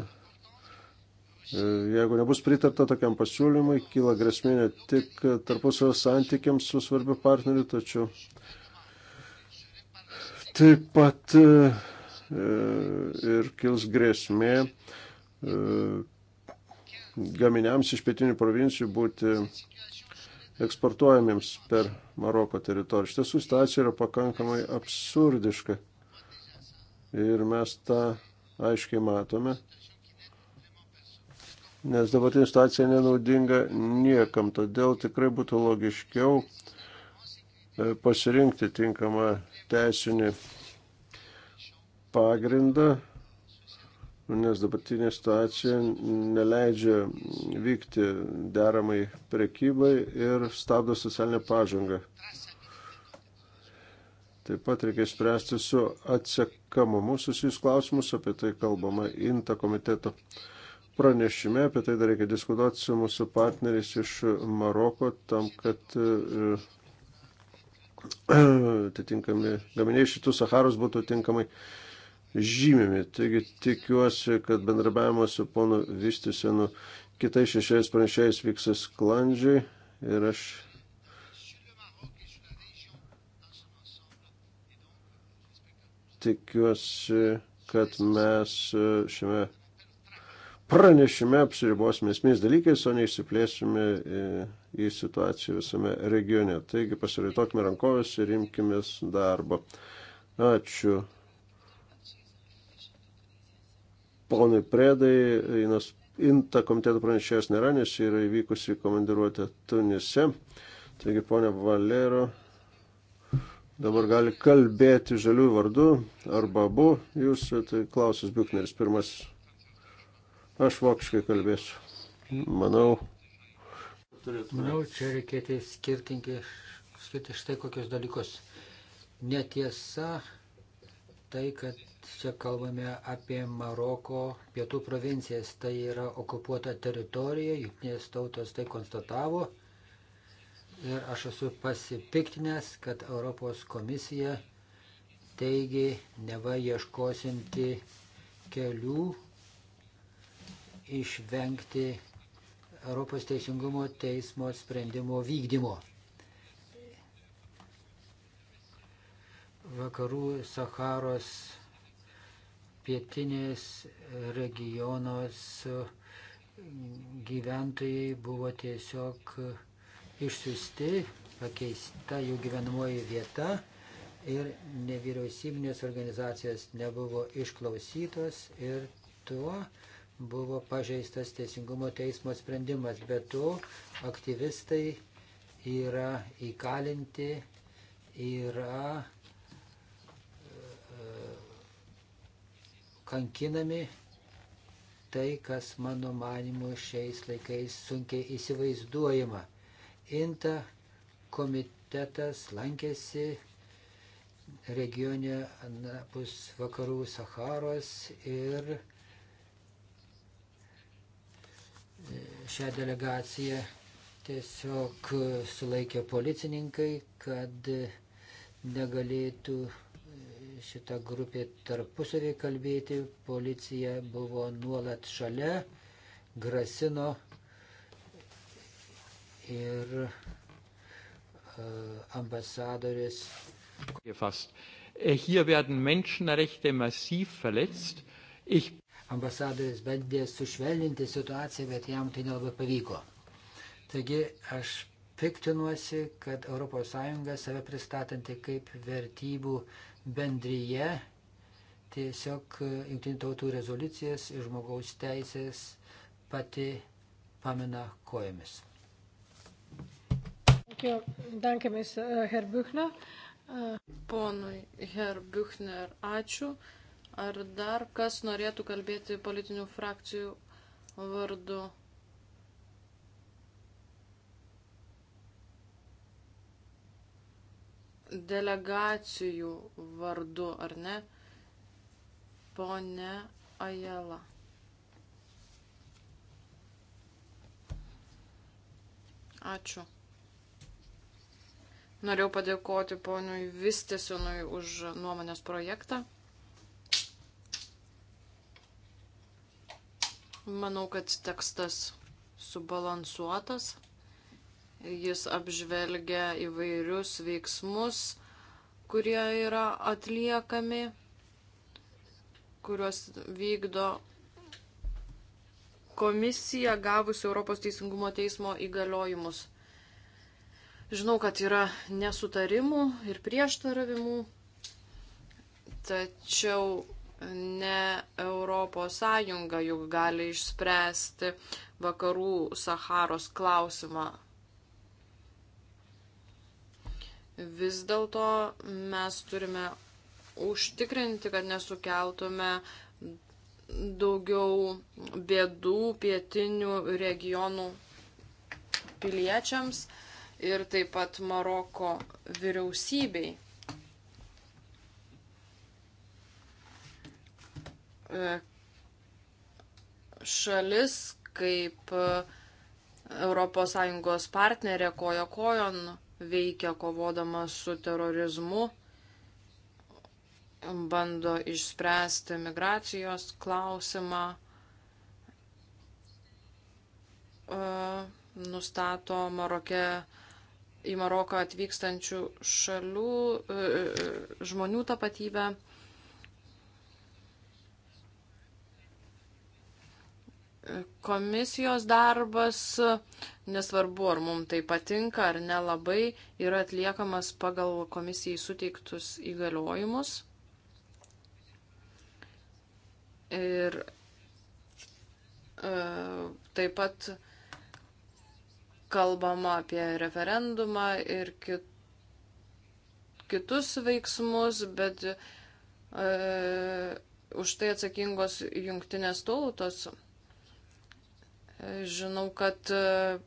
E, jeigu nebus pritarta tokiam pasiūlymui, kyla grėsmė ne tik tarpusavio santykiams su svarbiu partneriu, tačiau taip pat e, e, ir kils grėsmė gaminiams iš pietinių provincijų būti eksportuojamiems per Maroko teritoriją. Iš tiesų situacija yra pakankamai absurdiška ir mes tą aiškiai matome nes dabartinė situacija nenaudinga niekam. Todėl tikrai būtų logiškiau e, pasirinkti tinkamą teisinį pagrindą, nes dabartinė situacija neleidžia vykti deramai prekybai ir stabdo socialinę pažangą. Taip pat reikia spręsti su atsekamumu susijus klausimus, apie tai kalbama INTA komiteto pranešime, apie tai dar reikia diskutuoti su mūsų partneriais iš Maroko, tam, kad e, atitinkami gaminiai šitų Saharos būtų tinkamai žymimi. Taigi tikiuosi, kad bendrabiavimas su ponu Vistisenu kitais šešiais pranešėjais vyks sklandžiai ir aš. Tikiuosi, kad mes e, šiame pranešime apsiribosime esmės dalykais, o neišsiplėsime į, e, į situaciją visame regione. Taigi pasiraitokime rankovės ir imkime darbo. Ačiū. Ponai Predai, Inas Inta komiteto pranešėjas nėra, nes yra įvykusi komandiruotė Tunise. Taigi, ponė Valero, dabar gali kalbėti žalių vardų arba abu. Jūs, tai Klausas Bukneris, pirmasis. Aš vokiškai kalbėsiu. Manau. Manau, čia reikėtų skirtingi, skirti štai kokius dalykus. Netiesa tai, kad čia kalbame apie Maroko pietų provincijas. Tai yra okupuota teritorija, jungtinės tautos tai konstatavo. Ir aš esu pasipiktinęs, kad Europos komisija teigi, neva ieškosinti kelių išvengti Europos Teisingumo teismo sprendimo vykdymo. Vakarų Saharos pietinės regionos gyventojai buvo tiesiog išsiusti, pakeista jų gyvenamoji vieta ir nevyriausybinės organizacijos nebuvo išklausytos ir tuo buvo pažeistas teisingumo teismo sprendimas, bet to aktyvistai yra įkalinti, yra e, kankinami tai, kas mano manimu šiais laikais sunkiai įsivaizduojama. Inta komitetas lankėsi regione anapus vakarų Saharos ir šią delegaciją tiesiog sulaikė policininkai, kad negalėtų šita grupė tarpusavį kalbėti. Policija buvo nuolat šalia, grasino ir ambasadorius. Gefasst. Äh, hier werden Menschenrechte massiv verletzt. Ich ambasadoris bandė sušvelninti situaciją, bet jam tai nelabai pavyko. Taigi aš piktinuosi, kad ES save pristatanti kaip vertybų bendryje tiesiog jungtinių tautų rezoliucijas ir žmogaus teisės pati pamina kojomis. Dankėmės uh, Herbuchner. Uh, Ponui Herbuchner, ačiū. Ar dar kas norėtų kalbėti politinių frakcijų vardu? Delegacijų vardu, ar ne? Pone Ajela. Ačiū. Norėjau padėkoti ponui Vistesionui už nuomonės projektą. Manau, kad tekstas subalansuotas. Jis apžvelgia įvairius veiksmus, kurie yra atliekami, kuriuos vykdo komisija gavusi Europos Teisingumo teismo įgaliojimus. Žinau, kad yra nesutarimų ir prieštaravimų, tačiau ne Europos Sąjunga juk gali išspręsti vakarų Saharos klausimą. Vis dėlto mes turime užtikrinti, kad nesukeltume daugiau bėdų pietinių regionų piliečiams ir taip pat Maroko vyriausybei. E, šalis kaip ES partnerė koja kojon veikia kovodama su terorizmu, bando išspręsti migracijos klausimą, e, nustato Marokė į Maroką atvykstančių šalių e, žmonių tapatybę Komisijos darbas, nesvarbu ar mums tai patinka ar nelabai, yra atliekamas pagal komisijai suteiktus įgaliojimus. Ir e, taip pat kalbama apie referendumą ir kit, kitus veiksmus, bet e, už tai atsakingos jungtinės tautos. Žinau, kad e,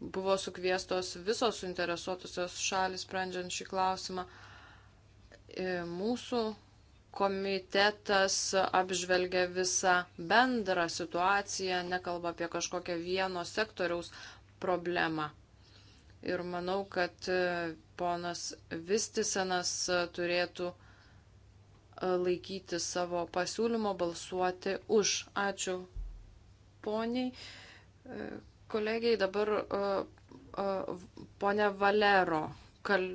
buvo sukviestos visos suinteresuotusios šalis sprendžiant šį klausimą. E, mūsų komitetas apžvelgia visą bendrą situaciją, nekalba apie kažkokią vieno sektoriaus problemą. Ir manau, kad e, ponas Vistisenas turėtų laikyti savo pasiūlymo balsuoti už. Ačiū poniai. E, kolegiai dabar e, e, ponia Valero, kal,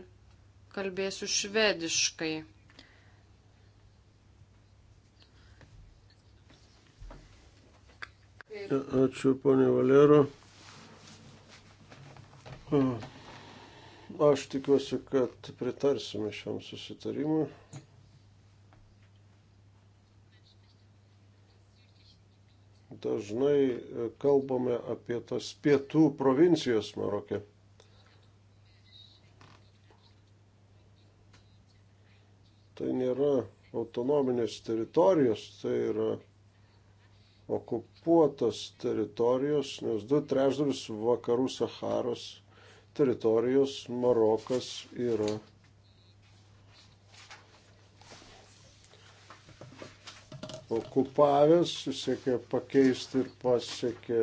kalbėsiu švediškai. Ačiū, ponė Valero. Aš tikiuosi, kad pritarsime šiam susitarimui. dažnai e, kalbame apie tas pietų provincijos Marokė. Tai nėra autonominės teritorijos, tai yra okupuotas teritorijos, nes du trečdalis vakarų Saharos teritorijos Marokas yra okupavęs, siekė pakeisti ir pasiekė,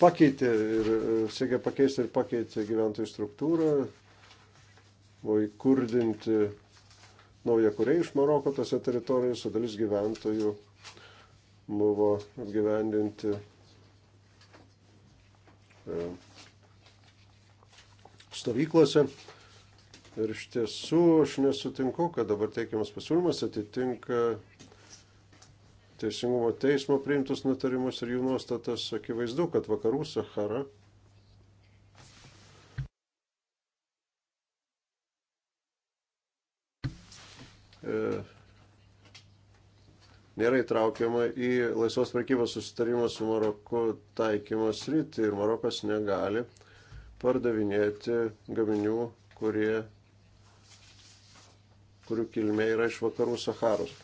pakeitė ir siekė pakeisti ir pakeitė gyventojų struktūrą, buvo įkurdinti naują kuriai iš Maroko tose teritorijose, dalis gyventojų buvo apgyvendinti e, stovyklose. Ir iš tiesų aš nesutinku, kad dabar teikiamas pasiūlymas atitinka Teisingumo teismo priimtus nutarimus ir jų nuostatas, akivaizdu, kad vakarų Sahara e, nėra įtraukiama į laisvos prekybos susitarimą su Maroku taikymas rytį ir Marokas negali pardavinėti gaminių, kurie, kurių kilmė yra iš vakarų Saharos.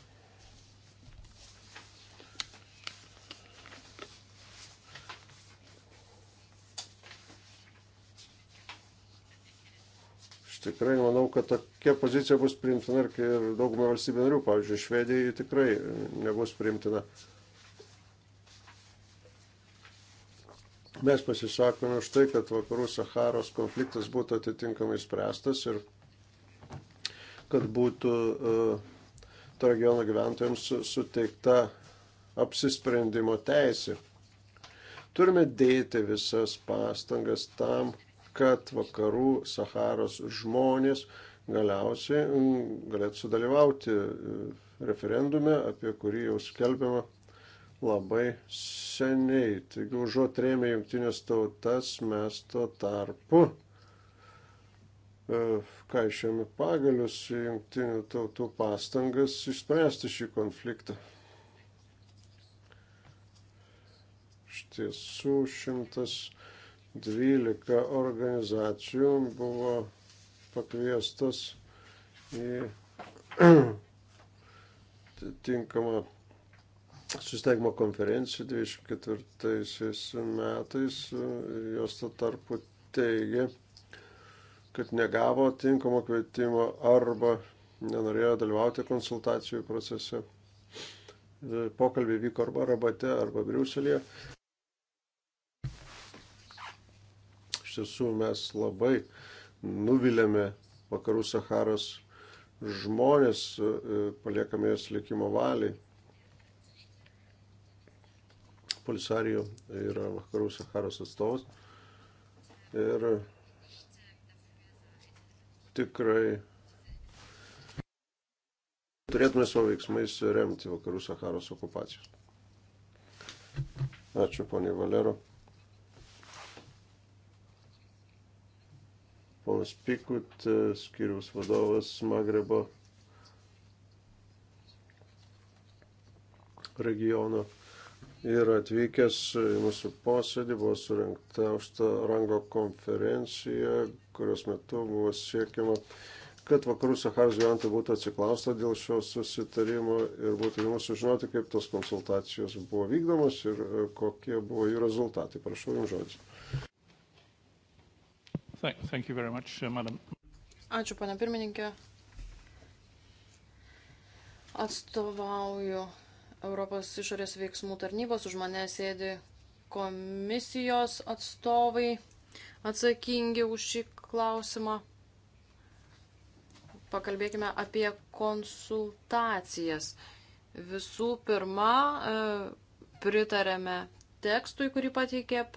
tikrai manau, kad tokia pozicija bus priimtina ir daugumą valstybių narių, pavyzdžiui, Švedijai tikrai nebus priimtina. Mes pasisakome už tai, kad vakarų Saharos konfliktas būtų atitinkamai spręstas ir kad būtų uh, to regiono gyventojams suteikta apsisprendimo teisė. Turime dėti visas pastangas tam, kad vakarų Saharos žmonės galiausiai mm, galėtų sudalyvauti e, referendume, apie kurį jau skelbiama labai seniai. Taigi užuot rėmė jungtinės tautas, mes tuo tarpu e, kaišiami pagalius jungtinių tautų pastangas išspręsti šį konfliktą. Iš tiesų šimtas 100 12 organizacijų buvo pakviestas į <clears throat> tinkamą susteigimo konferenciją 24 metais. Jos to tarpu teigia, kad negavo tinkamo kvietimo arba nenorėjo dalyvauti konsultacijų procese. Pokalbiai vyko arba rabate, arba Briuselėje. Iš tiesų mes labai nuvilėme vakarų Saharos žmonės, e, e, paliekame jas likimo valiai. Polisario yra vakarų Saharos atstovas. Ir tikrai turėtume savo veiksmais remti vakarų Saharos okupacijos. Ačiū, ponė Valero. ponas Pikut, e, skiriaus vadovas Magrebo regiono ir atvykęs į mūsų posėdį buvo surinkta aukšto rango konferencija, kurios metu buvo siekiama, kad vakarų Saharos gyventojai būtų atsiklausta dėl šio susitarimo ir būtų įdomu sužinoti, kaip tos konsultacijos buvo vykdomos ir e, kokie buvo jų rezultatai. Prašau Jums žodžiu. Thank you very much, uh, madam. Ačiū, pana pirmininkė. Atstovauju Europos išorės veiksmų tarnybos, už mane sėdi komisijos atstovai atsakingi už šį klausimą. Pakalbėkime apie konsultacijas. Visų pirma, e, pritarėme tekstui, kurį pateikė